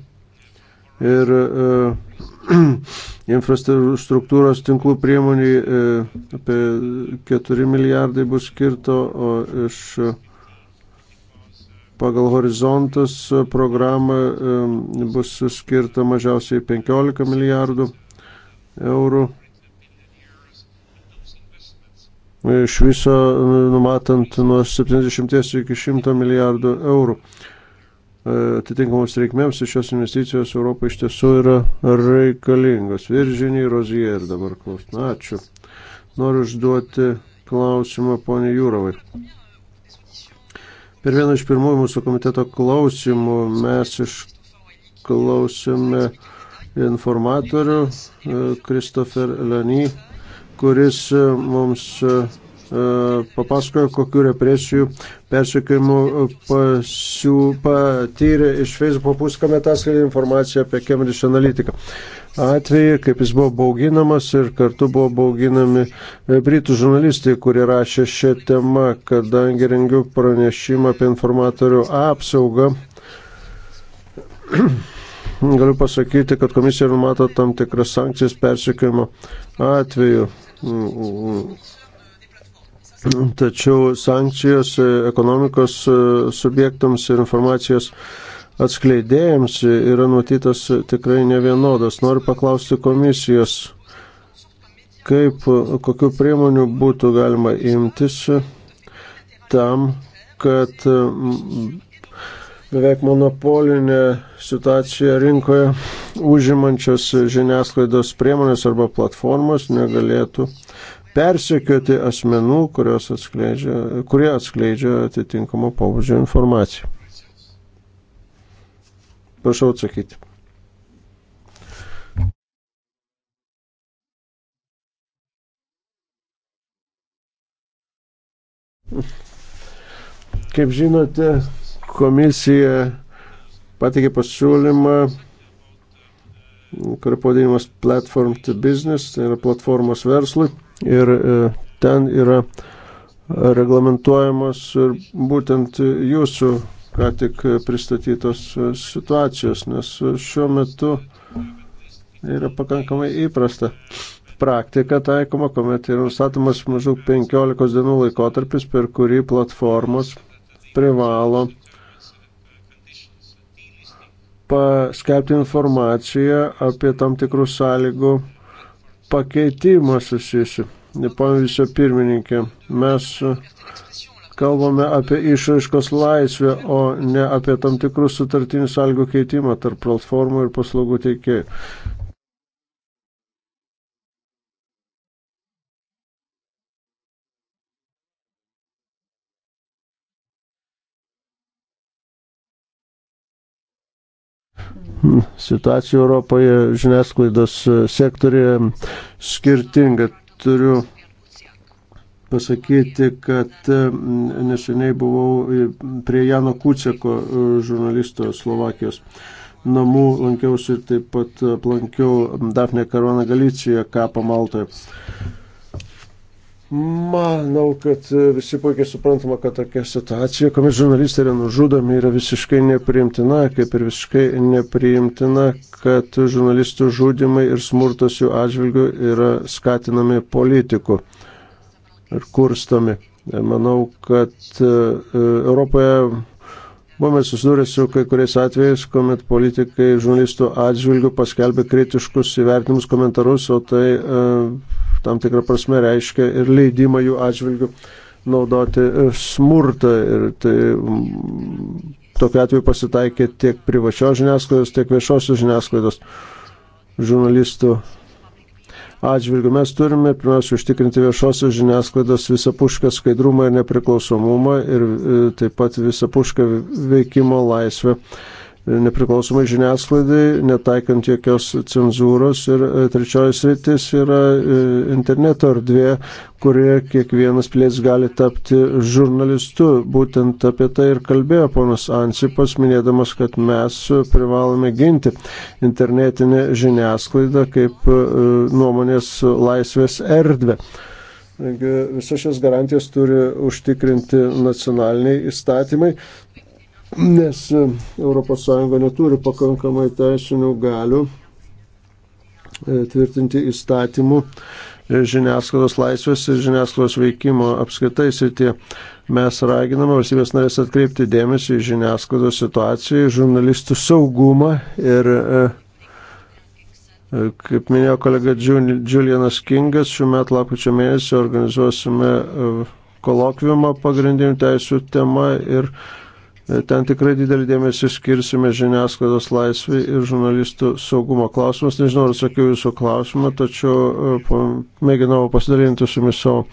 ir e, infrastruktūros tinklų priemoniai e, apie 4 milijardai bus skirto, o iš pagal horizontus programą e, bus skirta mažiausiai 15 milijardų eurų. Iš viso numatant nuo 70 iki 100 milijardų eurų atitinkamoms reikmėms ir šios investicijos Europai iš tiesų yra reikalingos. Viržiniai Rozijai ir dabar klausimą. Ačiū. Noriu užduoti klausimą poniai Jūrovai. Per vieną iš pirmųjų mūsų komiteto klausimų mes išklausėme informatorių Kristofer e, Lany, kuris e, mums e, E, papasakojo, kokiu represijų persikėjimu e, patyrė iš Facebook puskame ataskaitą informaciją apie Cambridge Analytica. Atvejai, kaip jis buvo bauginamas ir kartu buvo bauginami e, britų žurnalistai, kurie rašė šią temą, kadangi rengiu pranešimą apie informatorių apsaugą. Galiu pasakyti, kad komisija numato tam tikras sankcijas persikėjimo atveju. Mm, mm, mm. Tačiau sankcijos e, ekonomikos e, subjektams ir informacijos atskleidėjams yra nuotytas tikrai ne vienodas. Noriu paklausti komisijos, kaip, kokiu priemoniu būtų galima imtis tam, kad beveik monopolinė situacija rinkoje užimančios žiniasklaidos priemonės arba platformos negalėtų persekioti asmenų, atskleidžia, kurie atskleidžia atitinkamo pobūdžio informaciją. Prašau atsakyti. Kaip žinote, komisija pateikė pasiūlymą, kurio pavadinimas Platform to Business, tai yra platformos verslui ir e, ten yra reglamentuojamos ir būtent jūsų ką tik pristatytos situacijos, nes šiuo metu yra pakankamai įprasta praktika taikoma, kuomet yra nustatomas maždaug 15 dienų laikotarpis, per kurį platformos privalo paskelbti informaciją apie tam tikrų sąlygų pakeitimą susijusiu. Pane viso pirmininkė, mes kalbame apie išraiškos laisvę, o ne apie tam tikrus sutartinių sąlygų keitimą tarp platformų ir paslaugų teikėjų. situacija Europoje žiniasklaidos sektorėje skirtinga. Turiu pasakyti, kad mm, neseniai buvau prie Jano Kuceko mm, žurnalisto Slovakijos namų, lankiausi ir taip pat aplankiau Dafne Karoną Galiciją kapą Maltoje. Manau, kad e, visi puikiai suprantama, kad tokia situacija, kuomet žurnalistai yra nužudomi, yra visiškai nepriimtina, kaip ir visiškai nepriimtina, kad žurnalistų žudimai ir smurtas jų atžvilgių yra skatinami politikų ir kurstami. Manau, kad e, Europoje Buvome susidūrę su kai kuriais atvejais, kuomet politikai žurnalistų atžvilgių paskelbė kritiškus įvertinimus komentarus, o tai e, tam tikrą prasme reiškia ir leidimą jų atžvilgių naudoti e, smurtą. Ir tai m, tokiu atveju pasitaikė tiek privačios žiniasklaidos, tiek viešosios žiniasklaidos žurnalistų atžvilgių. Mes turime pirmiausia užtikrinti viešosios žiniasklaidos visapušką skaidrumą ir nepriklausomumą ir e, taip pat visapušką veikimo laisvę nepriklausomai žiniasklaidai, netaikant jokios cenzūros. Ir e, trečioji sritis yra e, interneto erdvė, kurioje kiekvienas plės gali tapti žurnalistu. Būtent apie tai ir kalbėjo ponas Ansipas, minėdamas, kad mes privalome ginti internetinę žiniasklaidą kaip e, nuomonės laisvės erdvę. Visas šias garantijas turi užtikrinti nacionaliniai įstatymai nes ES neturi pakankamai teisinių galių e, tvirtinti įstatymų e, žiniasklaidos laisvės ir žiniasklaidos veikimo apskaitai srityje. Mes raginame valstybės narės atkreipti dėmesį į žiniasklaidos situaciją, žurnalistų saugumą ir, e, kaip minėjo kolega Julianas Kingas, šiuo metu lapkričio mėnesį organizuosime kolokviumą pagrindinių teisų tema ir E, ten tikrai didelį dėmesį skirsime žiniasklaidos laisvį ir žurnalistų saugumo klausimas. Nežinau, ar atsakiau jūsų klausimą, tačiau e, mėginau pasidalinti su jumis savo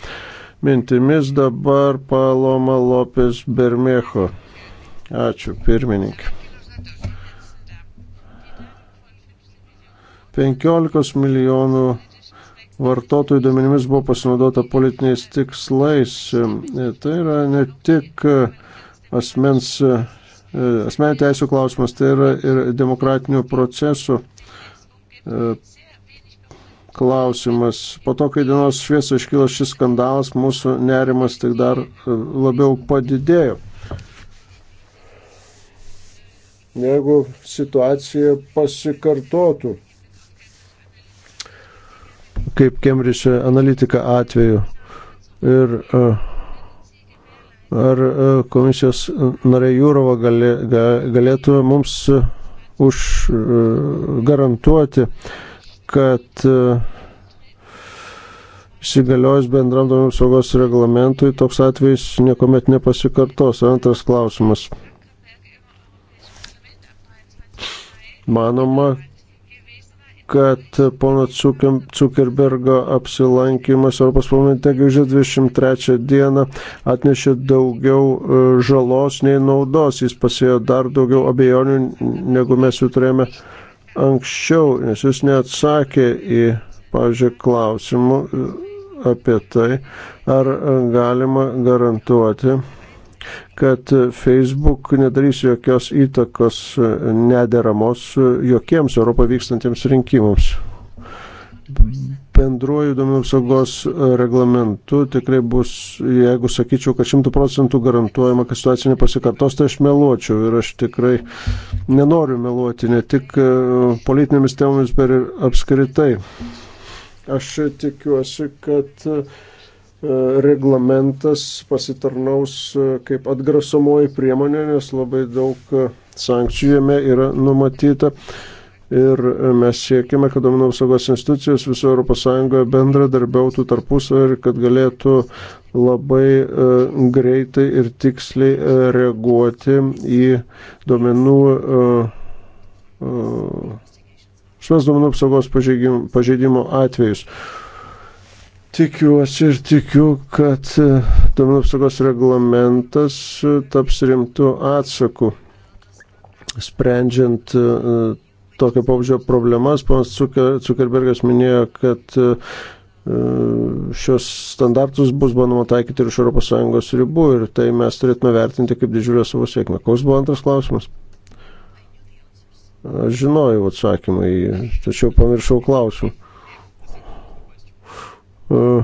mintimis. Dabar Paloma Lopės Bermecho. Ačiū, pirmininkė. 15 milijonų vartotojų duomenimis buvo pasinaudota politiniais tikslais. E, tai yra ne tik uh, asmens, e, e, asmenio teisų klausimas, tai yra ir demokratinių procesų e, klausimas. Po to, kai dienos šviesą iškilo šis skandalas, mūsų nerimas tik dar labiau padidėjo. Jeigu situacija pasikartotų, kaip Kembričio analitika atveju. Ir uh, Ar e, komisijos narė Jūrova gali, galėtų mums e, užgarantuoti, e, kad įsigaliojus bendram duomenų saugos reglamentui, toks atvejs niekuomet nepasikartos. Antras klausimas. Manoma, kad pono Zuckerbergo apsilankimas Europos parlamente gegužės 23 dieną atnešė daugiau e, žalos nei naudos. Jis pasėjo dar daugiau abejonių, negu mes jų turėjome anksčiau, nes jis neatsakė į, pavyzdžiui, klausimų e, apie tai, ar galima garantuoti kad Facebook nedarys jokios įtakos nederamos jokiems Europoje vykstantiems rinkimams. Bendruoju duomenų apsaugos reglamentu tikrai bus, jeigu sakyčiau, kad šimtų procentų garantuojama, kad situacija nepasikartos, tai aš meluočiau ir aš tikrai nenoriu meluoti ne tik e, politinėmis temomis, bet ir apskritai. Aš tikiuosi, kad uh, E, reglamentas pasitarnaus e, kaip atgrasomoji priemonė, nes labai daug e, sankcijų jame yra numatyta. Ir mes siekime, kad domenų apsaugos institucijos viso ES bendradarbiautų tarpusavį ir kad galėtų labai e, greitai ir tiksliai e, reaguoti į domenų, e, e, šios domenų apsaugos pažeidimo, pažeidimo atvejus. E, Tikiuosi ir tikiu, kad e, duomenų apsaugos reglamentas e, taps rimtų atsakų. Sprendžiant e, tokio pabudžio problemas, ponas Zuckerbergas minėjo, kad šios standartus bus bandoma taikyti ir iš ES ribų ir tai mes turėtume vertinti kaip didžiulę savo sėkmę. Koks buvo antras klausimas? Aš žinojau atsakymą, tačiau pamiršau klausimą. E,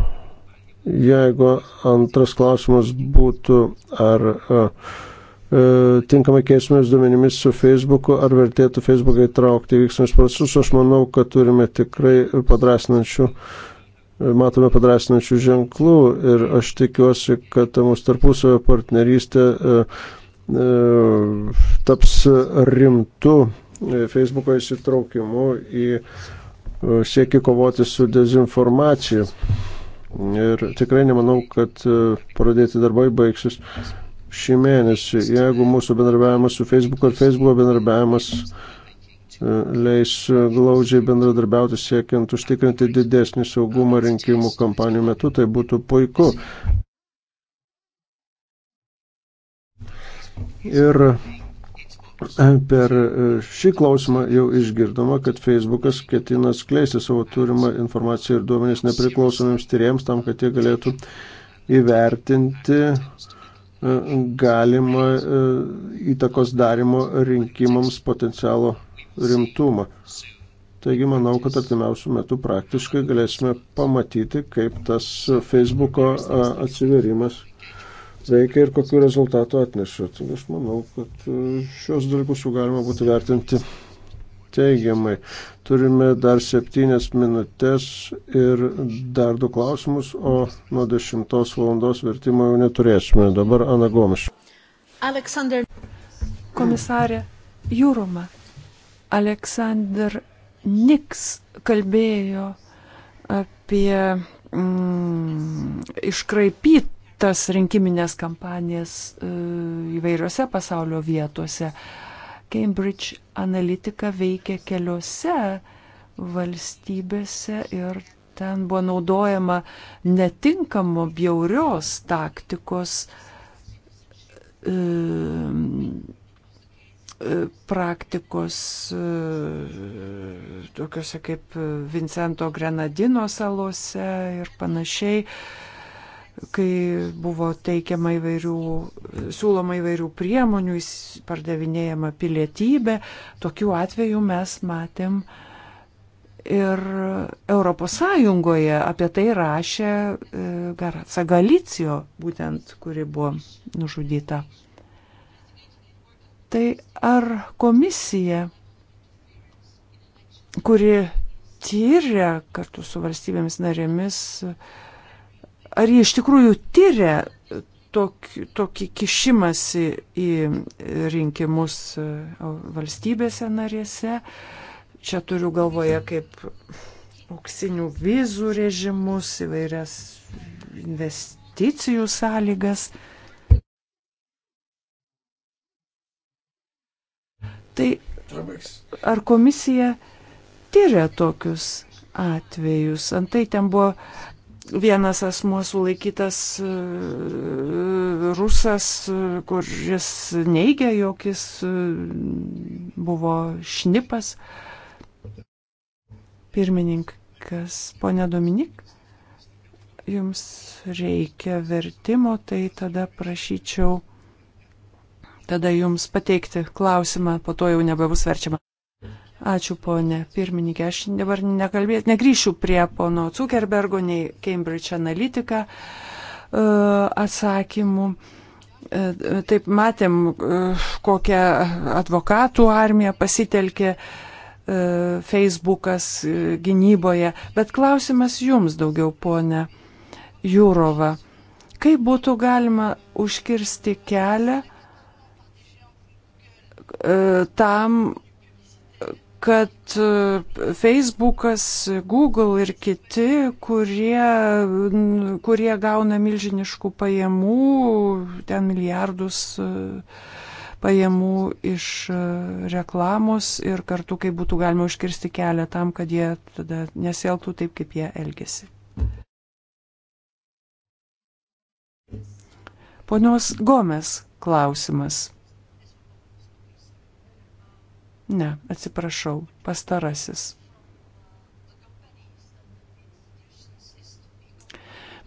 jeigu antras klausimas būtų, ar e, e, tinkamai keisimės duomenimis su Facebooku, ar vertėtų Facebooką įtraukti į veiksmus procesus, aš manau, kad turime tikrai padrasinančių, matome padrasinančių ženklų ir aš tikiuosi, kad ta mūsų tarpusavio partnerystė taps rimtu Facebooko įsitraukimu į siekį kovoti su dezinformacija. Ir tikrai nemanau, kad e, pradėti darbai baigsis šį mėnesį. Jeigu mūsų bendarbiavimas su Facebook ar Facebook bendarbiavimas e, leis glaudžiai bendradarbiauti siekiant užtikrinti didesnį saugumą rinkimų kampanijų metu, tai būtų puiku. Ir Per e, šį klausimą jau išgirdoma, kad Facebookas ketina skleisti savo turimą informaciją ir duomenys nepriklausomiems tyriems tam, kad jie galėtų įvertinti e, galima e, įtakos darimo rinkimams potencialo rimtumą. Taigi manau, kad artimiausių metų praktiškai galėsime pamatyti, kaip tas Facebooko atsiverimas veikia ir kokiu rezultatu atneša. Tai aš manau, kad e, šios dalykus jau galima būtų vertinti teigiamai. Turime dar septynias minutės ir dar du klausimus, o nuo dešimtos valandos vertimo jau neturėsime. Dabar Ana Gomiš. Aleksandr. Komisarė Jūroma. Aleksandr Niks kalbėjo apie mm, iškraipyt tas rinkiminės kampanijas e, įvairiose pasaulio vietose. Cambridge Analytica veikia keliose valstybėse ir ten buvo naudojama netinkamo bjaurios taktikos e, e, praktikos tokiuose kaip Vincento Grenadino salose ir panašiai kai buvo teikiama įvairių, siūloma įvairių priemonių, pardavinėjama pilietybė, tokių atvejų mes matėm ir Europos Sąjungoje apie tai rašė e, Garaca Galicijo, būtent, kuri buvo nužudyta. Tai ar komisija, kuri tyria kartu su valstybėmis narėmis, uh, ar jie iš tikrųjų tyria tokį, tokį kišimąsi į rinkimus e, valstybėse narėse. Čia turiu galvoje kaip auksinių vizų režimus, įvairias investicijų sąlygas. Tai ar komisija tyria tokius atvejus? Antai ten buvo vienas asmuo sulaikytas e, rusas, e, kuris neigia, jog jis e, buvo šnipas. Pirmininkas, ponia Dominik, jums reikia vertimo, tai tada prašyčiau tada jums pateikti klausimą, po to jau nebebus verčiama. Ačiū, ponė pirmininkė. Aš dabar nekalbės, negryšiu prie pono Zuckerbergo, nei Cambridge Analytica e, atsakymų. E, taip matėm, e, kokią advokatų armiją pasitelkė Facebookas gynyboje. Bet klausimas jums daugiau, ponė Jūrova. Kaip būtų galima užkirsti kelią tam, kad e, Facebookas, Google ir kiti, kurie, kurie gauna milžiniškų pajamų, ten milijardus e, pajamų iš e, reklamos ir kartu, kaip būtų galima užkirsti kelią tam, kad jie tada nesielgtų taip, kaip jie elgesi. Ponios Gomes klausimas. Ne, atsiprašau, pastarasis.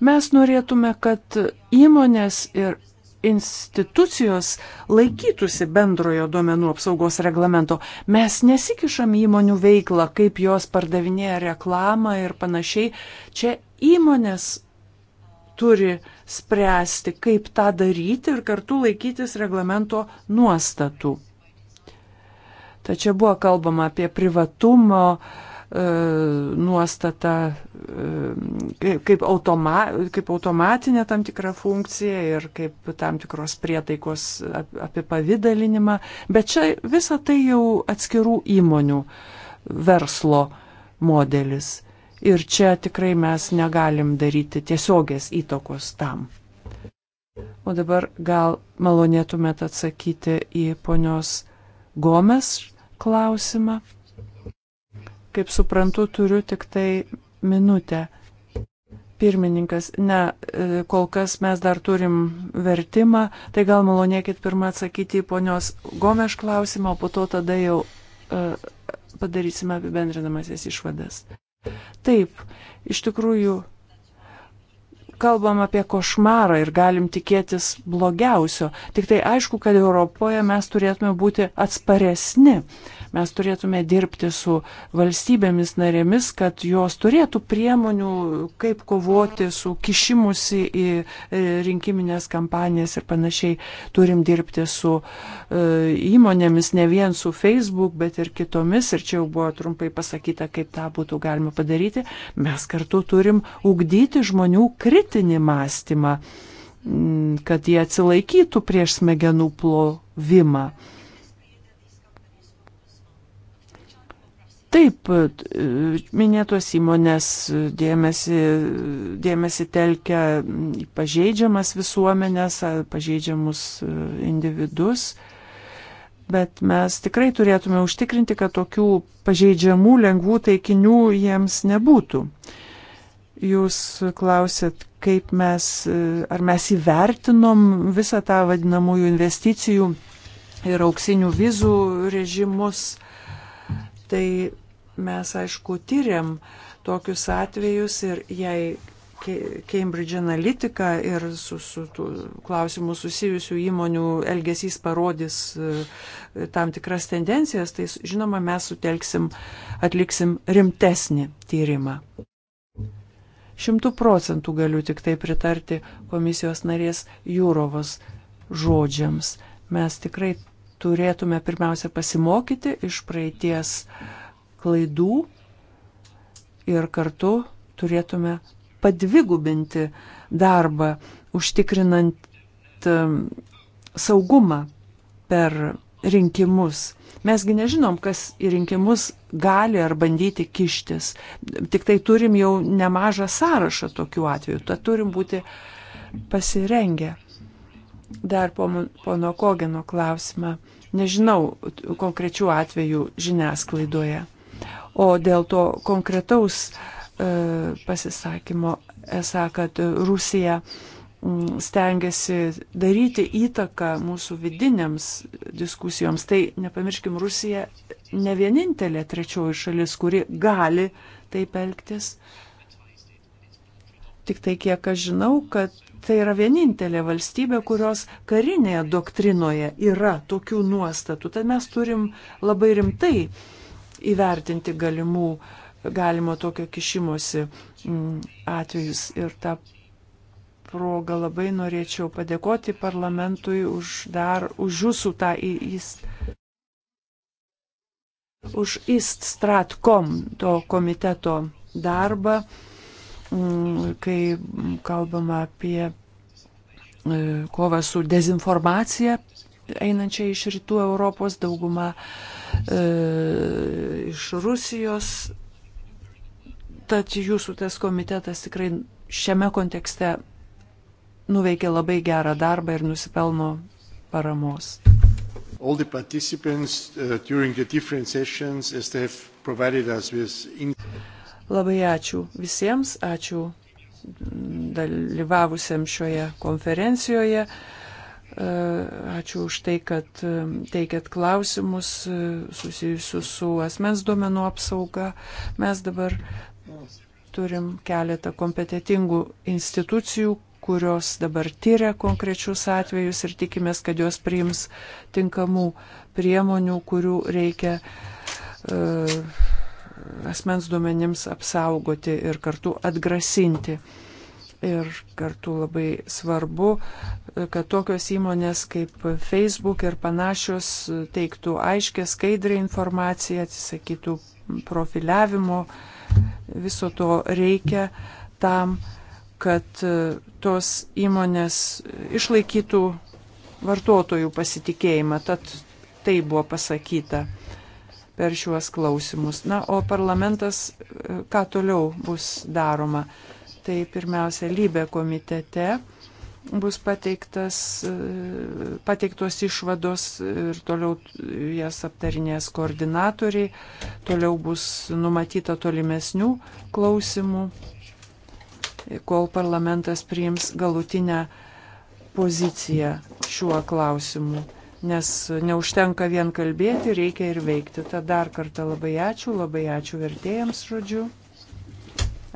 Mes norėtume, kad įmonės ir institucijos laikytųsi bendrojo duomenų apsaugos reglamento. Mes nesikišam įmonių veiklą, kaip jos pardavinėja reklamą ir panašiai. Čia įmonės turi spręsti, kaip tą daryti ir kartu laikytis reglamento nuostatų. Tačiau buvo kalbama apie privatumo e, nuostatą e, kaip, automa, kaip automatinę tam tikrą funkciją ir kaip tam tikros prietaikos apipavydalinimą, bet čia visa tai jau atskirų įmonių verslo modelis. Ir čia tikrai mes negalim daryti tiesiogės įtakos tam. O dabar gal malonėtumėt atsakyti į ponios Gomes klausimą. Kaip suprantu, turiu tik tai minutę. Pirmininkas, ne, e, kol kas mes dar turim vertimą, tai gal malonėkit pirmą atsakyti į ponios Gomeš klausimą, o po to tada jau uh, padarysime apibendrinamasias išvadas. Taip, iš tikrųjų kalbam apie košmarą ir galim tikėtis blogiausio. Tik tai aišku, kad Europoje mes turėtume būti atsparesni Mes turėtume dirbti su valstybėmis narėmis, kad jos turėtų priemonių, kaip kovoti su kišimusi į e, rinkiminės kampanijas ir panašiai. Turim dirbti su e, įmonėmis, ne vien su Facebook, bet ir kitomis. Ir čia jau buvo trumpai pasakyta, kaip tą būtų galima padaryti. Mes kartu turim ugdyti žmonių kritinį mąstymą kad jie atsilaikytų prieš smegenų plovimą. Taip, minėtos įmonės dėmesį, dėmesį telkia į pažeidžiamas visuomenės, pažeidžiamus e, individus, bet mes tikrai turėtume užtikrinti, kad tokių pažeidžiamų lengvų taikinių jiems nebūtų. Jūs klausėt, kaip mes, e, ar mes įvertinom visą tą vadinamųjų investicijų ir auksinių vizų režimus. Tai mes, aišku, tyriam tokius atvejus ir jei Cambridge Analytica ir su, su tų klausimų susijusių įmonių elgesys parodys e, tam tikras tendencijas, tai žinoma, mes sutelksim, atliksim rimtesnį tyrimą. Šimtų procentų galiu tik tai pritarti komisijos narės Jūrovos žodžiams. Mes tikrai turėtume pirmiausia pasimokyti iš praeities uh, klaidų ir kartu turėtume padvigubinti darbą, užtikrinant um, saugumą per rinkimus. Mesgi nežinom, kas į rinkimus gali ar bandyti kištis. Tik tai turim jau nemažą sąrašą tokių atvejų, tad turim būti pasirengę. Dar pono po Kogeno klausimą. Nežinau konkrečių atvejų žiniasklaidoje. O dėl to konkretaus e, pasisakymo esą, kad Rusija stengiasi daryti įtaką mūsų vidinėms diskusijoms. Tai nepamirškim, Rusija ne vienintelė trečioji šalis, kuri gali taip elgtis. Tik tai kiek aš žinau, kad tai yra vienintelė valstybė, kurios karinėje doktrinoje yra tokių nuostatų. Tad mes turim labai rimtai uh, įvertinti galimų, galimo tokio kišimosi mm, atvejus. Ir tą progą labai norėčiau padėkoti parlamentui už, dar, už jūsų tą įst. Už ISTSTRATCOM to komiteto darbą, mm, kai kalbama apie e, kovą su dezinformacija einančia iš rytų Europos dauguma uh, e, iš Rusijos. Tad jūsų tas komitetas tikrai šiame kontekste nuveikė labai gerą darbą ir nusipelno paramos. All the participants uh, during the different sessions as they have provided us with. In... Labai ačiū visiems, ačiū dalyvavusiam šioje konferencijoje. Uh, E, ačiū už tai, kad e, teikėt klausimus e, susijusius su asmens duomenų apsauga. Mes dabar turim keletą kompetitingų institucijų, kurios dabar tyria konkrečius atvejus ir tikimės, kad jos priims tinkamų priemonių, kurių reikia uh, asmens duomenims apsaugoti ir kartu atgrasinti. Uh, Ir kartu labai svarbu, kad tokios įmonės kaip Facebook ir panašios teiktų aiškę, skaidrę informaciją, atsisakytų profiliavimo. Viso to reikia tam, kad tos įmonės išlaikytų vartotojų pasitikėjimą. Tad tai buvo pasakyta per šiuos klausimus. Na, o parlamentas, ką toliau bus daroma? tai pirmiausia lybė komitete bus pateiktas, pateiktos išvados ir toliau jas aptarinės koordinatoriai, toliau bus numatyta tolimesnių klausimų, kol parlamentas priims galutinę poziciją šiuo klausimu nes neužtenka vien kalbėti, reikia ir veikti. Tad dar kartą labai ačiū, labai ačiū vertėjams žodžiu.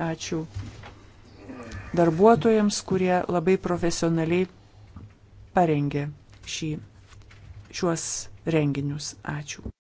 Ačiū darbuotojams, kurie labai profesionaliai parengė šį, šiuos renginius. Ačiū.